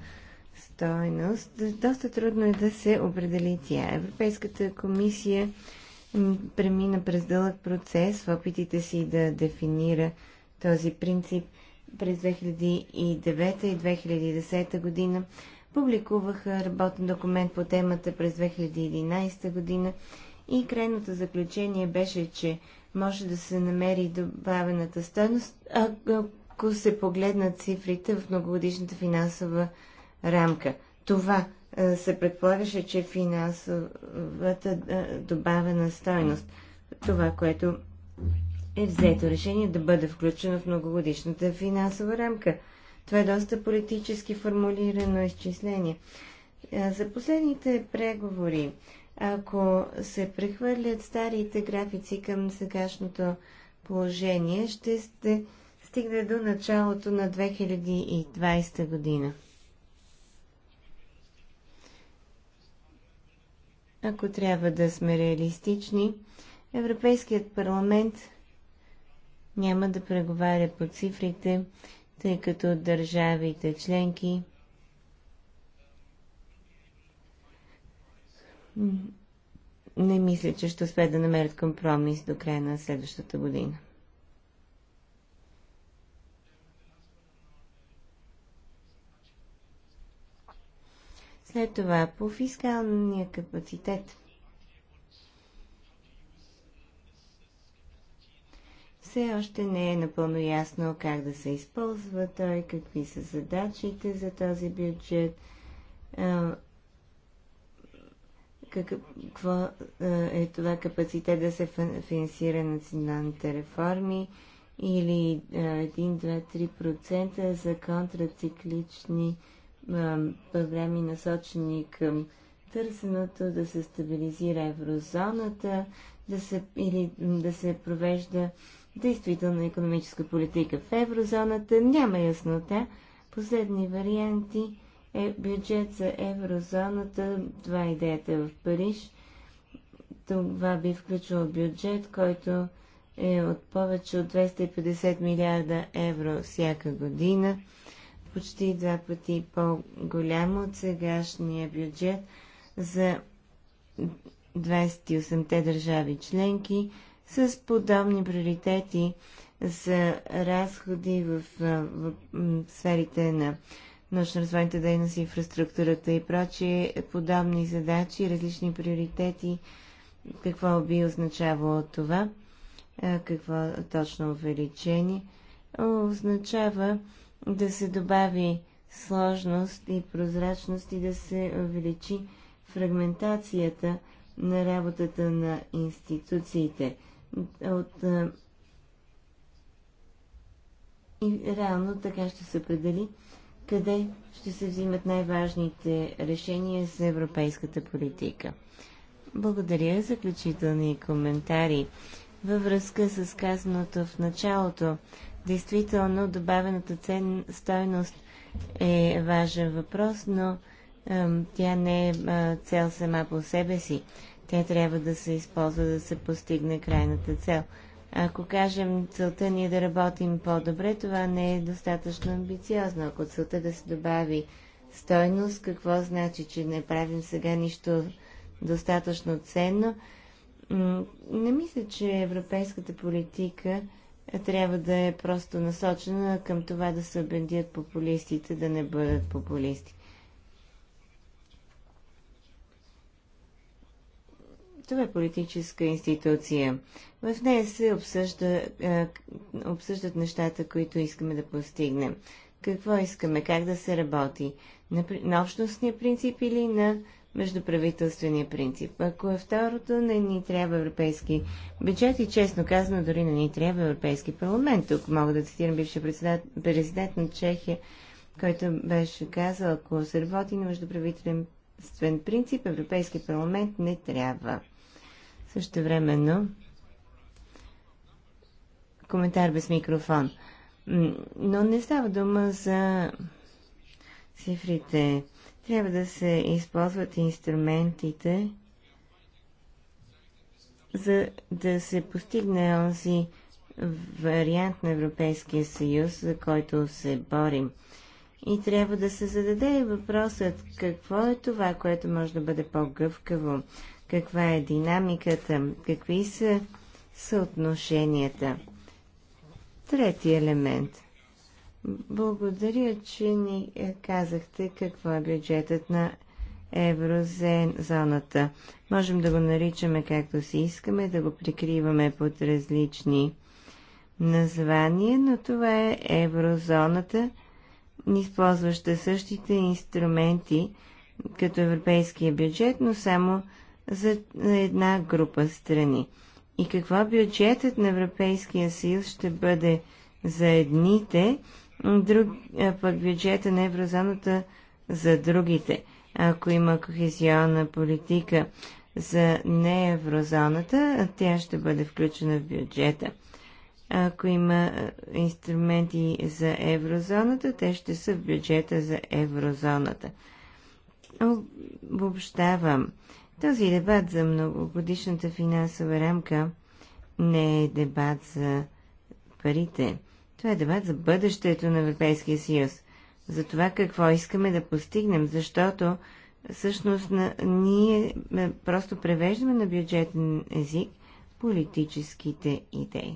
стойност, доста трудно е да се определи тя. Европейската комисия премина през дълъг процес в опитите си да дефинира този принцип през 2009 и 2010 година. Публикуваха работен документ по темата през 2011 година и крайното заключение беше, че може да се намери добавената стойност, ако се погледнат цифрите в многогодишната финансова рамка. Това се предполагаше, че финансовата добавена стойност, това, което е взето решение да бъде включено в многогодишната финансова рамка. Това е доста политически формулирано изчисление. За последните преговори, ако се прехвърлят старите графици към сегашното положение, ще сте стигне до началото на 2020 година. Ако трябва да сме реалистични, Европейският парламент няма да преговаря по цифрите, тъй като държавите членки не мисля, че ще успе да намерят компромис до края на следващата година. След това по фискалния капацитет. Все още не е напълно ясно как да се използва той, какви са задачите за този бюджет, какво е това капацитет да се финансира националните реформи или 1-2-3% за контрациклични програми насочени към търсеното, да се стабилизира еврозоната, да се, или да се провежда действителна економическа политика в еврозоната. Няма яснота. Последни варианти е бюджет за еврозоната. Това е идеята в Париж. Това би включило бюджет, който е от повече от 250 милиарда евро всяка година почти два пъти по-голямо от сегашния бюджет за 28-те държави членки с подобни приоритети за разходи в, в, в, в сферите на научно-развойната дейност, инфраструктурата и прочие, подобни задачи, различни приоритети. Какво би означавало това? Какво точно увеличение? Означава да се добави сложност и прозрачност и да се увеличи фрагментацията на работата на институциите. От, и реално така ще се определи къде ще се взимат най-важните решения за европейската политика. Благодаря заключителни коментари. Във връзка с казаното в началото, Действително, добавената цен, стойност е важен въпрос, но тя не е цел сама по себе си. Тя трябва да се използва да се постигне крайната цел. Ако кажем целта ни е да работим по-добре, това не е достатъчно амбициозно. Ако целта е да се добави стойност, какво значи, че не правим сега нищо достатъчно ценно? Не мисля, че европейската политика трябва да е просто насочена към това да се обендият популистите да не бъдат популисти. Това е политическа институция. В нея се обсъжда, е, обсъждат нещата, които искаме да постигнем. Какво искаме, как да се работи? На, на общностния принцип или на междуправителствения принцип. Ако е второто, не ни трябва европейски бюджет и честно казано, дори не ни трябва европейски парламент. Тук мога да цитирам бившия президент, президент на Чехия, който беше казал, ако се работи на междуправителствен принцип, европейски парламент не трябва. Също времено, коментар без микрофон. Но не става дума за цифрите. Трябва да се използват инструментите, за да се постигне онзи вариант на Европейския съюз, за който се борим. И трябва да се зададе въпросът какво е това, което може да бъде по-гъвкаво, каква е динамиката, какви са съотношенията. Трети елемент. Благодаря, че ни е, казахте какво е бюджетът на еврозоната. Можем да го наричаме както си искаме, да го прикриваме под различни названия, но това е еврозоната, използваща същите инструменти като европейския бюджет, но само за една група страни. И какво бюджетът на Европейския съюз ще бъде за едните, друг, а пък бюджета на еврозоната за другите. Ако има кохезионна политика за не еврозоната, тя ще бъде включена в бюджета. Ако има инструменти за еврозоната, те ще са в бюджета за еврозоната. Обобщавам. Този дебат за многогодишната финансова рамка не е дебат за парите. Това е дебат за бъдещето на Европейския съюз, за това какво искаме да постигнем, защото всъщност на, ние е, просто превеждаме на бюджетен език политическите идеи.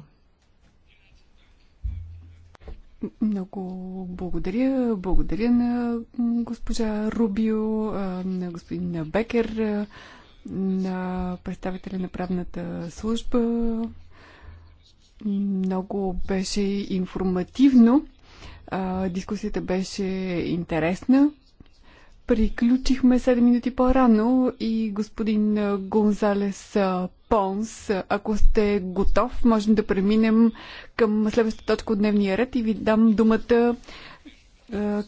Много благодаря. Благодаря на госпожа Рубио, на господин Бекер, на представителя на правната служба много беше информативно. А, дискусията беше интересна. Приключихме 7 минути по-рано и господин Гонзалес Понс, ако сте готов, можем да преминем към следващата точка от дневния ред и ви дам думата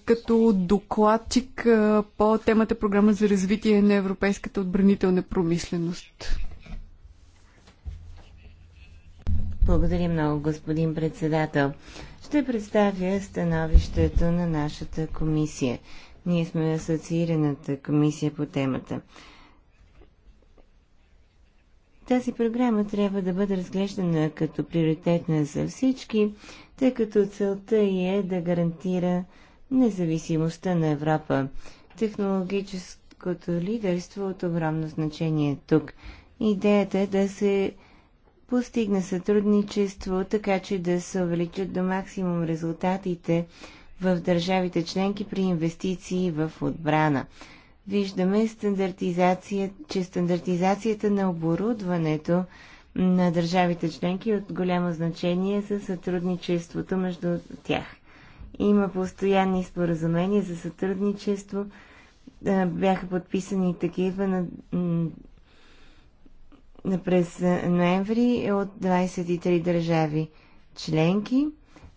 като докладчик по темата Програма за развитие на европейската отбранителна промишленост. Благодаря много, господин председател. Ще представя становището на нашата комисия. Ние сме асоциираната комисия по темата. Тази програма трябва да бъде разглеждана като приоритетна за всички, тъй като целта е да гарантира независимостта на Европа. Технологическото лидерство е от огромно значение тук. Идеята е да се Постигне сътрудничество, така че да се увеличат до максимум резултатите в държавите членки при инвестиции в отбрана. Виждаме, стандартизация, че стандартизацията на оборудването на държавите членки е от голямо значение за сътрудничеството между тях. Има постоянни споразумения за сътрудничество. Е, бяха подписани такива на през ноември е от 23 държави членки.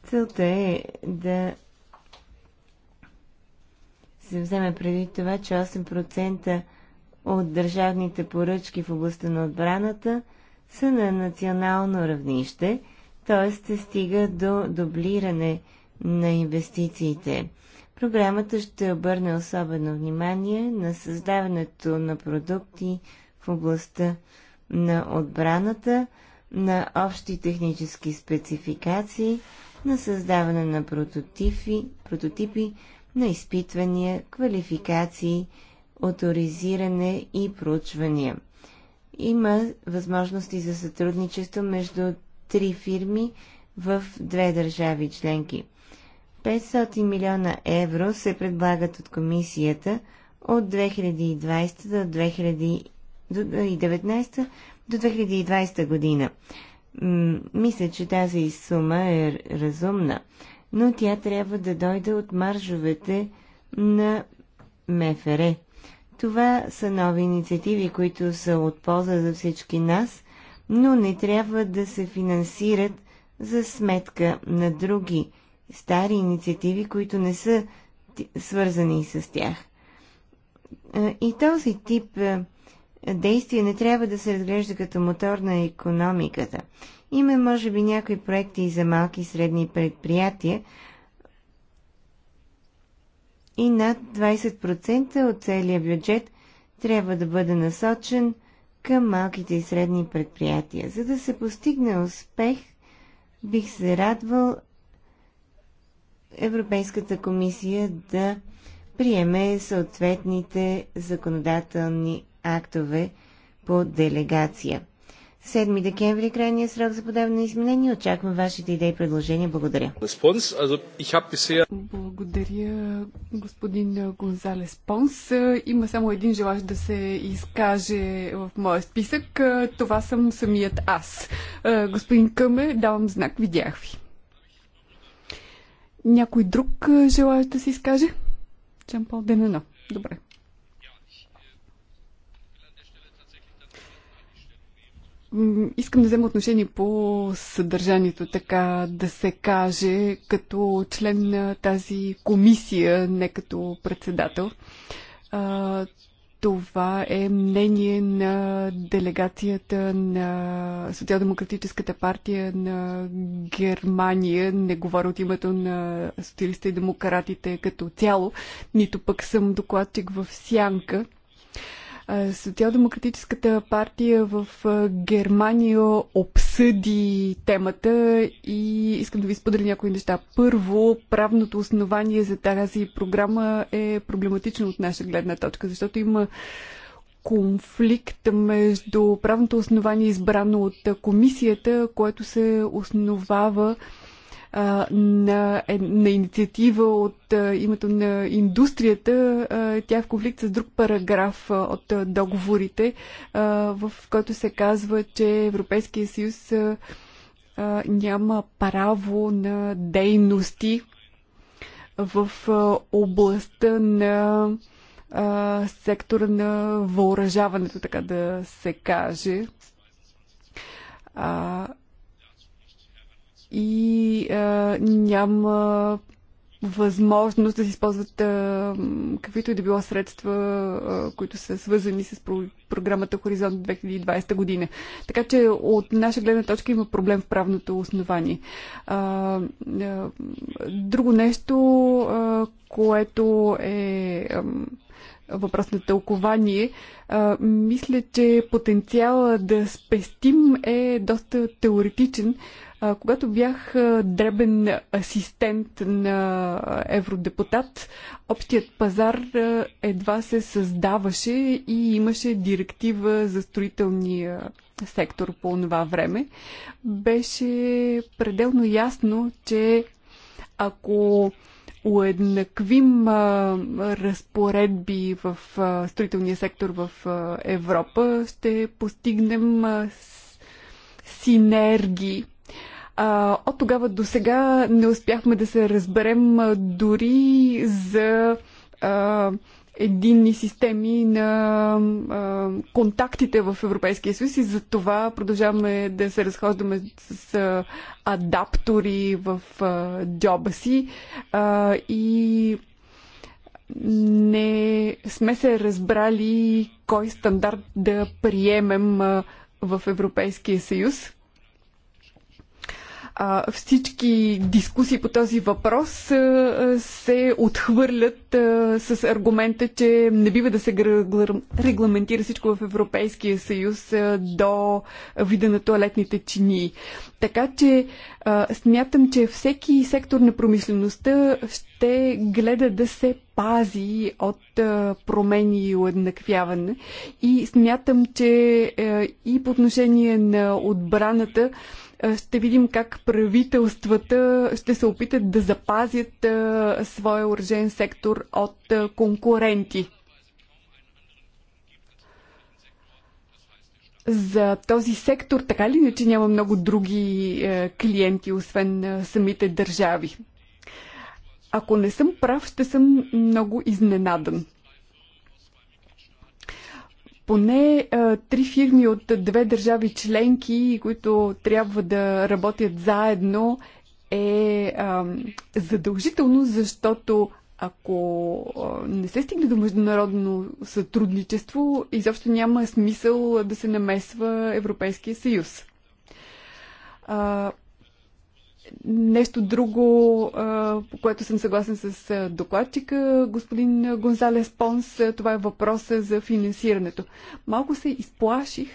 Целта е да се вземе преди това, че 8% от държавните поръчки в областта на отбраната са на национално равнище, т.е. се стига до дублиране на инвестициите. Програмата ще обърне особено внимание на създаването на продукти в областта на отбраната, на общи технически спецификации, на създаване на прототипи, прототипи на изпитвания, квалификации, авторизиране и проучвания. Има възможности за сътрудничество между три фирми в две държави членки. 500 милиона евро се предлагат от комисията от 2020 до 2019 до 2020 година. Мисля, че тази сума е разумна, но тя трябва да дойде от маржовете на МФР. Това са нови инициативи, които са от полза за всички нас, но не трябва да се финансират за сметка на други стари инициативи, които не са свързани с тях. И този тип действие не трябва да се разглежда като мотор на економиката. Има, може би, някои проекти и за малки и средни предприятия и над 20% от целия бюджет трябва да бъде насочен към малките и средни предприятия. За да се постигне успех, бих се радвал Европейската комисия да приеме съответните законодателни актове по делегация. 7 декември е крайния срок за подаване на изменения. Очаквам вашите идеи и предложения. Благодаря. Благодаря, господин Гонзалес Понс. Има само един желаж да се изкаже в моя списък. Това съм самият аз. Господин Къме, давам знак. Видях ви. Някой друг желая да се изкаже? Чампол Денено. Добре. Искам да взема отношение по съдържанието, така да се каже, като член на тази комисия, не като председател. А, това е мнение на делегацията на Социал-демократическата партия на Германия. Не говоря от името на социалистите и демократите като цяло, нито пък съм докладчик в Сянка. Социал-демократическата партия в Германия обсъди темата и искам да ви споделя някои неща. Първо, правното основание за тази програма е проблематично от наша гледна точка, защото има конфликт между правното основание, избрано от комисията, което се основава а, на, е, на инициатива от а, името на индустрията. А, тя е в конфликт с друг параграф а, от а, договорите, а, в който се казва, че Европейския съюз а, а, няма право на дейности в а, областта на а, сектора на въоръжаването, така да се каже и а, няма възможност да се използват а, каквито и да било средства, а, които са свързани с про- програмата Хоризонт 2020 година. Така че от наша гледна точка има проблем в правното основание. А, а, друго нещо, а, което е. А, въпрос на тълкование. А, мисля, че потенциала да спестим е доста теоретичен. А, когато бях дребен асистент на евродепутат, общият пазар едва се създаваше и имаше директива за строителния сектор по това време. Беше пределно ясно, че ако уеднаквим а, разпоредби в а, строителния сектор в а, Европа, ще постигнем а, с, синергии а, от тогава до сега не успяхме да се разберем дори за а, единни системи на а, контактите в Европейския съюз и за това продължаваме да се разхождаме с а, адаптори в а, джоба си а, и не сме се разбрали кой стандарт да приемем а, в Европейския съюз а, всички дискусии по този въпрос а, се отхвърлят а, с аргумента, че не бива да се регламентира всичко в Европейския съюз а, до вида на туалетните чинии. Така че а, смятам, че всеки сектор на промишлеността ще гледа да се пази от а, промени и уеднаквяване. И смятам, че а, и по отношение на отбраната ще видим как правителствата ще се опитат да запазят своя оръжен сектор от конкуренти. За този сектор така ли иначе няма много други клиенти, освен самите държави? Ако не съм прав, ще съм много изненадан поне а, три фирми от две държави членки, които трябва да работят заедно, е а, задължително, защото ако а, не се стигне до международно сътрудничество, изобщо няма смисъл да се намесва Европейския съюз. А, Нещо друго, по което съм съгласен с докладчика, господин Гонзалес Понс, това е въпроса за финансирането. Малко се изплаших,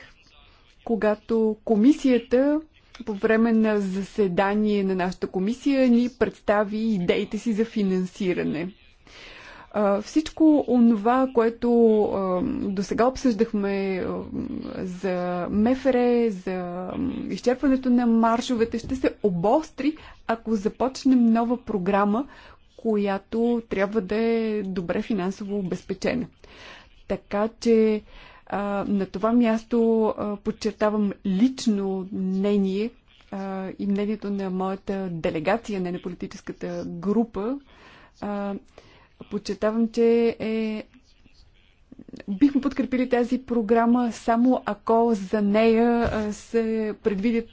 когато комисията по време на заседание на нашата комисия ни представи идеите си за финансиране. Всичко онова, което до сега обсъждахме за МФР, за изчерпването на маршовете, ще се обостри, ако започнем нова програма, която трябва да е добре финансово обезпечена. Така че на това място подчертавам лично мнение и мнението на моята делегация, не на политическата група. Подчертавам, че е... бихме подкрепили тази програма само ако за нея се предвидят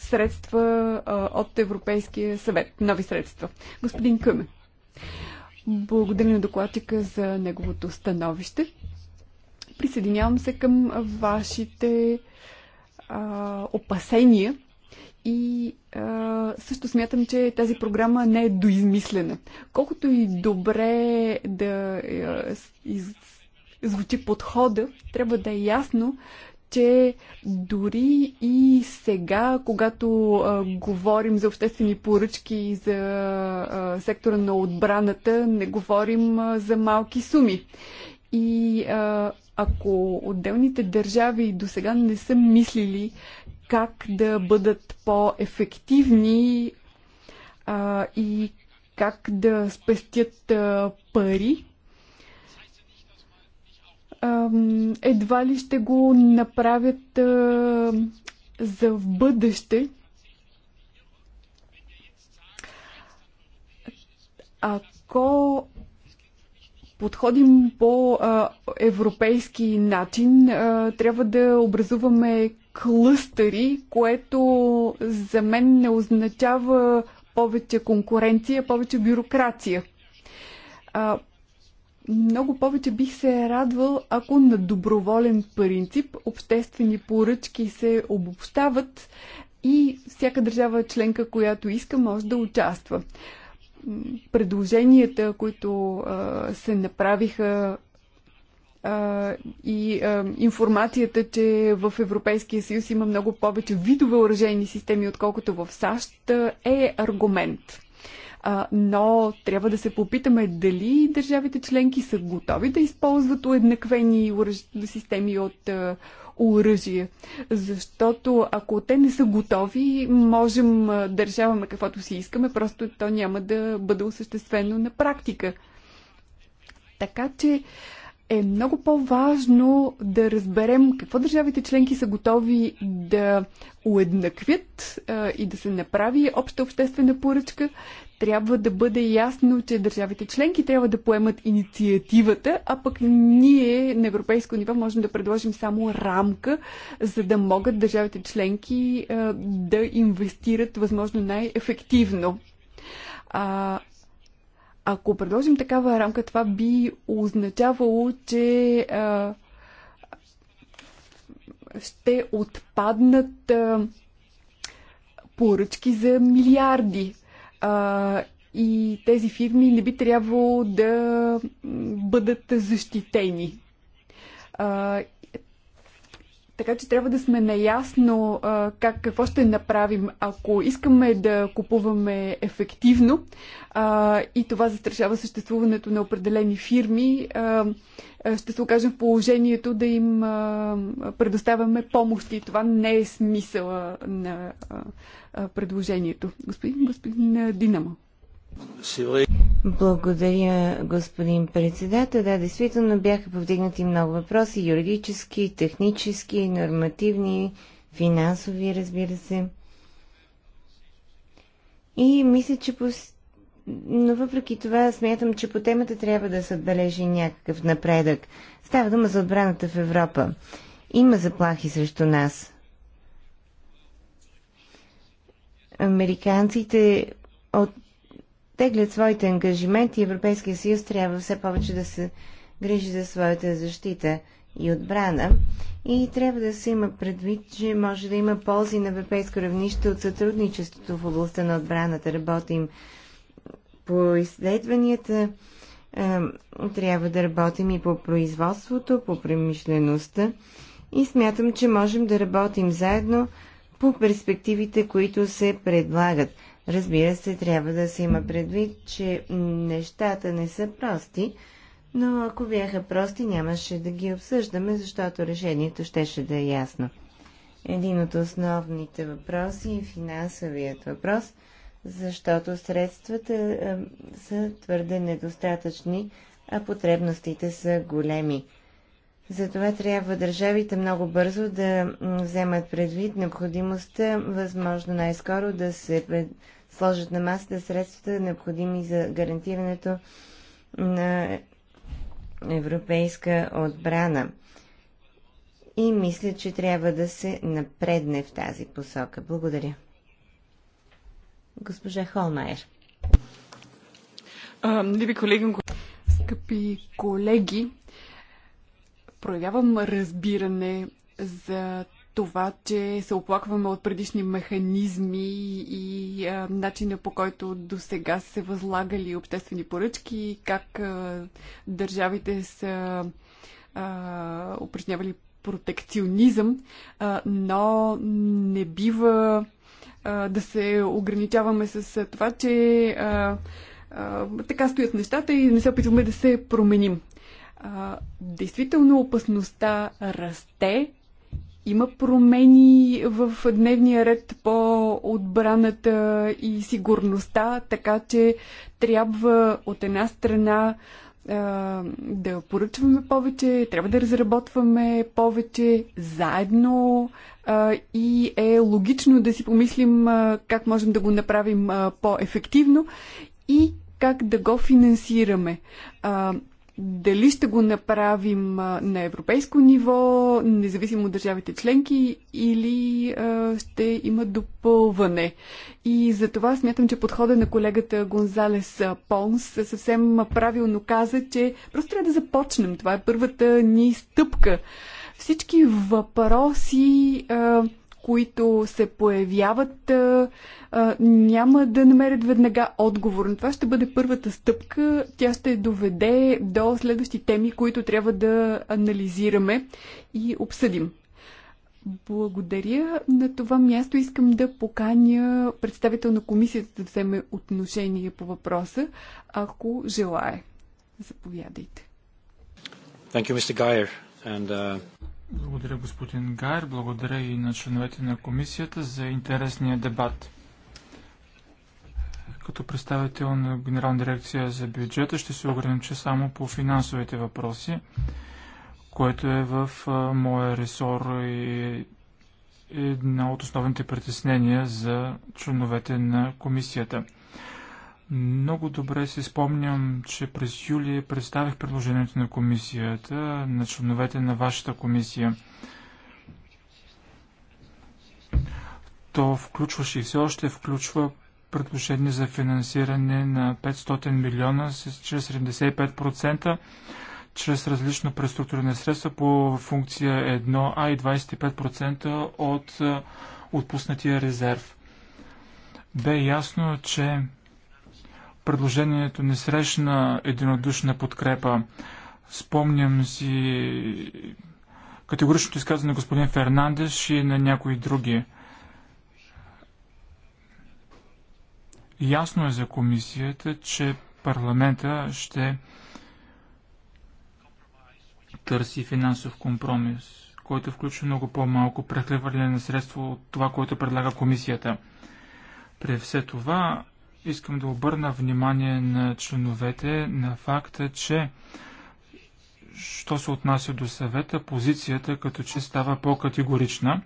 средства от Европейския съвет, нови средства. Господин Къме, благодаря на докладчика за неговото становище. Присъединявам се към вашите а, опасения и а, също смятам, че тази програма не е доизмислена. Колкото и добре да а, е, из, звучи подхода, трябва да е ясно, че дори и сега, когато а, говорим за обществени поръчки и за а, сектора на отбраната, не говорим а, за малки суми. И а, ако отделните държави до сега не са мислили как да бъдат по-ефективни и как да спестят а, пари. А, едва ли ще го направят а, за в бъдеще. Ако подходим по а, европейски начин, а, трябва да образуваме клъстери, което за мен не означава повече конкуренция, повече бюрокрация. А, много повече бих се радвал, ако на доброволен принцип обществени поръчки се обобщават и всяка държава членка, която иска, може да участва предложенията, които а, се направиха а, и а, информацията, че в Европейския съюз има много повече видове оръжейни системи, отколкото в САЩ, е аргумент. А, но трябва да се попитаме дали държавите членки са готови да използват уеднаквени системи от оръжие. Защото ако те не са готови, можем да решаваме каквото си искаме, просто то няма да бъде осъществено на практика. Така че е много по-важно да разберем какво държавите членки са готови да уеднаквят и да се направи обща обществена поръчка, трябва да бъде ясно, че държавите членки трябва да поемат инициативата, а пък ние на европейско ниво можем да предложим само рамка, за да могат държавите членки да инвестират възможно най-ефективно. А, ако предложим такава рамка, това би означавало, че а, ще отпаднат а, поръчки за милиарди. А, и тези фирми не би трябвало да бъдат защитени. А, така че трябва да сме наясно а, как, какво ще направим, ако искаме да купуваме ефективно а, и това застрашава съществуването на определени фирми, а, ще се окажем в положението да им а, предоставяме помощи. Това не е смисъла на а, предложението. Господин, господин Динамо. Благодаря, господин председател. Да, действително бяха повдигнати много въпроси, юридически, технически, нормативни, финансови, разбира се. И мисля, че по... Но въпреки това смятам, че по темата трябва да се отбележи някакъв напредък. Става дума за отбраната в Европа. Има заплахи срещу нас. Американците от теглят своите ангажименти, Европейския съюз трябва все повече да се грижи за своята защита и отбрана. И трябва да се има предвид, че може да има ползи на европейско равнище от сътрудничеството в областта на отбраната. Работим по изследванията, трябва да работим и по производството, по премишлеността и смятам, че можем да работим заедно по перспективите, които се предлагат – Разбира се, трябва да се има предвид, че нещата не са прости, но ако бяха прости, нямаше да ги обсъждаме, защото решението щеше да е ясно. Един от основните въпроси е финансовият въпрос, защото средствата е, са твърде недостатъчни, а потребностите са големи. Затова трябва държавите много бързо да вземат предвид необходимостта, възможно най-скоро да се пред сложат на масата средствата, необходими за гарантирането на европейска отбрана. И мисля, че трябва да се напредне в тази посока. Благодаря. Госпожа Холмайер. Ливи колеги, скъпи колеги, проявявам разбиране за това, че се оплакваме от предишни механизми и а, начина по който до сега се възлагали обществени поръчки, как а, държавите са упражнявали протекционизъм, а, но не бива а, да се ограничаваме с а, това, че а, а, така стоят нещата и не се опитваме да се променим. А, действително опасността расте има промени в дневния ред по отбраната и сигурността, така че трябва от една страна да поръчваме повече, трябва да разработваме повече заедно и е логично да си помислим как можем да го направим по-ефективно и как да го финансираме. Дали ще го направим на европейско ниво, независимо от държавите членки, или ще има допълване. И за това смятам, че подхода на колегата Гонзалес Понс съвсем правилно каза, че просто трябва да започнем. Това е първата ни стъпка. Всички въпроси които се появяват, няма да намерят веднага отговор. Но това ще бъде първата стъпка. Тя ще доведе до следващи теми, които трябва да анализираме и обсъдим. Благодаря. На това място искам да поканя представител на комисията да вземе отношение по въпроса, ако желая Заповядайте. Thank you, Mr. Geyer. And, uh... Благодаря господин Гайер, благодаря и на членовете на комисията за интересния дебат. Като представител на Генерална дирекция за бюджета ще се огранича само по финансовите въпроси, което е в моя ресор и е една от основните притеснения за членовете на комисията. Много добре си спомням, че през юли представих предложението на комисията, на членовете на вашата комисия. То включваше и все още включва предложение за финансиране на 500 милиона с чрез 75%, чрез различно преструктуриране средства по функция 1А и 25% от отпуснатия резерв. Бе ясно, че Предложението не срещна единодушна подкрепа. Спомням си категоричното изказване на господин Фернандеш и на някои други. Ясно е за комисията, че парламента ще търси финансов компромис, който включва много по-малко прехлеване на средство от това, което предлага комисията. При все това Искам да обърна внимание на членовете на факта, че що се отнася до съвета, позицията като че става по-категорична.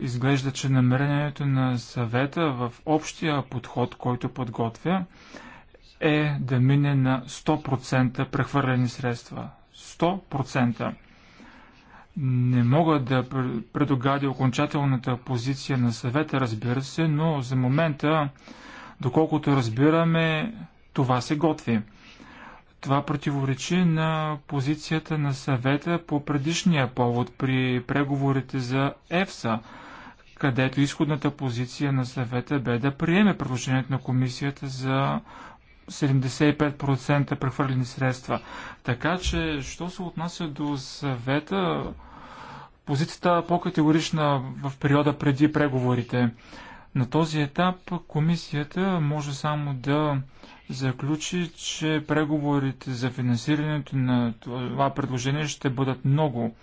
Изглежда, че намерението на съвета в общия подход, който подготвя, е да мине на 100% прехвърлени средства. 100%. Не мога да предогадя окончателната позиция на съвета, разбира се, но за момента Доколкото разбираме, това се готви. Това противоречи на позицията на съвета по предишния повод при преговорите за ЕФСА, където изходната позиция на съвета бе да приеме предложението на комисията за 75% прехвърлени средства. Така че, що се отнася до съвета, позицията е по-категорична в периода преди преговорите. На този етап комисията може само да заключи, че преговорите за финансирането на това предложение ще бъдат много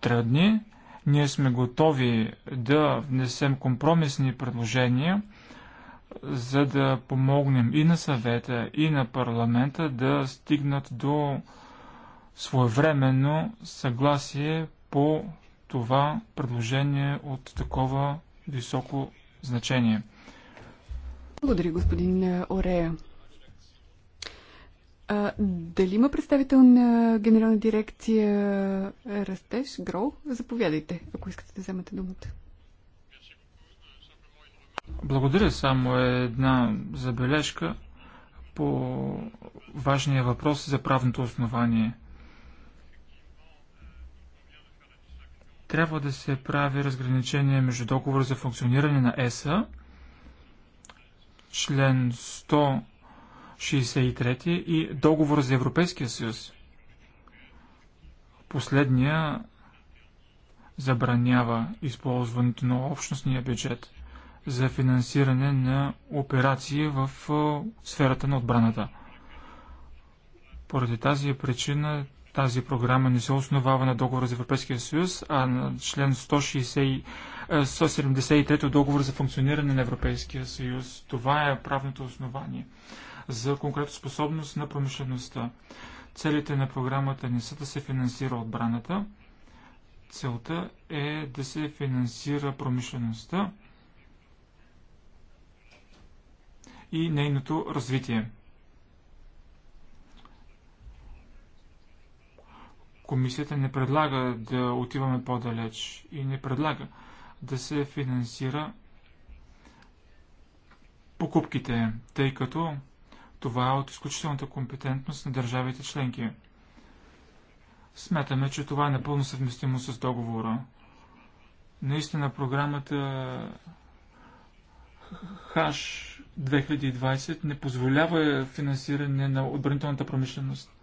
трудни. Ние сме готови да внесем компромисни предложения, за да помогнем и на съвета, и на парламента да стигнат до своевременно съгласие по това предложение от такова високо значение. Благодаря, господин е, Орея. А, дали има представител на Генерална дирекция е, Растеж, ГРО? Заповядайте, ако искате да вземете думата. Благодаря. Само една забележка по важния въпрос за правното основание – трябва да се прави разграничение между договор за функциониране на ЕСА, член 163 и договор за Европейския съюз. Последния забранява използването на общностния бюджет за финансиране на операции в сферата на отбраната. Поради тази причина тази програма не се основава на договор за Европейския съюз, а на член 173 от е, договор за функциониране на Европейския съюз. Това е правното основание за способност на промишлеността. Целите на програмата не са да се финансира отбраната. Целта е да се финансира промишлеността и нейното развитие. Комисията не предлага да отиваме по-далеч и не предлага да се финансира покупките, тъй като това е от изключителната компетентност на държавите членки. Смятаме, че това е напълно съвместимо с договора. Наистина програмата ХАШ 2020 не позволява финансиране на отбранителната промишленост.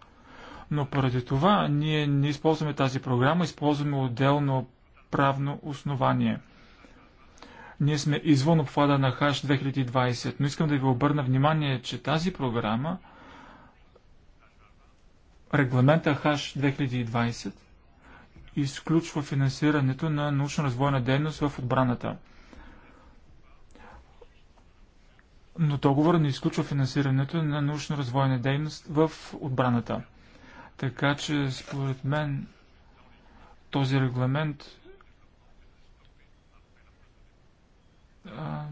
Но поради това ние не използваме тази програма, използваме отделно правно основание. Ние сме извън обхвата на ХАШ 2020, но искам да ви обърна внимание, че тази програма, регламента ХАШ 2020, изключва финансирането на научно-развойна дейност в отбраната. Но договор не изключва финансирането на научно-развойна дейност в отбраната. Така че, според мен, този регламент а,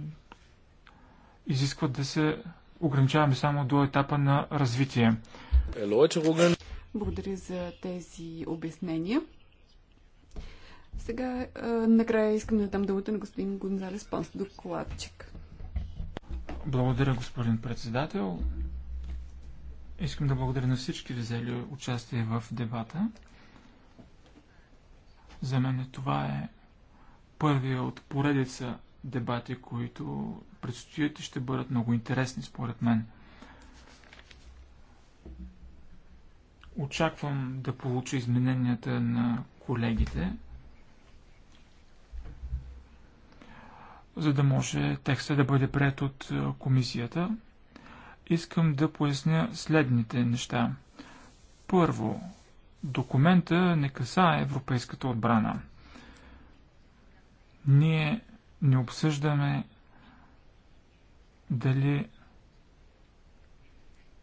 изисква да се ограничаваме само до етапа на развитие. Благодаря за тези обяснения. Сега а, накрая искам да дам думата на господин Гонзалес Понс, докладчик. Благодаря, господин председател. Искам да благодаря на всички взели участие в дебата. За мен това е първия от поредица дебати, които предстоят и ще бъдат много интересни според мен. Очаквам да получа измененията на колегите, за да може текста да бъде прият от комисията искам да поясня следните неща. Първо, документа не касае европейската отбрана. Ние не обсъждаме дали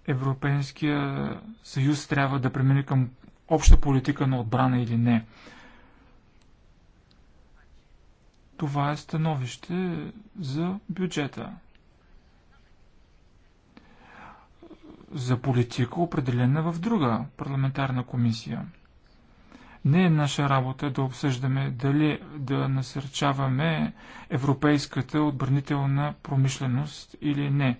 Европейския съюз трябва да премине към обща политика на отбрана или не. Това е становище за бюджета за политика, определена в друга парламентарна комисия. Не е наша работа да обсъждаме дали да насърчаваме европейската отбранителна промишленост или не.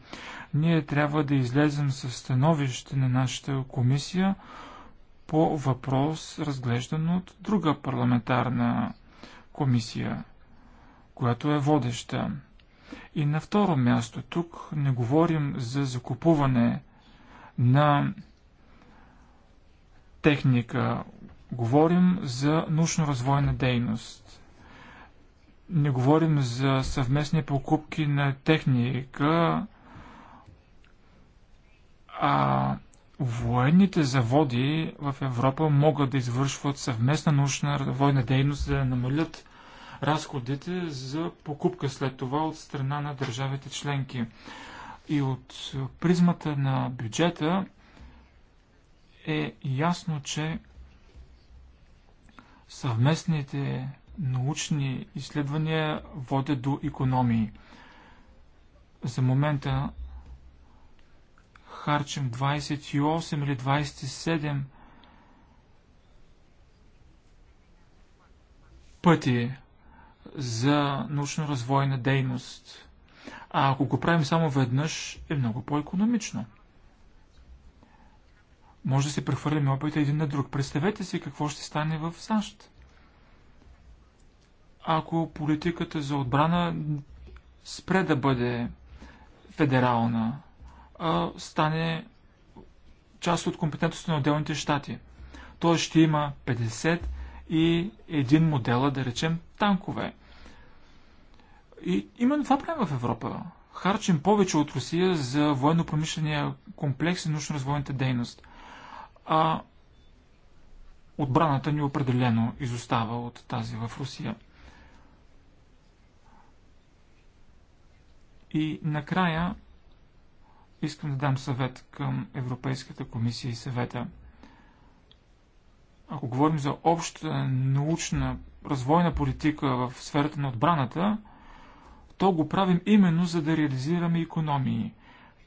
Ние трябва да излезем със становище на нашата комисия по въпрос, разглеждан от друга парламентарна комисия, която е водеща. И на второ място тук не говорим за закупуване на техника. Говорим за научно-развойна дейност. Не говорим за съвместни покупки на техника, а военните заводи в Европа могат да извършват съвместна научна развойна дейност, за да намалят разходите за покупка след това от страна на държавите членки. И от призмата на бюджета е ясно, че съвместните научни изследвания водят до економии. За момента харчим 28 или 27 пъти за научно-развойна дейност. А ако го правим само веднъж, е много по-економично. Може да се прехвърлим опита един на друг. Представете си какво ще стане в САЩ. Ако политиката за отбрана спре да бъде федерална, а стане част от компетентността на отделните щати. Той ще има 50 и един модела, да речем, танкове – и именно това правим в Европа. Харчим повече от Русия за военно-промишления комплекс и научно-развойната дейност. А отбраната ни определено изостава от тази в Русия. И накрая искам да дам съвет към Европейската комисия и съвета. Ако говорим за обща научна развойна политика в сферата на отбраната, то го правим именно за да реализираме економии.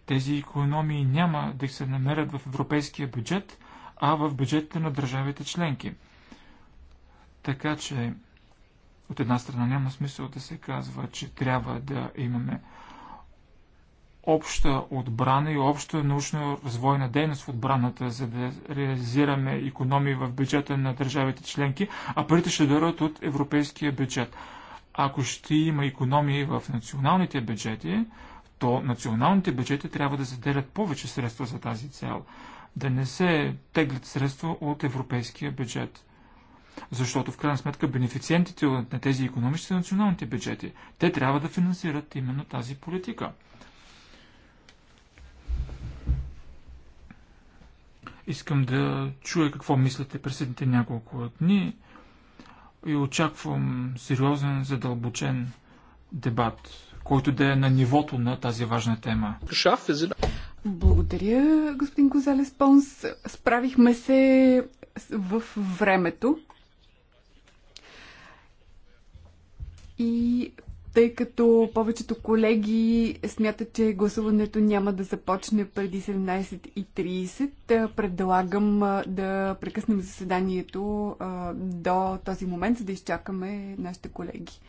Тези економии няма да се намерят в европейския бюджет, а в бюджетите на държавите членки. Така че, от една страна няма смисъл да се казва, че трябва да имаме обща отбрана и обща научно-развойна дейност в отбраната, за да реализираме економии в бюджета на държавите членки, а парите ще дойдат от европейския бюджет. Ако ще има економии в националните бюджети, то националните бюджети трябва да заделят повече средства за тази цел, да не се теглят средства от европейския бюджет. Защото в крайна сметка бенефициентите на тези економии са националните бюджети. Те трябва да финансират именно тази политика. Искам да чуя какво мислите през следните няколко дни и очаквам сериозен, задълбочен дебат, който да е на нивото на тази важна тема. Благодаря, господин Гозалес Понс. Справихме се в времето. И тъй като повечето колеги смятат, че гласуването няма да започне преди 17.30, предлагам да прекъснем заседанието до този момент, за да изчакаме нашите колеги.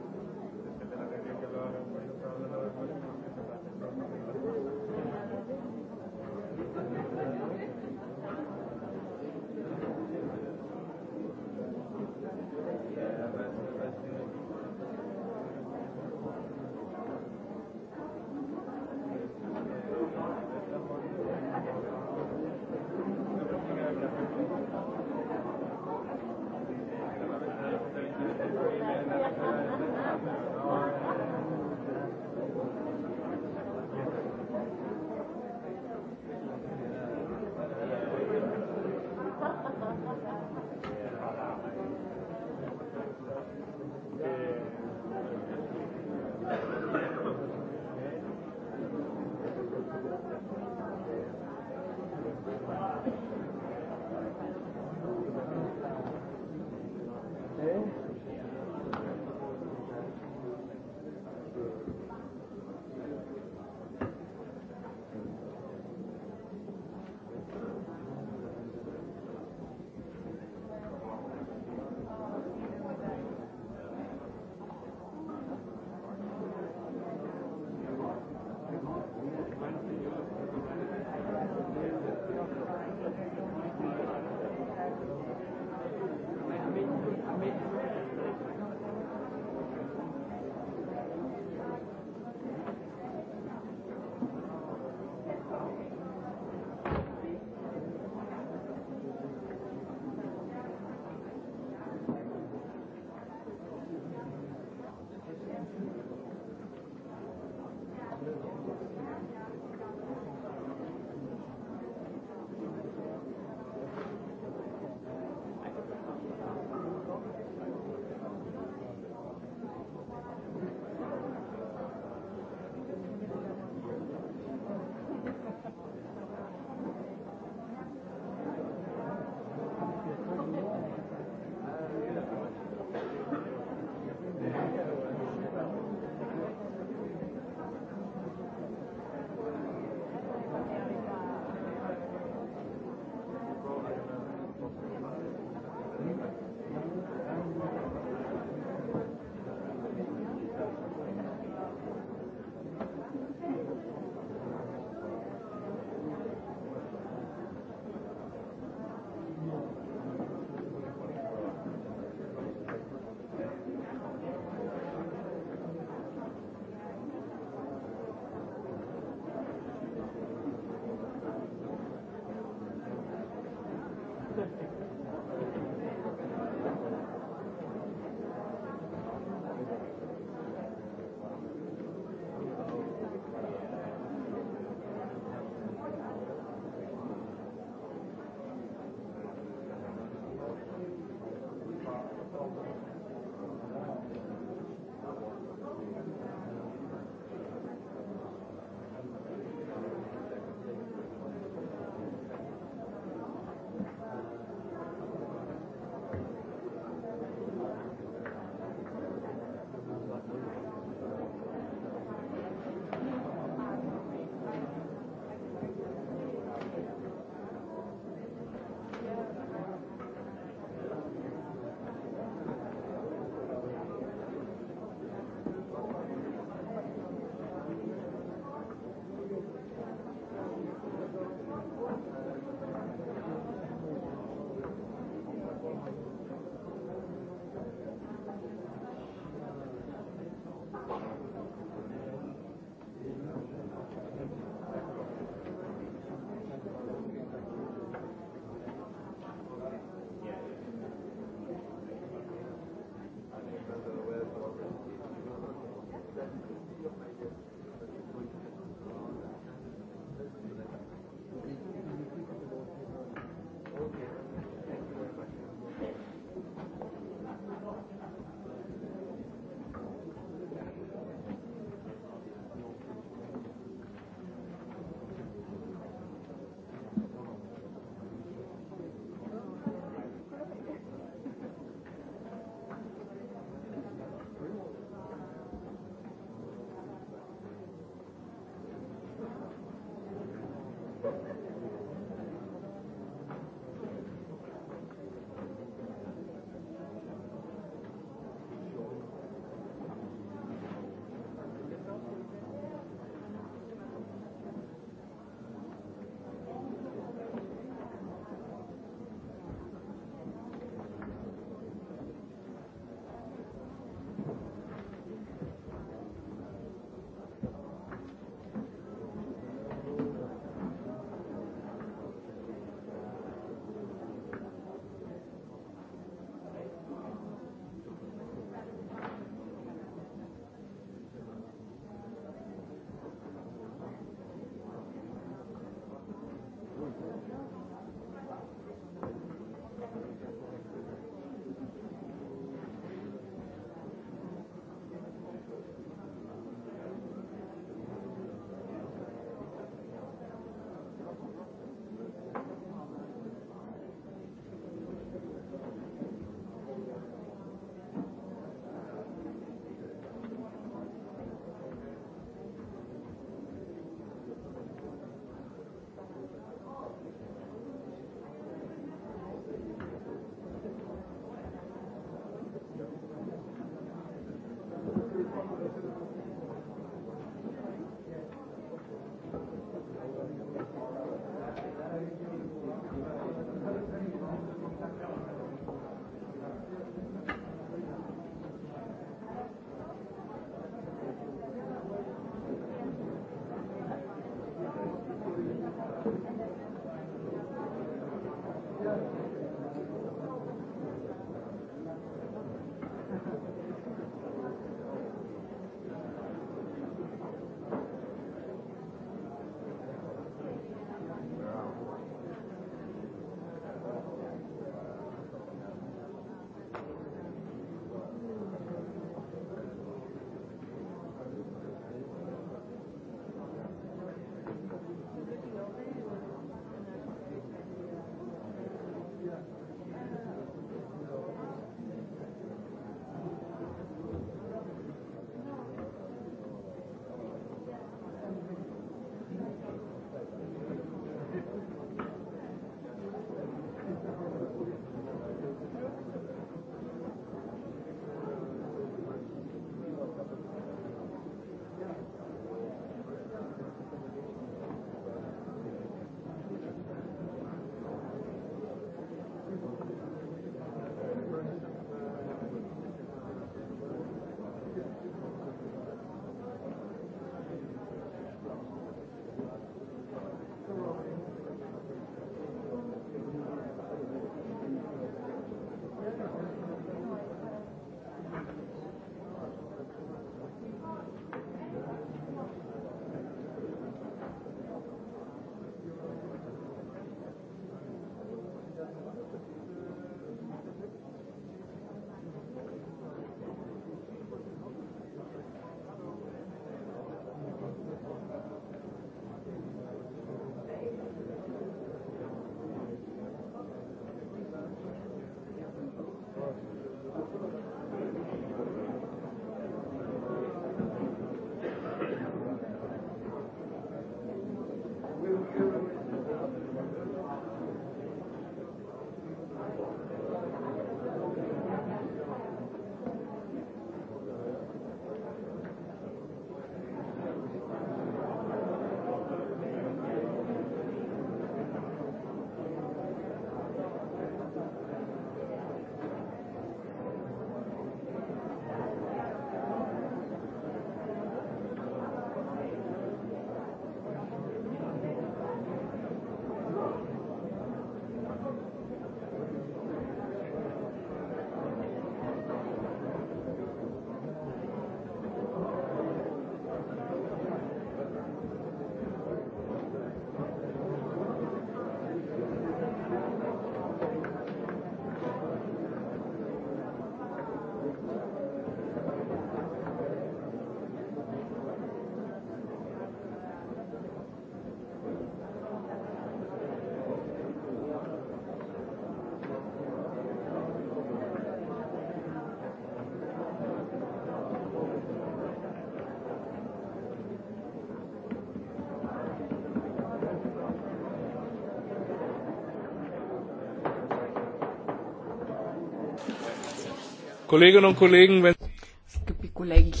Скъпи колеги,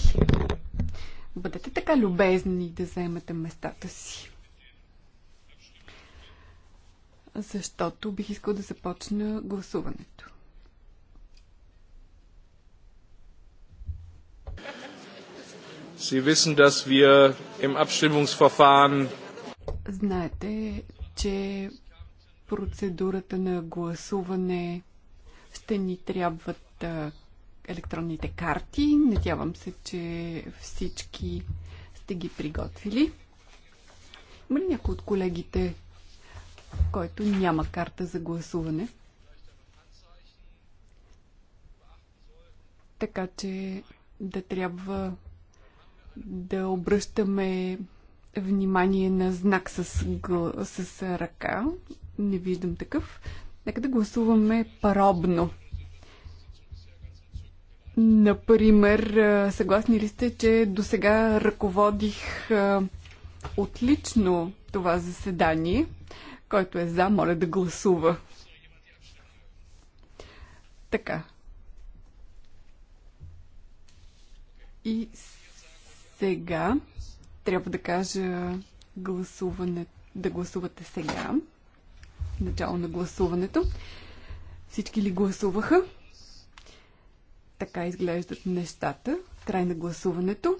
бъдете така любезни да заемете местата си. Защото бих искал да започна гласуването. Sie wissen, dass wir im Abstimmungsverfahren Знаете, че процедурата на гласуване ще ни трябват електронните карти. Надявам се, че всички сте ги приготвили. Има ли някой от колегите, който няма карта за гласуване? Така че да трябва да обръщаме внимание на знак с, с ръка. Не виждам такъв. Нека да гласуваме паробно. Например, съгласни ли сте, че до сега ръководих отлично това заседание? Който е за, моля да гласува. Така. И сега трябва да кажа гласуване, да гласувате сега. Начало на гласуването. Всички ли гласуваха? Така изглеждат нещата. Край на гласуването.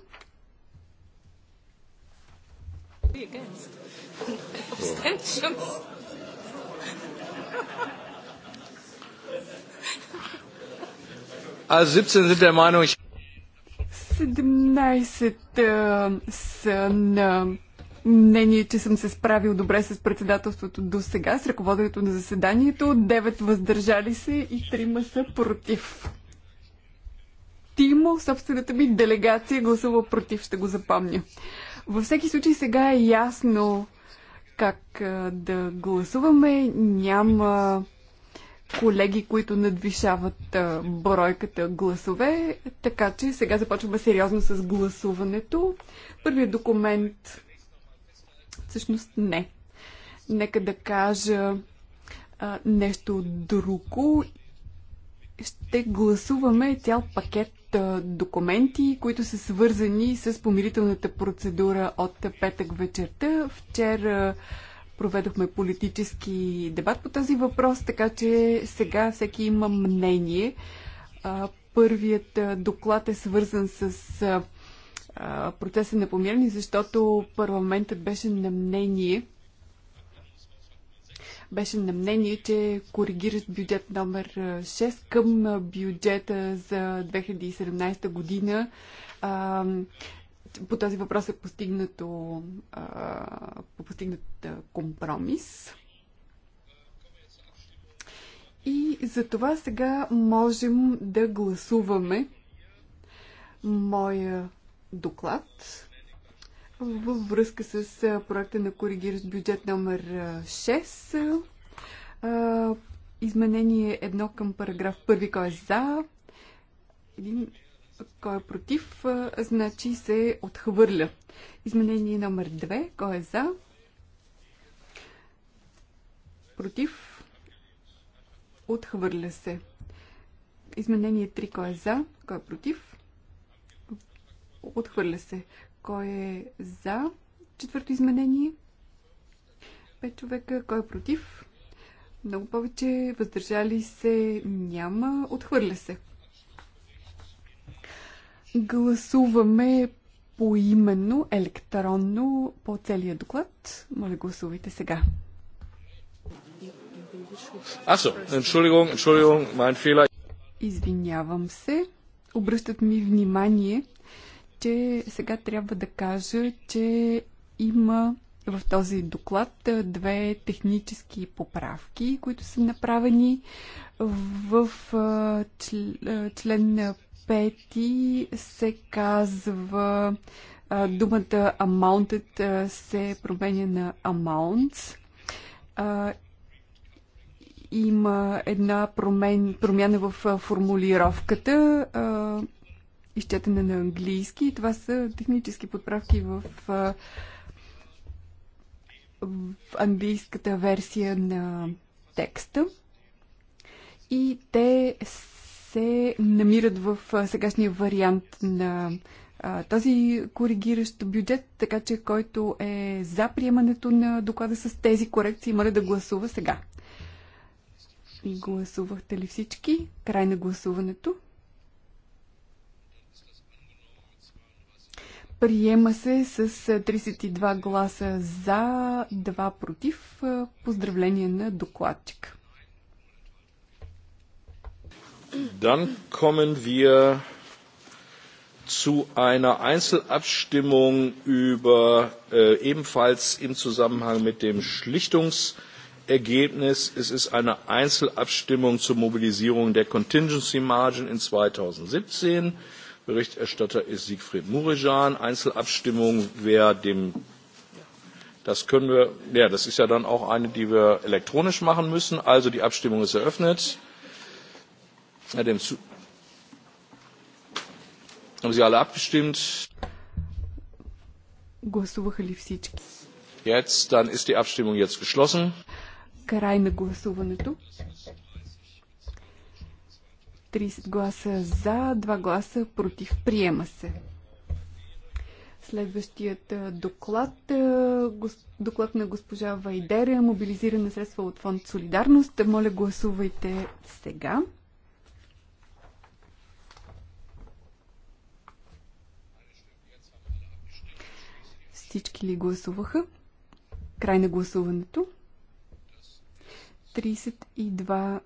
А 17 са на мнение, че съм се справил добре с председателството до сега, с ръководенето на заседанието. 9 въздържали се и 3 са против стимул, собствената ми делегация гласува против, ще го запомня. Във всеки случай сега е ясно как да гласуваме. Няма колеги, които надвишават бройката гласове, така че сега започваме сериозно с гласуването. Първият документ всъщност не. Нека да кажа а, нещо друго ще гласуваме цял пакет документи, които са свързани с помирителната процедура от петък вечерта. Вчера проведохме политически дебат по този въпрос, така че сега всеки има мнение. Първият доклад е свързан с процеса на помирение, защото парламентът беше на мнение, беше на мнение, че коригират бюджет номер 6 към бюджета за 2017 година. А, по този въпрос е постигнато, а, постигнат компромис. И за това сега можем да гласуваме моя доклад във връзка с проекта на коригиращ бюджет номер 6. Изменение едно към параграф първи, кой е за, един, кой е против, значи се отхвърля. Изменение номер 2, кой е за, против, отхвърля се. Изменение 3, кой е за, кой е против, отхвърля се. Кой е за четвърто изменение? Пет човека. Кой е против? Много повече. Въздържали се няма. Отхвърля се. Гласуваме поименно, електронно по целия доклад. Моля, гласувайте сега. Entschuldigung, Entschuldigung, mein Fehler. Извинявам се. Обръщат ми внимание, че сега трябва да кажа, че има в този доклад две технически поправки, които са направени в член 5 се казва думата amounted се променя на amounts. Има една промен, промяна в формулировката изчетене на английски. Това са технически подправки в, в английската версия на текста. И те се намират в сегашния вариант на този коригиращ бюджет, така че който е за приемането на доклада с тези корекции, моля да гласува сега. Гласувахте ли всички? Край на гласуването. Приема се с 32 гласа за, 2 против. Поздравление на докладчик. Dann kommen wir zu einer Einzelabstimmung über äh, ebenfalls im Zusammenhang mit dem Schlichtungsergebnis. Es ist eine Einzelabstimmung zur Mobilisierung der Contingency Margin in 2017. Berichterstatter ist Siegfried Murijan. Einzelabstimmung, wer dem das können wir, ja, das ist ja dann auch eine, die wir elektronisch machen müssen. Also die Abstimmung ist eröffnet. Dem zu Haben Sie alle abgestimmt? Jetzt, dann ist die Abstimmung jetzt geschlossen. Край 30 гласа за, 2 гласа против. Приема се. Следващият доклад, доклад на госпожа Вайдерия, мобилизиране средства от фонд Солидарност. Моля, гласувайте сега. Всички ли гласуваха? Край на гласуването. 32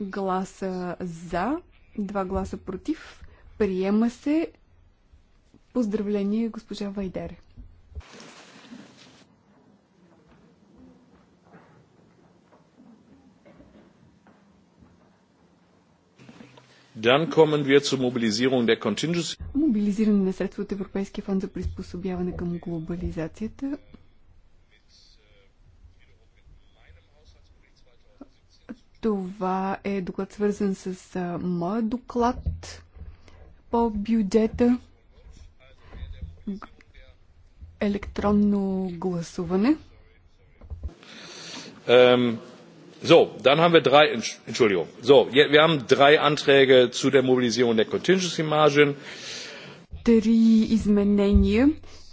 гласа за, 2 гласа против. Приема се. Поздравление, госпожа Вайдере. Dann kommen wir zur Mobilisierung der Contingency. Мобилизиране на средства от Европейския фонд за приспособяване към глобализацията. Това е доклад свързан с а, моя доклад по бюджета г- електронно гласуване. Um, so, dann haben wir drei, Entschuldigung, so, wir haben drei Anträge zu der Mobilisierung der Contingency Margin. Три изменения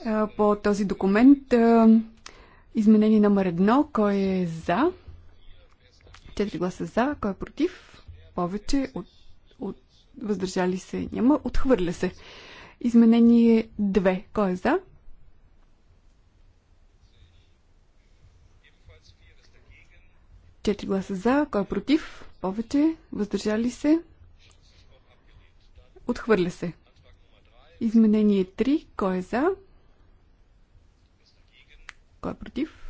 а, по този документ. А, изменение номер едно, кой е за? 4 гласа за, кой е против? Повече от, от въздържали се няма, отхвърля се. Изменение 2. Кой е за? Четири гласа за, кой е против? Повече, въздържали се. Отхвърля се. Изменение 3. Кой е за? Кой е против?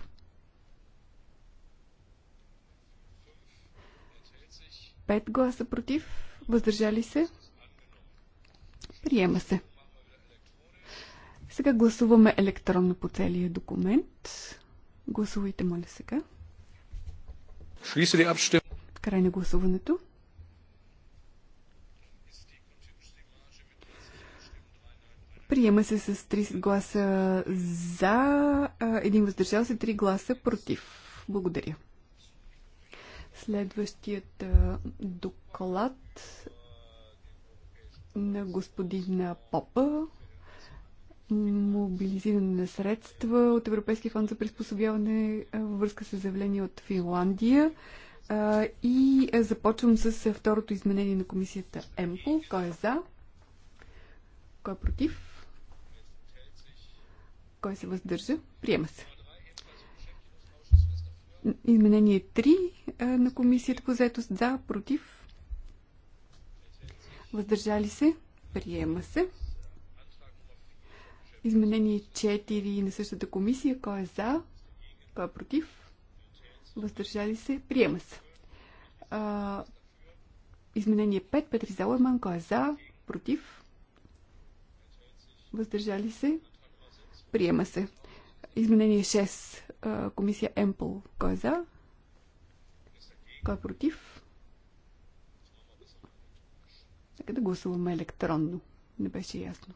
5 гласа против, въздържали се. Приема се. Сега гласуваме електронно по целия документ. Гласувайте, моля сега. Край на гласуването. Приема се с 30 гласа за, един въздържал се, 3 гласа против. Благодаря. Следващият доклад на господин Попа мобилизиране на средства от Европейския фонд за приспособяване във връзка с заявление от Финландия. И започвам с второто изменение на комисията ЕМПО. Кой е за? Кой е против? Кой се въздържа? Приема се. Изменение 3 на комисията по заетост за, против, въздържали се, приема се. Изменение 4 на същата комисия, кой е за, кой е против, въздържали се, приема се. А, изменение 5, Петри Залърман, кой е за, против, въздържали се, приема се. Изменение 6. Комисия Емпл. Кой е за? Кой е против? Нека да гласуваме електронно. Не беше ясно.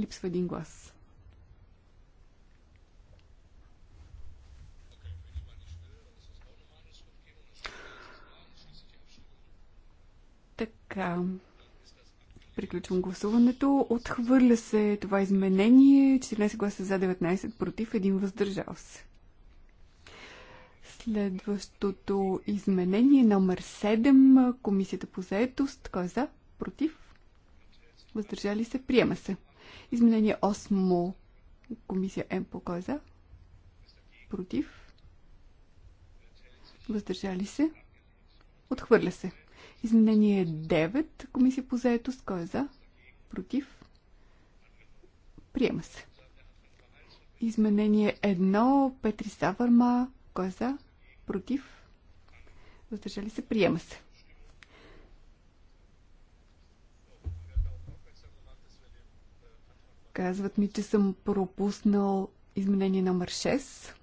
Липсва един глас. Така. Приключвам гласуването. Отхвърля се това изменение. 14 гласа за 19 против, 1 въздържал се. Следващото изменение номер 7. Комисията по заетост. Кой е за? Против? Въздържали се? Приема се. Изменение 8. Комисия МПО. Кой е за? Против? Въздържали се? Отхвърля се. Изменение 9. Комисия по заетост. Кой е за? Против? Приема се. Изменение 1. Петри Саварма. Кой е за? Против? Въздържали се? Приема се. Казват ми, че съм пропуснал изменение номер 6.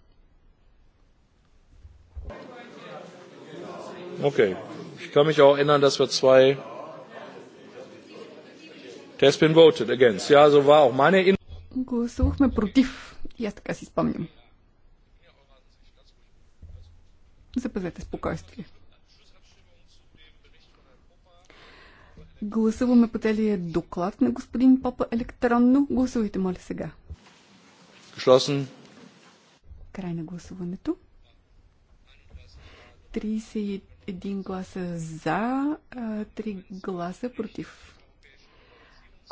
Окей. Okay. Ich kann mich auch erinnern, dass wir zwei. Der has been voted against. Ja, so war auch meine Erinnerung. Гласуваме по целия доклад на господин Попа електронно. Гласувайте, моля, сега. Geschlossen. Край на гласуването. 33 един гласа за, три гласа против.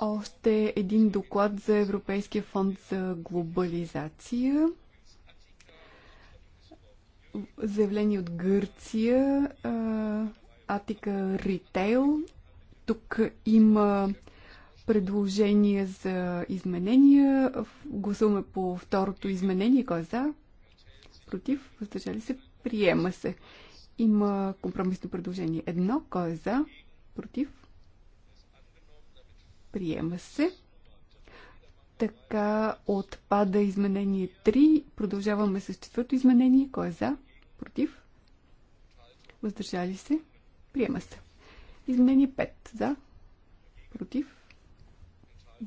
Още един доклад за Европейския фонд за глобализация. Заявление от Гърция, Атика Ритейл. Тук има предложение за изменения. Гласуваме по второто изменение. Кой е за? Против? Въздържали се? Приема се. Има компромисно предложение. Едно, кой е за? Против? Приема се. Така отпада изменение 3. Продължаваме с четвърто изменение. Кой е за? Против? Въздържали се? Приема се. Изменение 5. За? Против?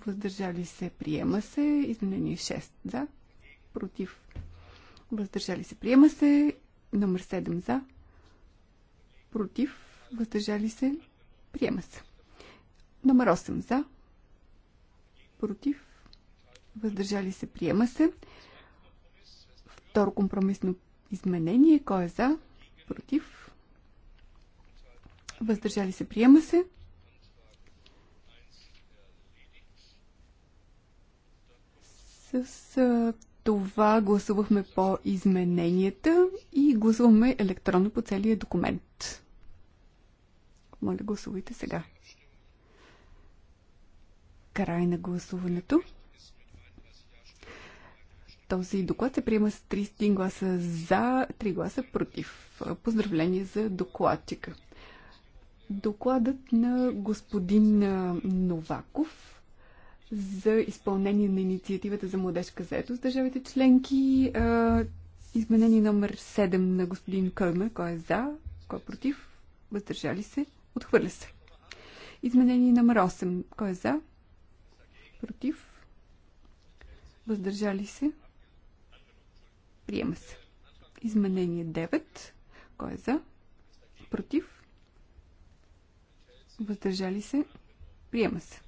Въздържали се? Приема се. Изменение 6. За? Против? Въздържали се? Приема се. Номер 7. За? против, въздържали се, приема се. Номер 8 за, против, въздържали се, приема се. Второ компромисно изменение, кой е за, против, въздържали се, приема се. С това гласувахме по измененията и гласуваме електронно по целия документ. Моля, гласувайте сега. Край на гласуването. Този доклад се приема с 30 гласа за, 3 гласа против. Поздравление за докладчика. Докладът на господин Новаков за изпълнение на инициативата за младежка заетост държавите членки. Изменение номер 7 на господин Кълна. Кой е за, кой е против, въздържали се, Отхвърля се. Изменение номер 8. Кой е за? Против? Въздържали се? Приема се. Изменение 9. Кой е за? Против? Въздържали се? Приема се.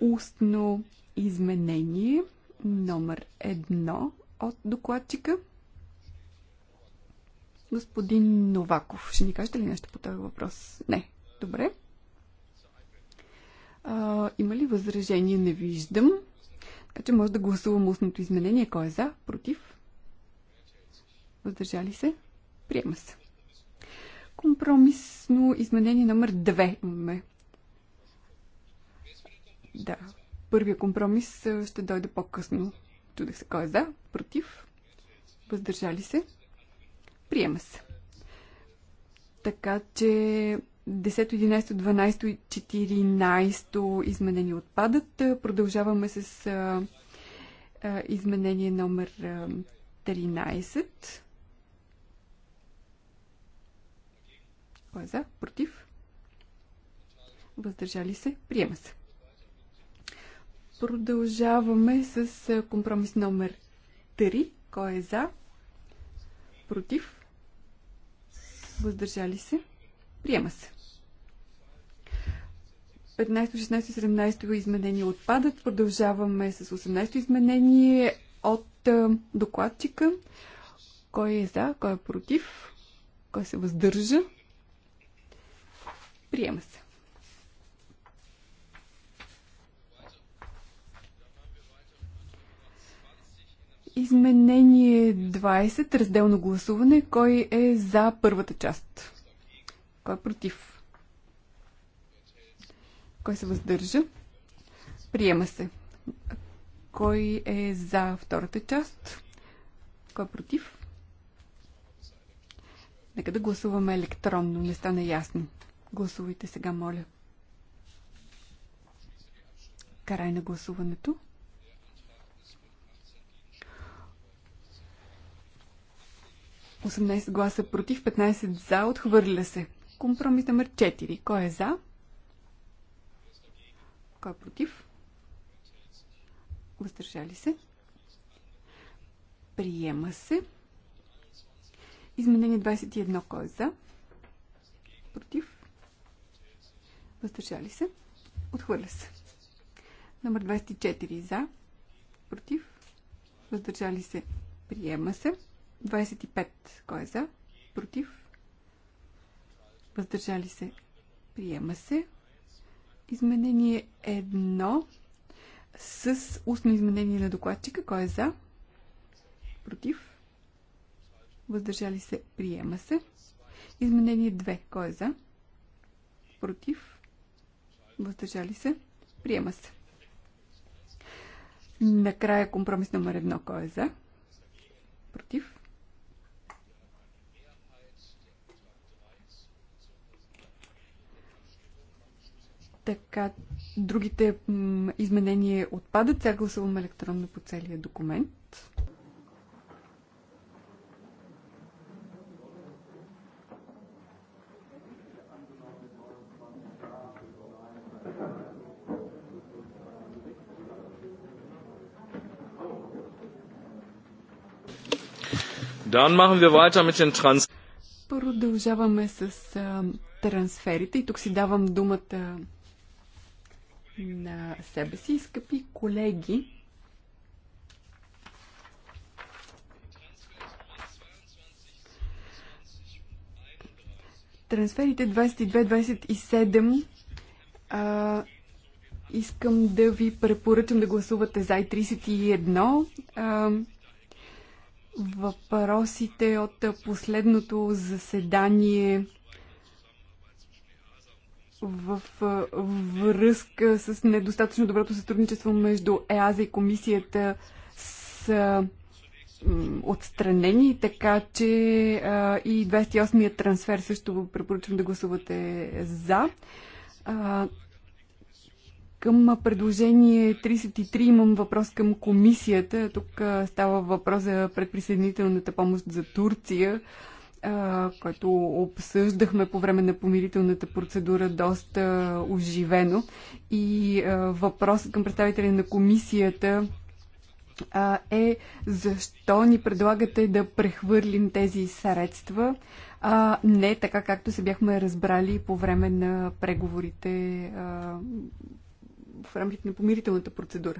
Устно изменение номер 1 от докладчика. Господин Новаков, ще ни кажете ли нещо по този въпрос? Не. Добре. А, има ли възражение? Не виждам. Така че може да гласувам устното изменение. Кой е за? Против? Въздържали се? Приема се. Компромисно изменение номер 2 имаме. Да. Първия компромис ще дойде по-късно. Чудех се кой е за, против, въздържали се, Приема се. Така че 10, 11, 12, 14 изменения отпадат. Продължаваме с а, а, изменение номер а, 13. Кой е за? Против? Въздържали се? Приема се. Продължаваме с компромис номер 3. Кой е за? Против? въздържали се, приема се. 15, 16, 17 изменения отпадат. Продължаваме с 18 то изменение от докладчика. Кой е за, кой е против, кой се въздържа. Приема се. Изменение 20, разделно гласуване. Кой е за първата част? Кой е против? Кой се въздържа? Приема се. Кой е за втората част? Кой е против? Нека да гласуваме електронно, не стана ясно. Гласувайте сега, моля. Карай на гласуването. 18 гласа против, 15 за, отхвърля се. Компромис номер 4. Кой е за? Кой е против? Въздържали се. Приема се. Изменение 21. Кой е за? Против? Въздържали се. Отхвърля се. Номер 24. За? Против? Въздържали се. Приема се. 25. Кой е за? Против? Въздържали се? Приема се. Изменение 1 с устно изменение на докладчика. Кой е за? Против? Въздържали се? Приема се. Изменение 2. Кой е за? Против? Въздържали се? Приема се. Накрая компромис номер 1. Кой е за? Така, другите изменения отпадат. Сега гласувам електронно по целия документ. Dann machen wir weiter mit den Trans Продължаваме с а, трансферите и тук си давам думата на себе си. Скъпи колеги, трансферите 22-27 искам да ви препоръчам да гласувате за 31. А, въпросите от последното заседание в връзка с недостатъчно доброто сътрудничество между ЕАЗа и комисията с отстранени, така че и 28-я трансфер също препоръчвам да гласувате за. Към предложение 33 имам въпрос към комисията. Тук става въпрос за предприсъединителната помощ за Турция който обсъждахме по време на помирителната процедура доста оживено. И въпросът към представителя на комисията е защо ни предлагате да прехвърлим тези средства, а не така както се бяхме разбрали по време на преговорите а, в рамките на помирителната процедура.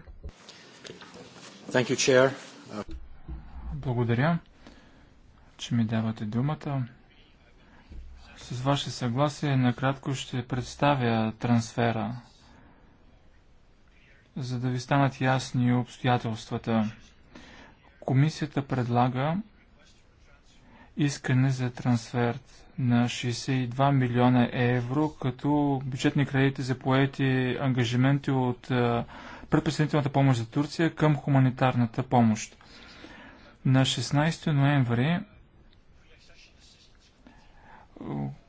Thank you, Chair. Благодаря че ми давате думата. С ваше съгласие накратко ще представя трансфера, за да ви станат ясни обстоятелствата. Комисията предлага искане за трансфер на 62 милиона евро, като бюджетни кредити за поети ангажименти от предприсъединителната помощ за Турция към хуманитарната помощ. На 16 ноември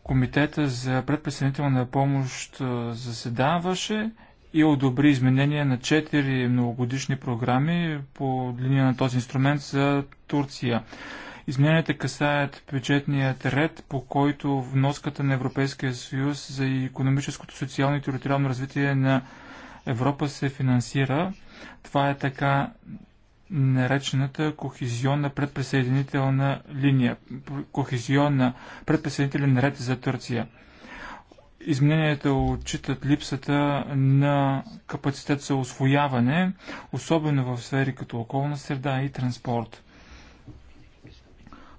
Комитета за предпредседнителна помощ заседаваше и одобри изменения на четири многогодишни програми по линия на този инструмент за Турция. Измененията касаят бюджетният ред, по който вноската на Европейския съюз за економическото, социално и териториално развитие на Европа се финансира. Това е така наречената кохезионна предприсъединителна линия, кохезионна предприсъединителен ред за Турция. Измененията отчитат липсата на капацитет за освояване, особено в сфери като околна среда и транспорт.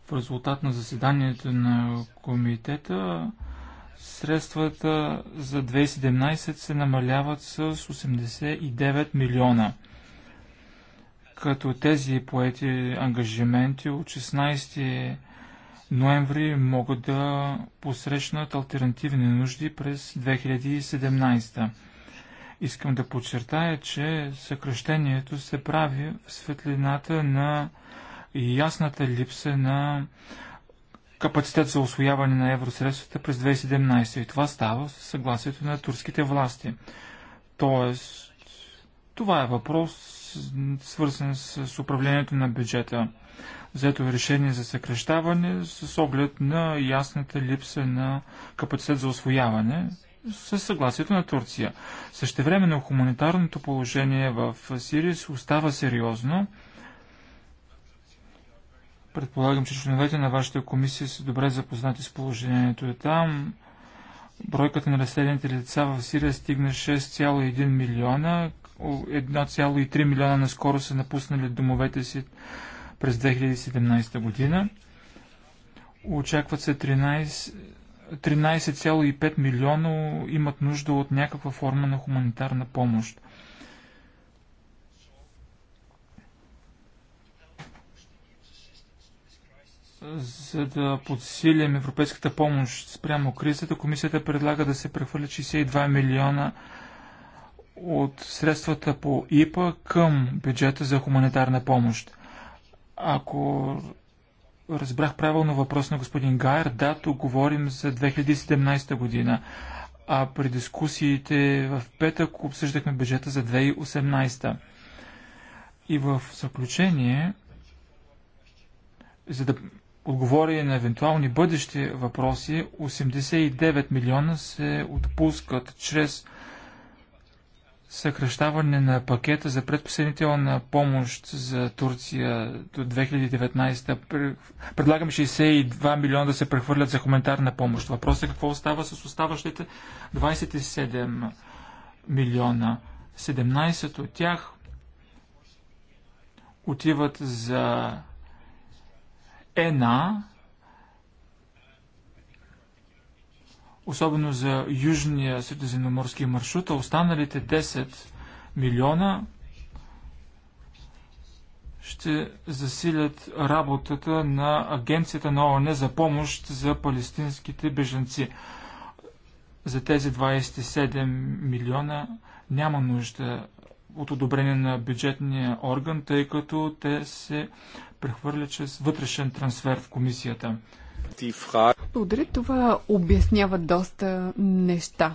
В резултат на заседанието на комитета средствата за 2017 се намаляват с 89 милиона – като тези поети ангажименти от 16 ноември могат да посрещнат альтернативни нужди през 2017. Искам да подчертая, че съкръщението се прави в светлината на ясната липса на капацитет за освояване на евросредствата през 2017 и това става с съгласието на турските власти. Тоест, това е въпрос свързан с управлението на бюджета. Взето е решение за съкрещаване с оглед на ясната липса на капацитет за освояване със съгласието на Турция. Същевременно хуманитарното положение в Сирия остава сериозно. Предполагам, че членовете на вашата комисия са добре запознати с положението и е там. Бройката на разследените лица в Сирия стигна 6,1 милиона, 1,3 милиона наскоро са напуснали домовете си през 2017 година. Очакват се 13,5 13 милиона имат нужда от някаква форма на хуманитарна помощ. За да подсилим европейската помощ спрямо кризата, комисията предлага да се прехвърля 62 милиона от средствата по ИПА към бюджета за хуманитарна помощ. Ако разбрах правилно въпрос на господин Гайер, да, то говорим за 2017 година, а при дискусиите в петък обсъждахме бюджета за 2018. И в заключение, за да отговори на евентуални бъдещи въпроси, 89 милиона се отпускат чрез съкръщаване на пакета за предпоседнителна помощ за Турция до 2019. предлагам 62 милиона да се прехвърлят за хуманитарна помощ. Въпросът е какво остава с оставащите 27 милиона. 17 от тях отиват за ЕНА, особено за южния средиземноморски маршрут, а останалите 10 милиона ще засилят работата на Агенцията на ООН за помощ за палестинските беженци. За тези 27 милиона няма нужда от одобрение на бюджетния орган, тъй като те се прехвърлят чрез вътрешен трансфер в комисията. Благодаря, това обяснява доста неща.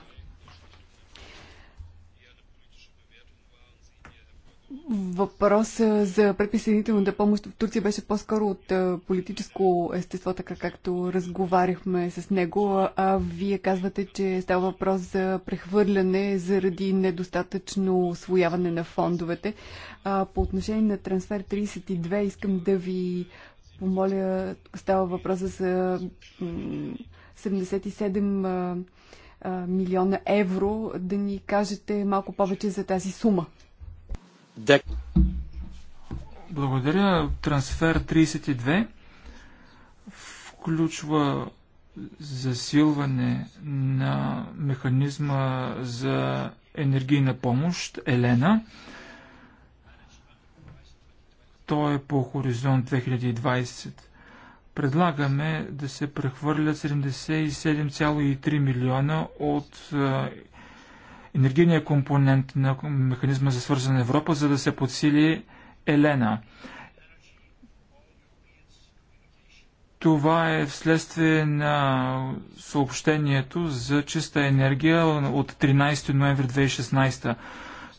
Въпросът за предписанителната помощ в Турция беше по-скоро от политическо естество, така както разговаряхме с него, а вие казвате, че става въпрос за прехвърляне заради недостатъчно освояване на фондовете. А по отношение на трансфер 32 искам да ви помоля, става въпроса за 77 милиона евро, да ни кажете малко повече за тази сума. Дек. Благодаря. Трансфер 32 включва засилване на механизма за енергийна помощ Елена. То е по хоризонт 2020. Предлагаме да се прехвърлят 77,3 милиона от енергийния компонент на механизма за свързана Европа, за да се подсили Елена. Това е вследствие на съобщението за чиста енергия от 13 ноември 2016.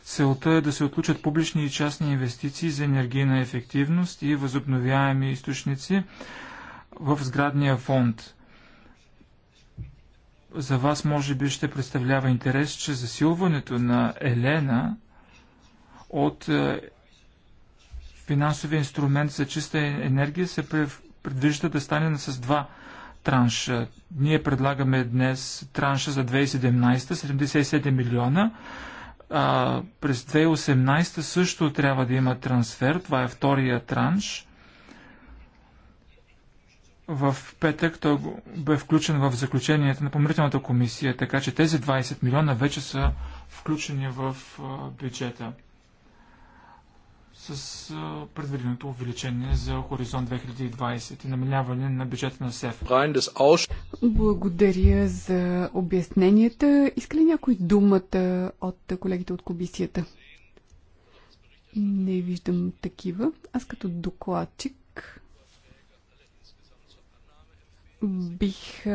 Целта е да се отключат публични и частни инвестиции за енергийна ефективност и възобновяеми източници в сградния фонд. За вас може би ще представлява интерес, че засилването на Елена от е, финансовия инструмент за чиста енергия се предвижда да стане с два транша. Ние предлагаме днес транша за 2017 77 милиона, а, през 2018 също трябва да има трансфер. Това е втория транш. В петък той бе включен в заключението на помирителната комисия, така че тези 20 милиона вече са включени в бюджета с предвиденото увеличение за Хоризонт 2020 и намаляване на бюджета на СЕФ. Благодаря за обясненията. Иска ли някой думата от колегите от комисията? Не виждам такива. Аз като докладчик бих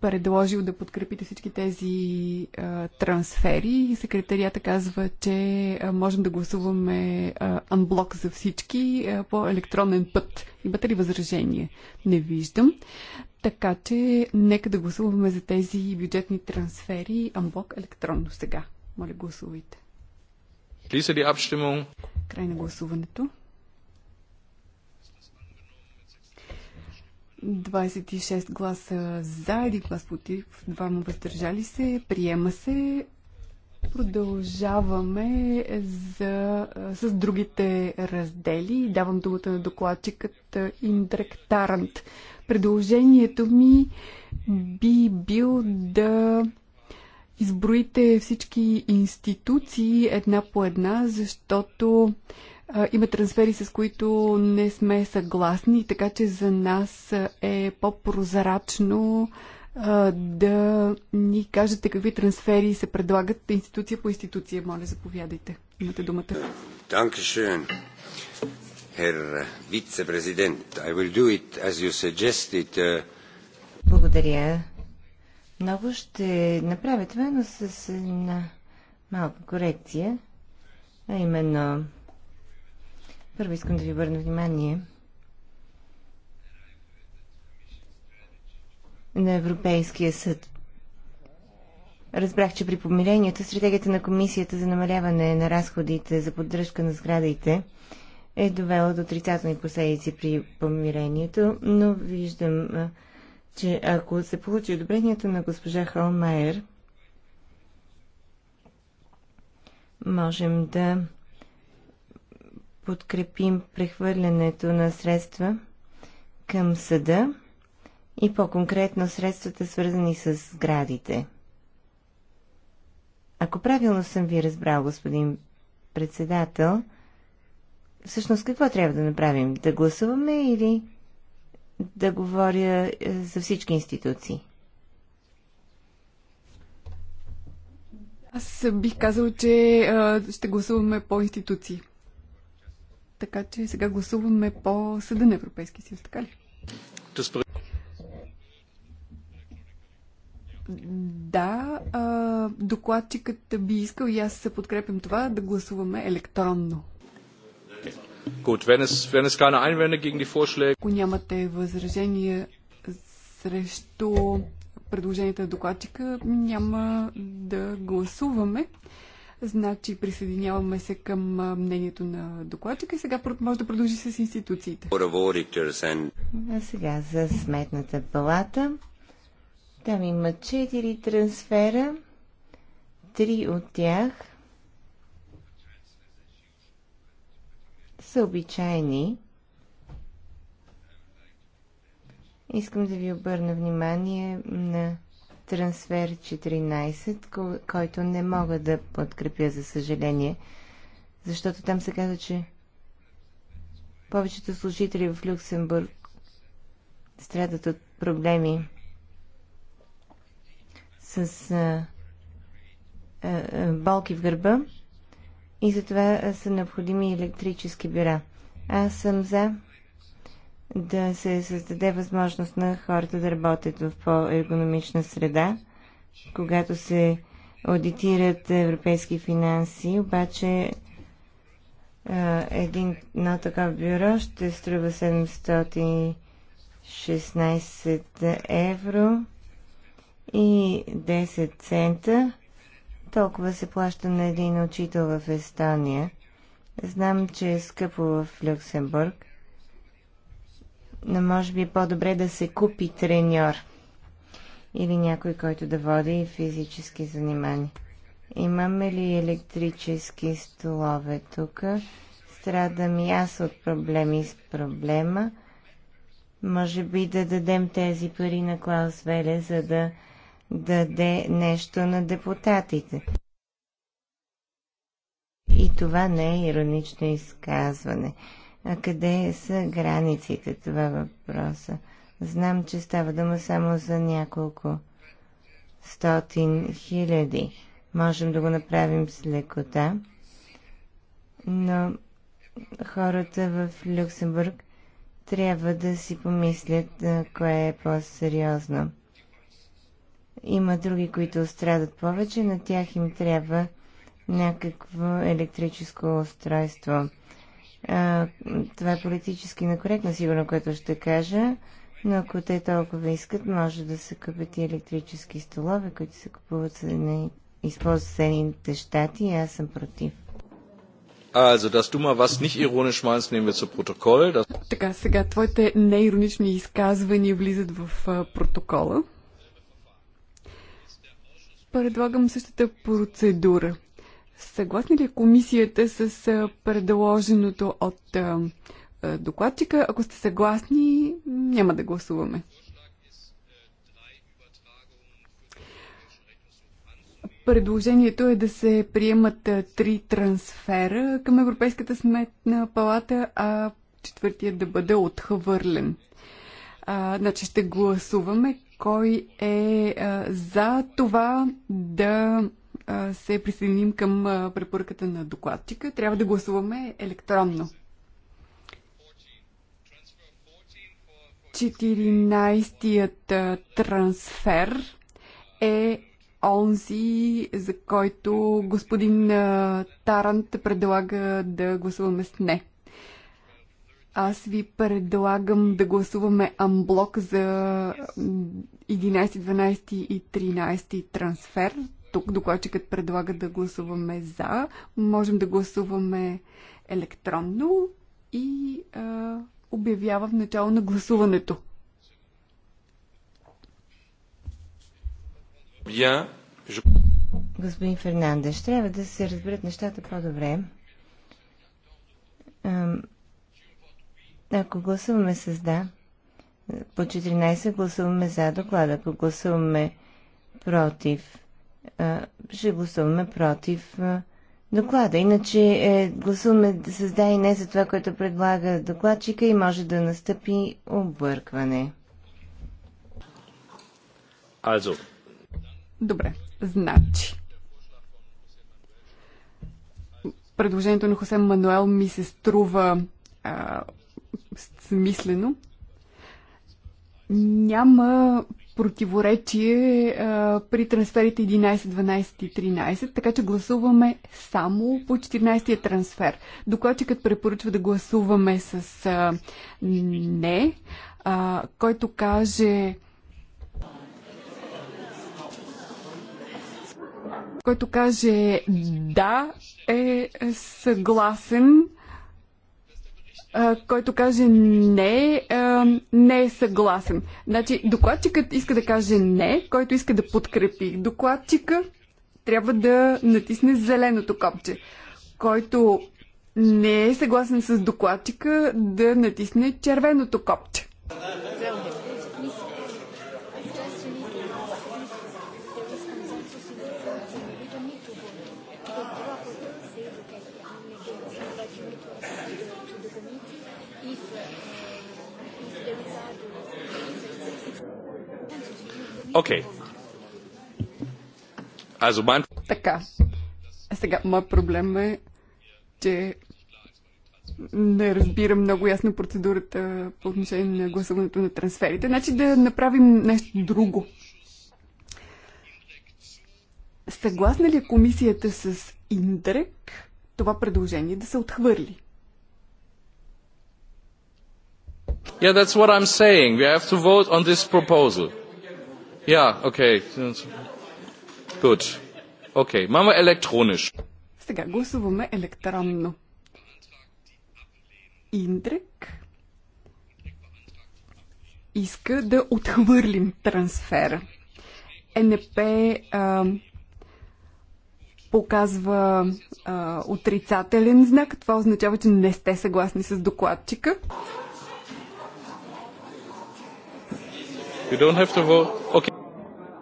предложил да подкрепите всички тези а, трансфери и секретарията казва, че а, можем да гласуваме а, анблок за всички а, по електронен път. Имате ли възражение? Не виждам. Така че нека да гласуваме за тези бюджетни трансфери анблок електронно сега. Моля, гласувайте. Е Край на гласуването. 26 гласа за, един глас против, двама въздържали се. Приема се. Продължаваме за, с другите раздели. Давам думата на докладчикът Индрек Тарант. Предложението ми би бил да изброите всички институции една по една, защото има трансфери, с които не сме съгласни, така че за нас е по-прозрачно да ни кажете какви трансфери се предлагат институция по институция. Моля, заповядайте. Имате думата. Dankeschön, Herr Vizepräsident. I will do it as you suggested. Uh, Благодаря. Много ще направя това, но с една малка корекция, а именно първо искам да ви върна внимание на Европейския съд. Разбрах, че при помирението стратегията на Комисията за намаляване на разходите за поддръжка на сградите е довела до отрицателни последици при помирението, но виждам, че ако се получи одобрението на госпожа Холмайер, можем да подкрепим прехвърлянето на средства към съда и по-конкретно средствата свързани с сградите. Ако правилно съм ви разбрал, господин председател, всъщност какво трябва да направим? Да гласуваме или да говоря е, за всички институции? Аз бих казал, че е, ще гласуваме по институции. Така че сега гласуваме по Съда на Европейски съюз, така ли? Да, а, докладчикът би искал и аз се подкрепям това да гласуваме електронно. Gut, wenn es, wenn es keine Einwände gegen die Vorschläge... Ако нямате възражения срещу предложението на докладчика, няма да гласуваме. Значи присъединяваме се към мнението на докладчика и сега може да продължи с институциите. А сега за сметната палата. Там има 4 трансфера. Три от тях са обичайни. Искам да ви обърна внимание на трансфер 14, който не мога да подкрепя, за съжаление, защото там се казва, че повечето служители в Люксембург страдат от проблеми с а, а, болки в гърба и затова са необходими електрически бюра. Аз съм за да се създаде възможност на хората да работят в по-ергономична среда, когато се аудитират европейски финанси, обаче един, на такова бюро ще струва 716 евро и 10 цента. Толкова се плаща на един учител в Естония. Знам, че е скъпо в Люксембург – може би е по-добре да се купи треньор или някой, който да води физически занимания. Имаме ли електрически столове тук? Страдам и аз от проблеми с проблема. Може би да дадем тези пари на Клаус Веле, за да даде нещо на депутатите. И това не е иронично изказване. А къде са границите, това е въпроса. Знам, че става дума само за няколко стотин хиляди. Можем да го направим с лекота, но хората в Люксембург трябва да си помислят кое е по-сериозно. Има други, които страдат повече, на тях им трябва някакво електрическо устройство – а, това е политически некоректно, сигурно, което ще кажа, но ако те толкова искат, може да се купят и електрически столове, които се купуват не използват Съединените щати и аз съм против. Also, dass du mal was nicht ironisch meinst, nehmen wir zu Protokoll. Das... Така, сега твоите неиронични изказвания влизат в протокола. Предлагам същата процедура. Съгласни ли комисията с предложеното от докладчика? Ако сте съгласни, няма да гласуваме. Предложението е да се приемат три трансфера към Европейската сметна палата, а четвъртият да бъде отхвърлен. А, значи ще гласуваме кой е а, за това да се присъединим към препоръката на докладчика, трябва да гласуваме електронно. 14-тият трансфер е онзи, за който господин Тарант предлага да гласуваме с не. Аз ви предлагам да гласуваме амблок за 11, 12 и 13 трансфер. Тук докладчикът предлага да гласуваме за. Можем да гласуваме електронно и а, в начало на гласуването. Господин Фернандеш, трябва да се разберат нещата по-добре. Ако гласуваме с да, по 14 гласуваме за доклада. Ако гласуваме против, ще гласуваме против доклада. Иначе е, гласуваме да да и не за това, което предлага докладчика и може да настъпи объркване. Also. Добре, значи. Предложението на Хосе Мануел ми се струва а, смислено. Няма противоречие а, при трансферите 11, 12 и 13, така че гласуваме само по 14-я трансфер. Докладчикът препоръчва да гласуваме с а, не, а, който каже който каже да е съгласен който каже не, не е съгласен. Значи докладчикът иска да каже не, който иска да подкрепи докладчика, трябва да натисне зеленото копче. Който не е съгласен с докладчика, да натисне червеното копче. Зелено. Okay. Така. Сега, моят проблем е, че не разбирам много ясно процедурата по отношение на гласуването на трансферите. Значи да направим нещо друго. Съгласна ли е комисията с Индрек това предложение да се отхвърли? Yeah, that's what I'm saying. We have to vote on this proposal. Ja, okay. Gut. Okay, machen wir elektronisch. Сега гласуваме електронно. Индрек иска да отхвърлим трансфера. НП а, показва а, отрицателен знак. Това означава, че не сте съгласни с докладчика. You don't have to vote? Okay.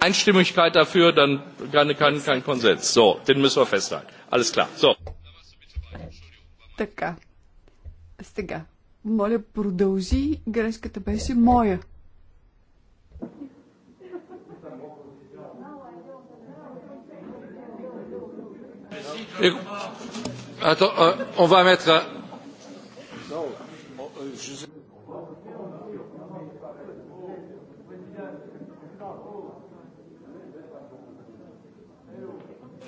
Einstimmigkeit dafür, dann kann, kein, kein Konsens. So, den müssen wir festhalten. Alles klar. So. Така. Сега. Моля, продължи. Грешката беше моя. Ето, euh, on va mettre.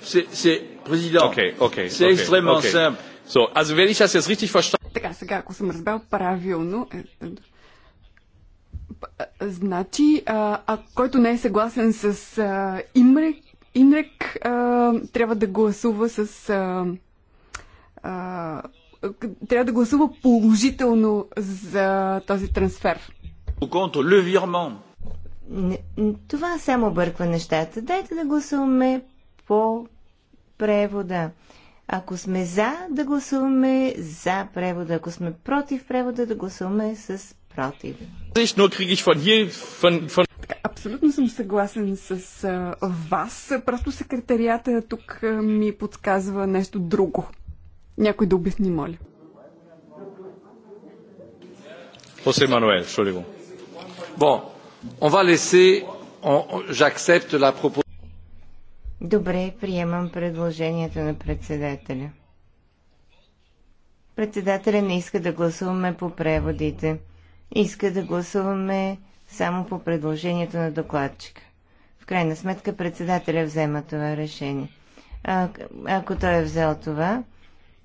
C'est, président, okay, okay, c'est okay, extrêmement okay. simple. So, also wenn ich das jetzt richtig verstanden... Така, сега, ако съм разбрал правилно, е, е, е, значи, а, а който не е съгласен с а, Имрек, Имрек а, трябва да гласува с... А, а, трябва да гласува положително за този трансфер. Не, Това само бърква нещата. Дайте да гласуваме по превода. Ако сме за, да гласуваме за превода. Ако сме против превода, да гласуваме с против. Абсолютно съм съгласен с а, вас. Просто секретарията тук а, ми подсказва нещо друго. Някой да обясни, моля. Хосе Мануел, Bon, on va laisser, j'accepte la proposition. Добре, приемам предложението на председателя. Председателя не иска да гласуваме по преводите. Иска да гласуваме само по предложението на докладчика. В крайна сметка председателя взема това решение. А, ако той е взел това,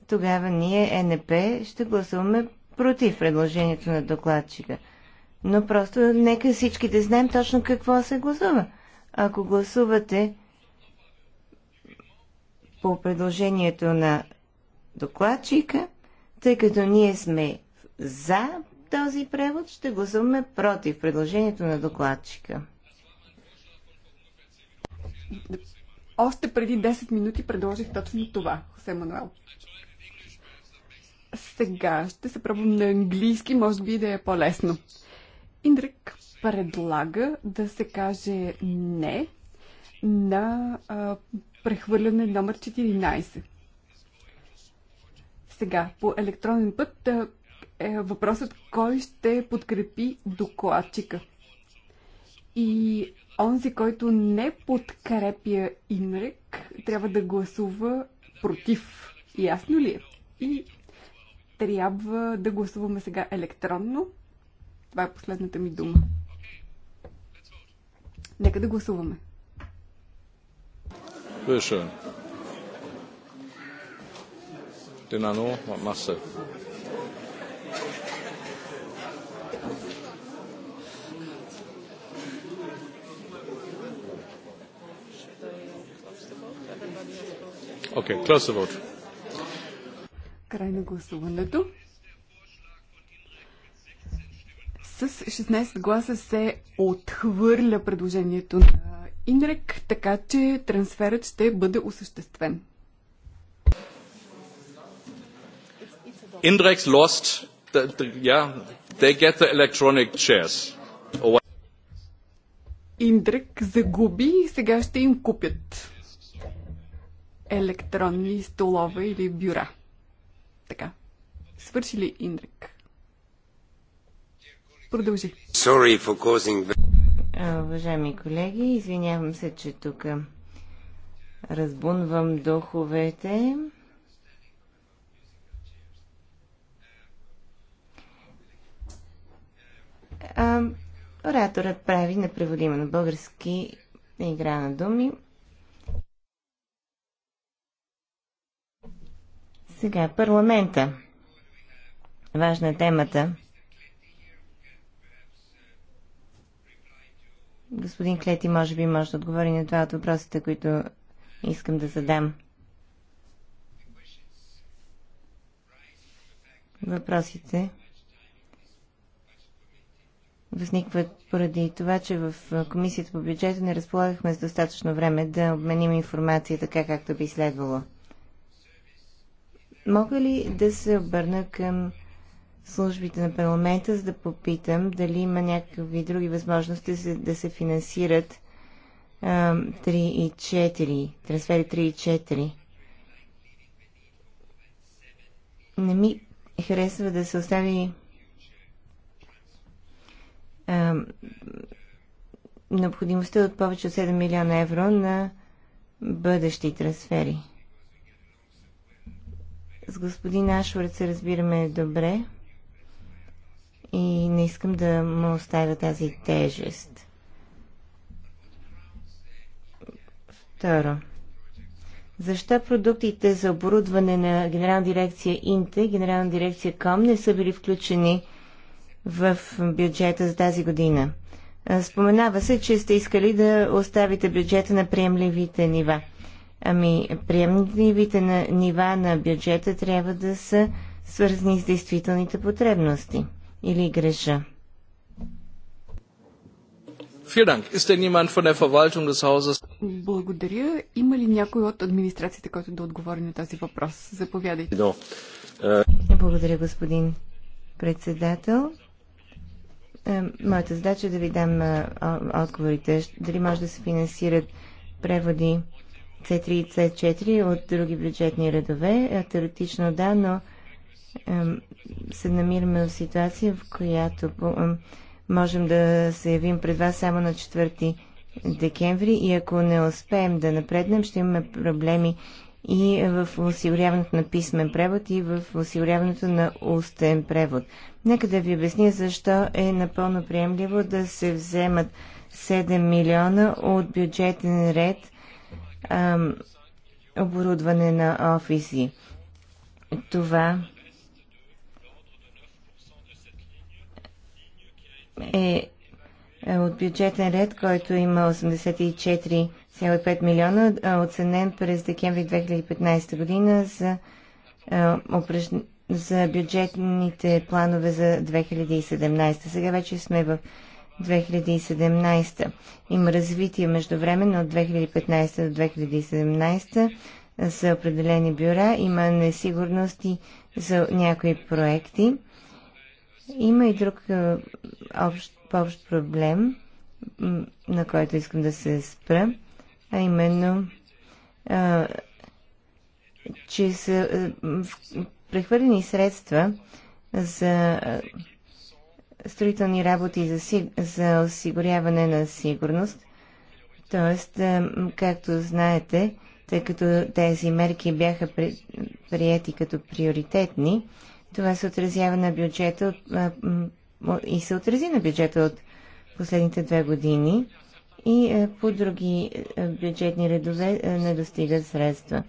тогава ние, НП, ще гласуваме против предложението на докладчика. Но просто нека всички да знаем точно какво се гласува. Ако гласувате по предложението на докладчика, тъй като ние сме за този превод, ще гласуваме против предложението на докладчика. Още преди 10 минути предложих точно това, Хосе Мануел. Сега ще се пробвам на английски, може би да е по-лесно. Индрик предлага да се каже не на а, прехвърляне номер 14. Сега, по електронен път е въпросът кой ще подкрепи докладчика. И онзи, който не подкрепя Инрек, трябва да гласува против. Ясно ли е? И трябва да гласуваме сега електронно. Това е последната ми дума. Нека да гласуваме. Bitte schön. Denano, was machst du? Okay, close the vote. Край на гласуването. С 16 гласа се отхвърля предложението на Инрек, така че трансферът ще бъде осъществен. Индрекс lost. The, the, yeah, they get the electronic chairs. Индрек загуби и сега ще им купят електронни столове или бюра. Така. Свърши ли Индрек? Продължи. Sorry for causing... Уважаеми колеги, извинявам се, че тук разбунвам духовете. А, ораторът прави непреводимо на български игра на думи. Сега парламента. Важна е темата. Господин Клети, може би може да отговори на два от въпросите, които искам да задам. Въпросите възникват поради това, че в Комисията по бюджета не разполагахме с достатъчно време да обменим информация така, както би следвало. Мога ли да се обърна към службите на парламента, за да попитам дали има някакви други възможности за да се финансират 3 и 4, трансфери 3 и 4. Не ми харесва да се остави необходимостта от повече от 7 милиона евро на бъдещи трансфери. С господин Ашвард се разбираме добре и не искам да му оставя тази тежест. Второ. Защо продуктите за оборудване на Генерална дирекция Инте, Генерална дирекция КОМ не са били включени в бюджета за тази година? Споменава се, че сте искали да оставите бюджета на приемливите нива. Ами, приемливите на нива на бюджета трябва да са свързани с действителните потребности или греша? Благодаря. Има ли някой от администрацията, който да отговори на този въпрос? Заповядайте. Е, благодаря, господин председател. Е, моята задача е да ви дам е, отговорите. Дали може да се финансират преводи C3 и C4 от други бюджетни редове? Теоретично да, но се намираме в ситуация, в която можем да се явим пред вас само на 4 декември и ако не успеем да напреднем, ще имаме проблеми и в осигуряването на писмен превод и в осигуряването на устен превод. Нека да ви обясня защо е напълно приемливо да се вземат 7 милиона от бюджетен ред ам, оборудване на офиси. Това Е, е от бюджетен ред, който има 84,5 милиона, оценен през декември 2015 година за, е, за бюджетните планове за 2017. Сега вече сме в 2017. Има развитие междувременно от 2015 до 2017 за определени бюра. Има несигурности за някои проекти. Има и друг е, общ, общ проблем, на който искам да се спра, а именно, а, е, че са е, прехвърлени средства за строителни работи за, за осигуряване на сигурност. Тоест, както знаете, тъй като тези мерки бяха прияти като приоритетни, това се отразява на бюджета и се отрази на бюджета от последните две години и по други бюджетни редове не достигат средства.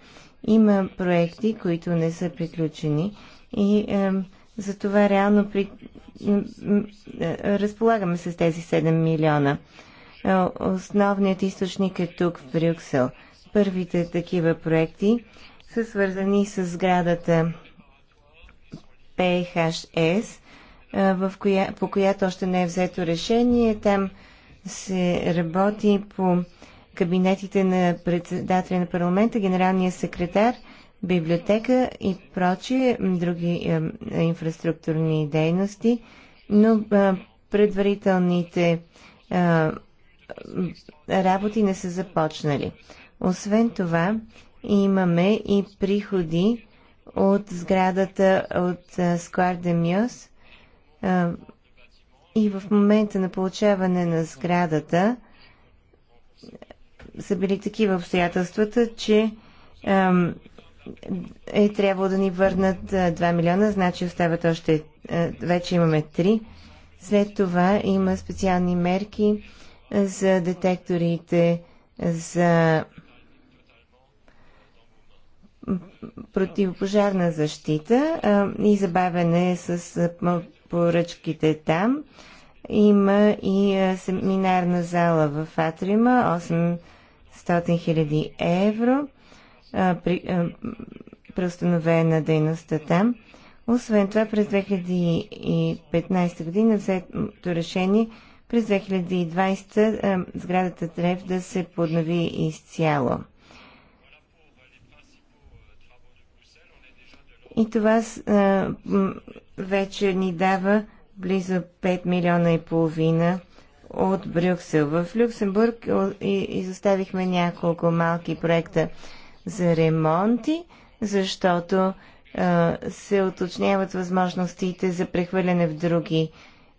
Има проекти, които не са приключени и а, за това реално при... разполагаме с тези 7 милиона. Основният източник е тук в Брюксел. Първите такива проекти са свързани с сградата PHS, в коя, по която още не е взето решение. Там се работи по кабинетите на председателя на парламента, генералния секретар, библиотека и прочие други е, инфраструктурни дейности, но е, предварителните е, работи не са започнали. Освен това, имаме и приходи от сградата от Square де Мюс. И в момента на получаване на сградата са били такива обстоятелствата, че е трябвало да ни върнат 2 милиона, значи остават още, вече имаме 3. След това има специални мерки за детекторите за противопожарна защита и забавяне с поръчките там. Има и семинарна зала в Атрима, 800 000 евро, при, преустановена дейността там. Освен това, през 2015 година взето решение през 2020 сградата трябва да се поднови изцяло. И това а, вече ни дава близо 5 милиона и половина от Брюксел. В Люксембург изоставихме няколко малки проекта за ремонти, защото а, се уточняват възможностите за прехвърляне в други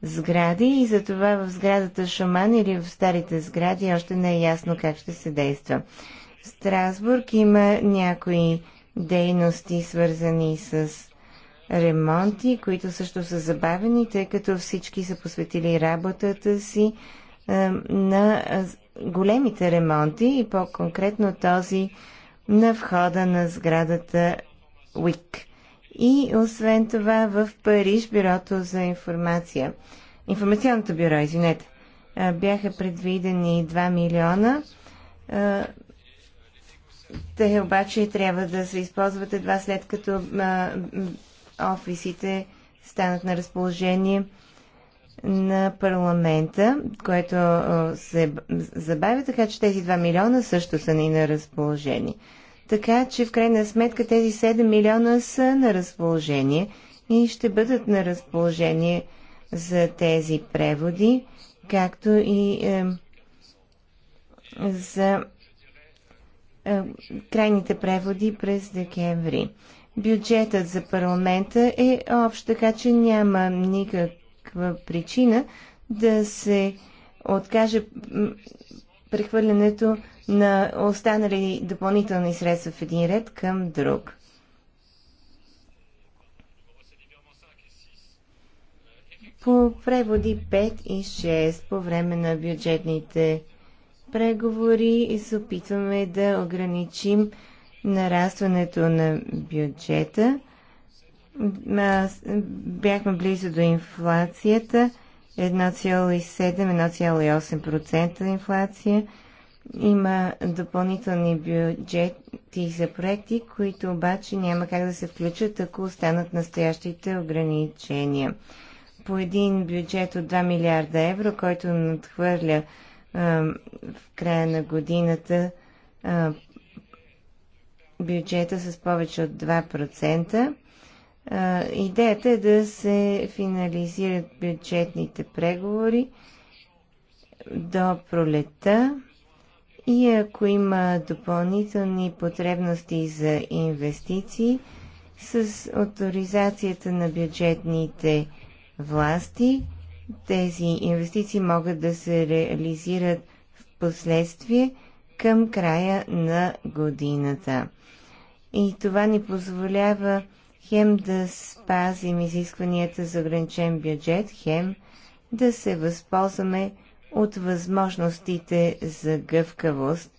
сгради и затова в сградата Шуман или в старите сгради още не е ясно как ще се действа. В Страсбург има някои дейности, свързани с ремонти, които също са забавени, тъй като всички са посветили работата си на големите ремонти и по-конкретно този на входа на сградата УИК. И освен това в Париж бюрото за информация, информационното бюро, извинете, бяха предвидени 2 милиона те обаче трябва да се използват едва след като а, офисите станат на разположение на парламента, което се забавя, така че тези 2 милиона също са ни на разположение. Така че в крайна сметка тези 7 милиона са на разположение и ще бъдат на разположение за тези преводи, както и е, за е, крайните преводи през декември. Бюджетът за парламента е общ, така че няма никаква причина да се откаже прехвърлянето на останали допълнителни средства в един ред към друг. По преводи 5 и 6 по време на бюджетните преговори и се опитваме да ограничим нарастването на бюджета. Бяхме близо до инфлацията 1,7-1,8% инфлация. Има допълнителни бюджети за проекти, които обаче няма как да се включат, ако останат настоящите ограничения. По един бюджет от 2 милиарда евро, който надхвърля в края на годината бюджета с повече от 2%. Идеята е да се финализират бюджетните преговори до пролета и ако има допълнителни потребности за инвестиции, с авторизацията на бюджетните власти – тези инвестиции могат да се реализират в последствие към края на годината. И това ни позволява хем да спазим изискванията за ограничен бюджет, хем да се възползваме от възможностите за гъвкавост.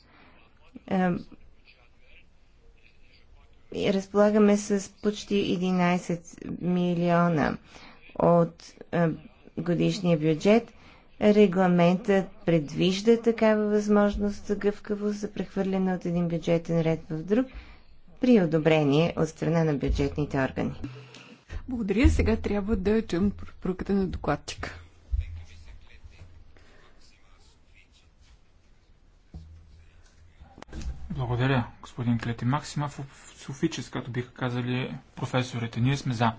Е, разполагаме с почти 11 милиона от е, годишния бюджет, регламентът предвижда такава възможност за гъвкавост за прехвърляне от един бюджетен ред в друг при одобрение от страна на бюджетните органи. Благодаря. Сега трябва да чуем пруката на докладчика. Благодаря, господин Клети Максимов софичес, като биха казали професорите. Ние сме за.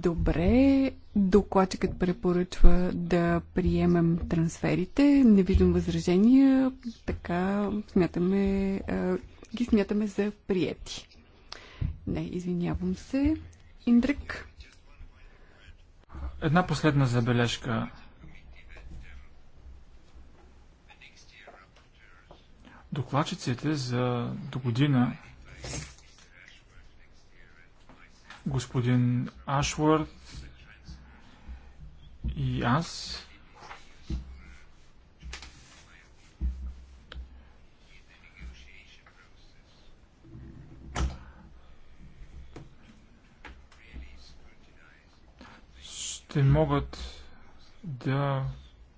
Добре, докладчикът препоръчва да приемем трансферите. Не виждам възражения, така смятаме, а, ги смятаме за приети. Не, извинявам се. Индрик. Една последна забележка. докладчиците за до година господин Ашворд и аз ще могат да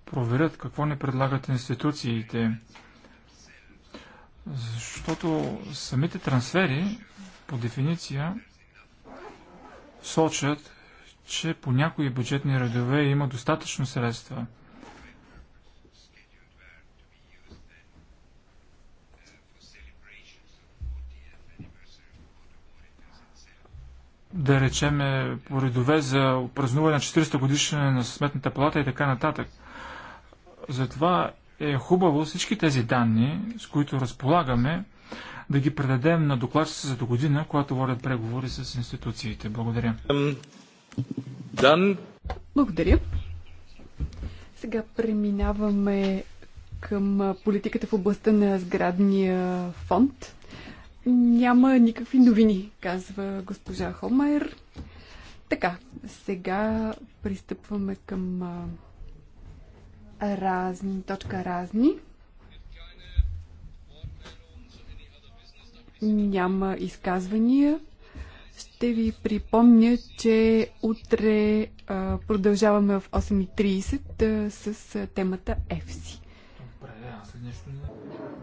проверят какво не предлагат институциите защото самите трансфери по дефиниция сочат, че по някои бюджетни редове има достатъчно средства. Да речем, е, по редове за празнуване на 400 годишна на Сметната палата и така нататък. Затова е хубаво всички тези данни, с които разполагаме, да ги предадем на докладчица за до година, когато водят преговори с институциите. Благодаря. Дан. Благодаря. Сега преминаваме към политиката в областта на сградния фонд. Няма никакви новини, казва госпожа Холмайер. Така, сега пристъпваме към разни, точка разни. Няма изказвания. Ще ви припомня, че утре а, продължаваме в 8.30 а, с а, темата EFSI. Добре, аз нещо не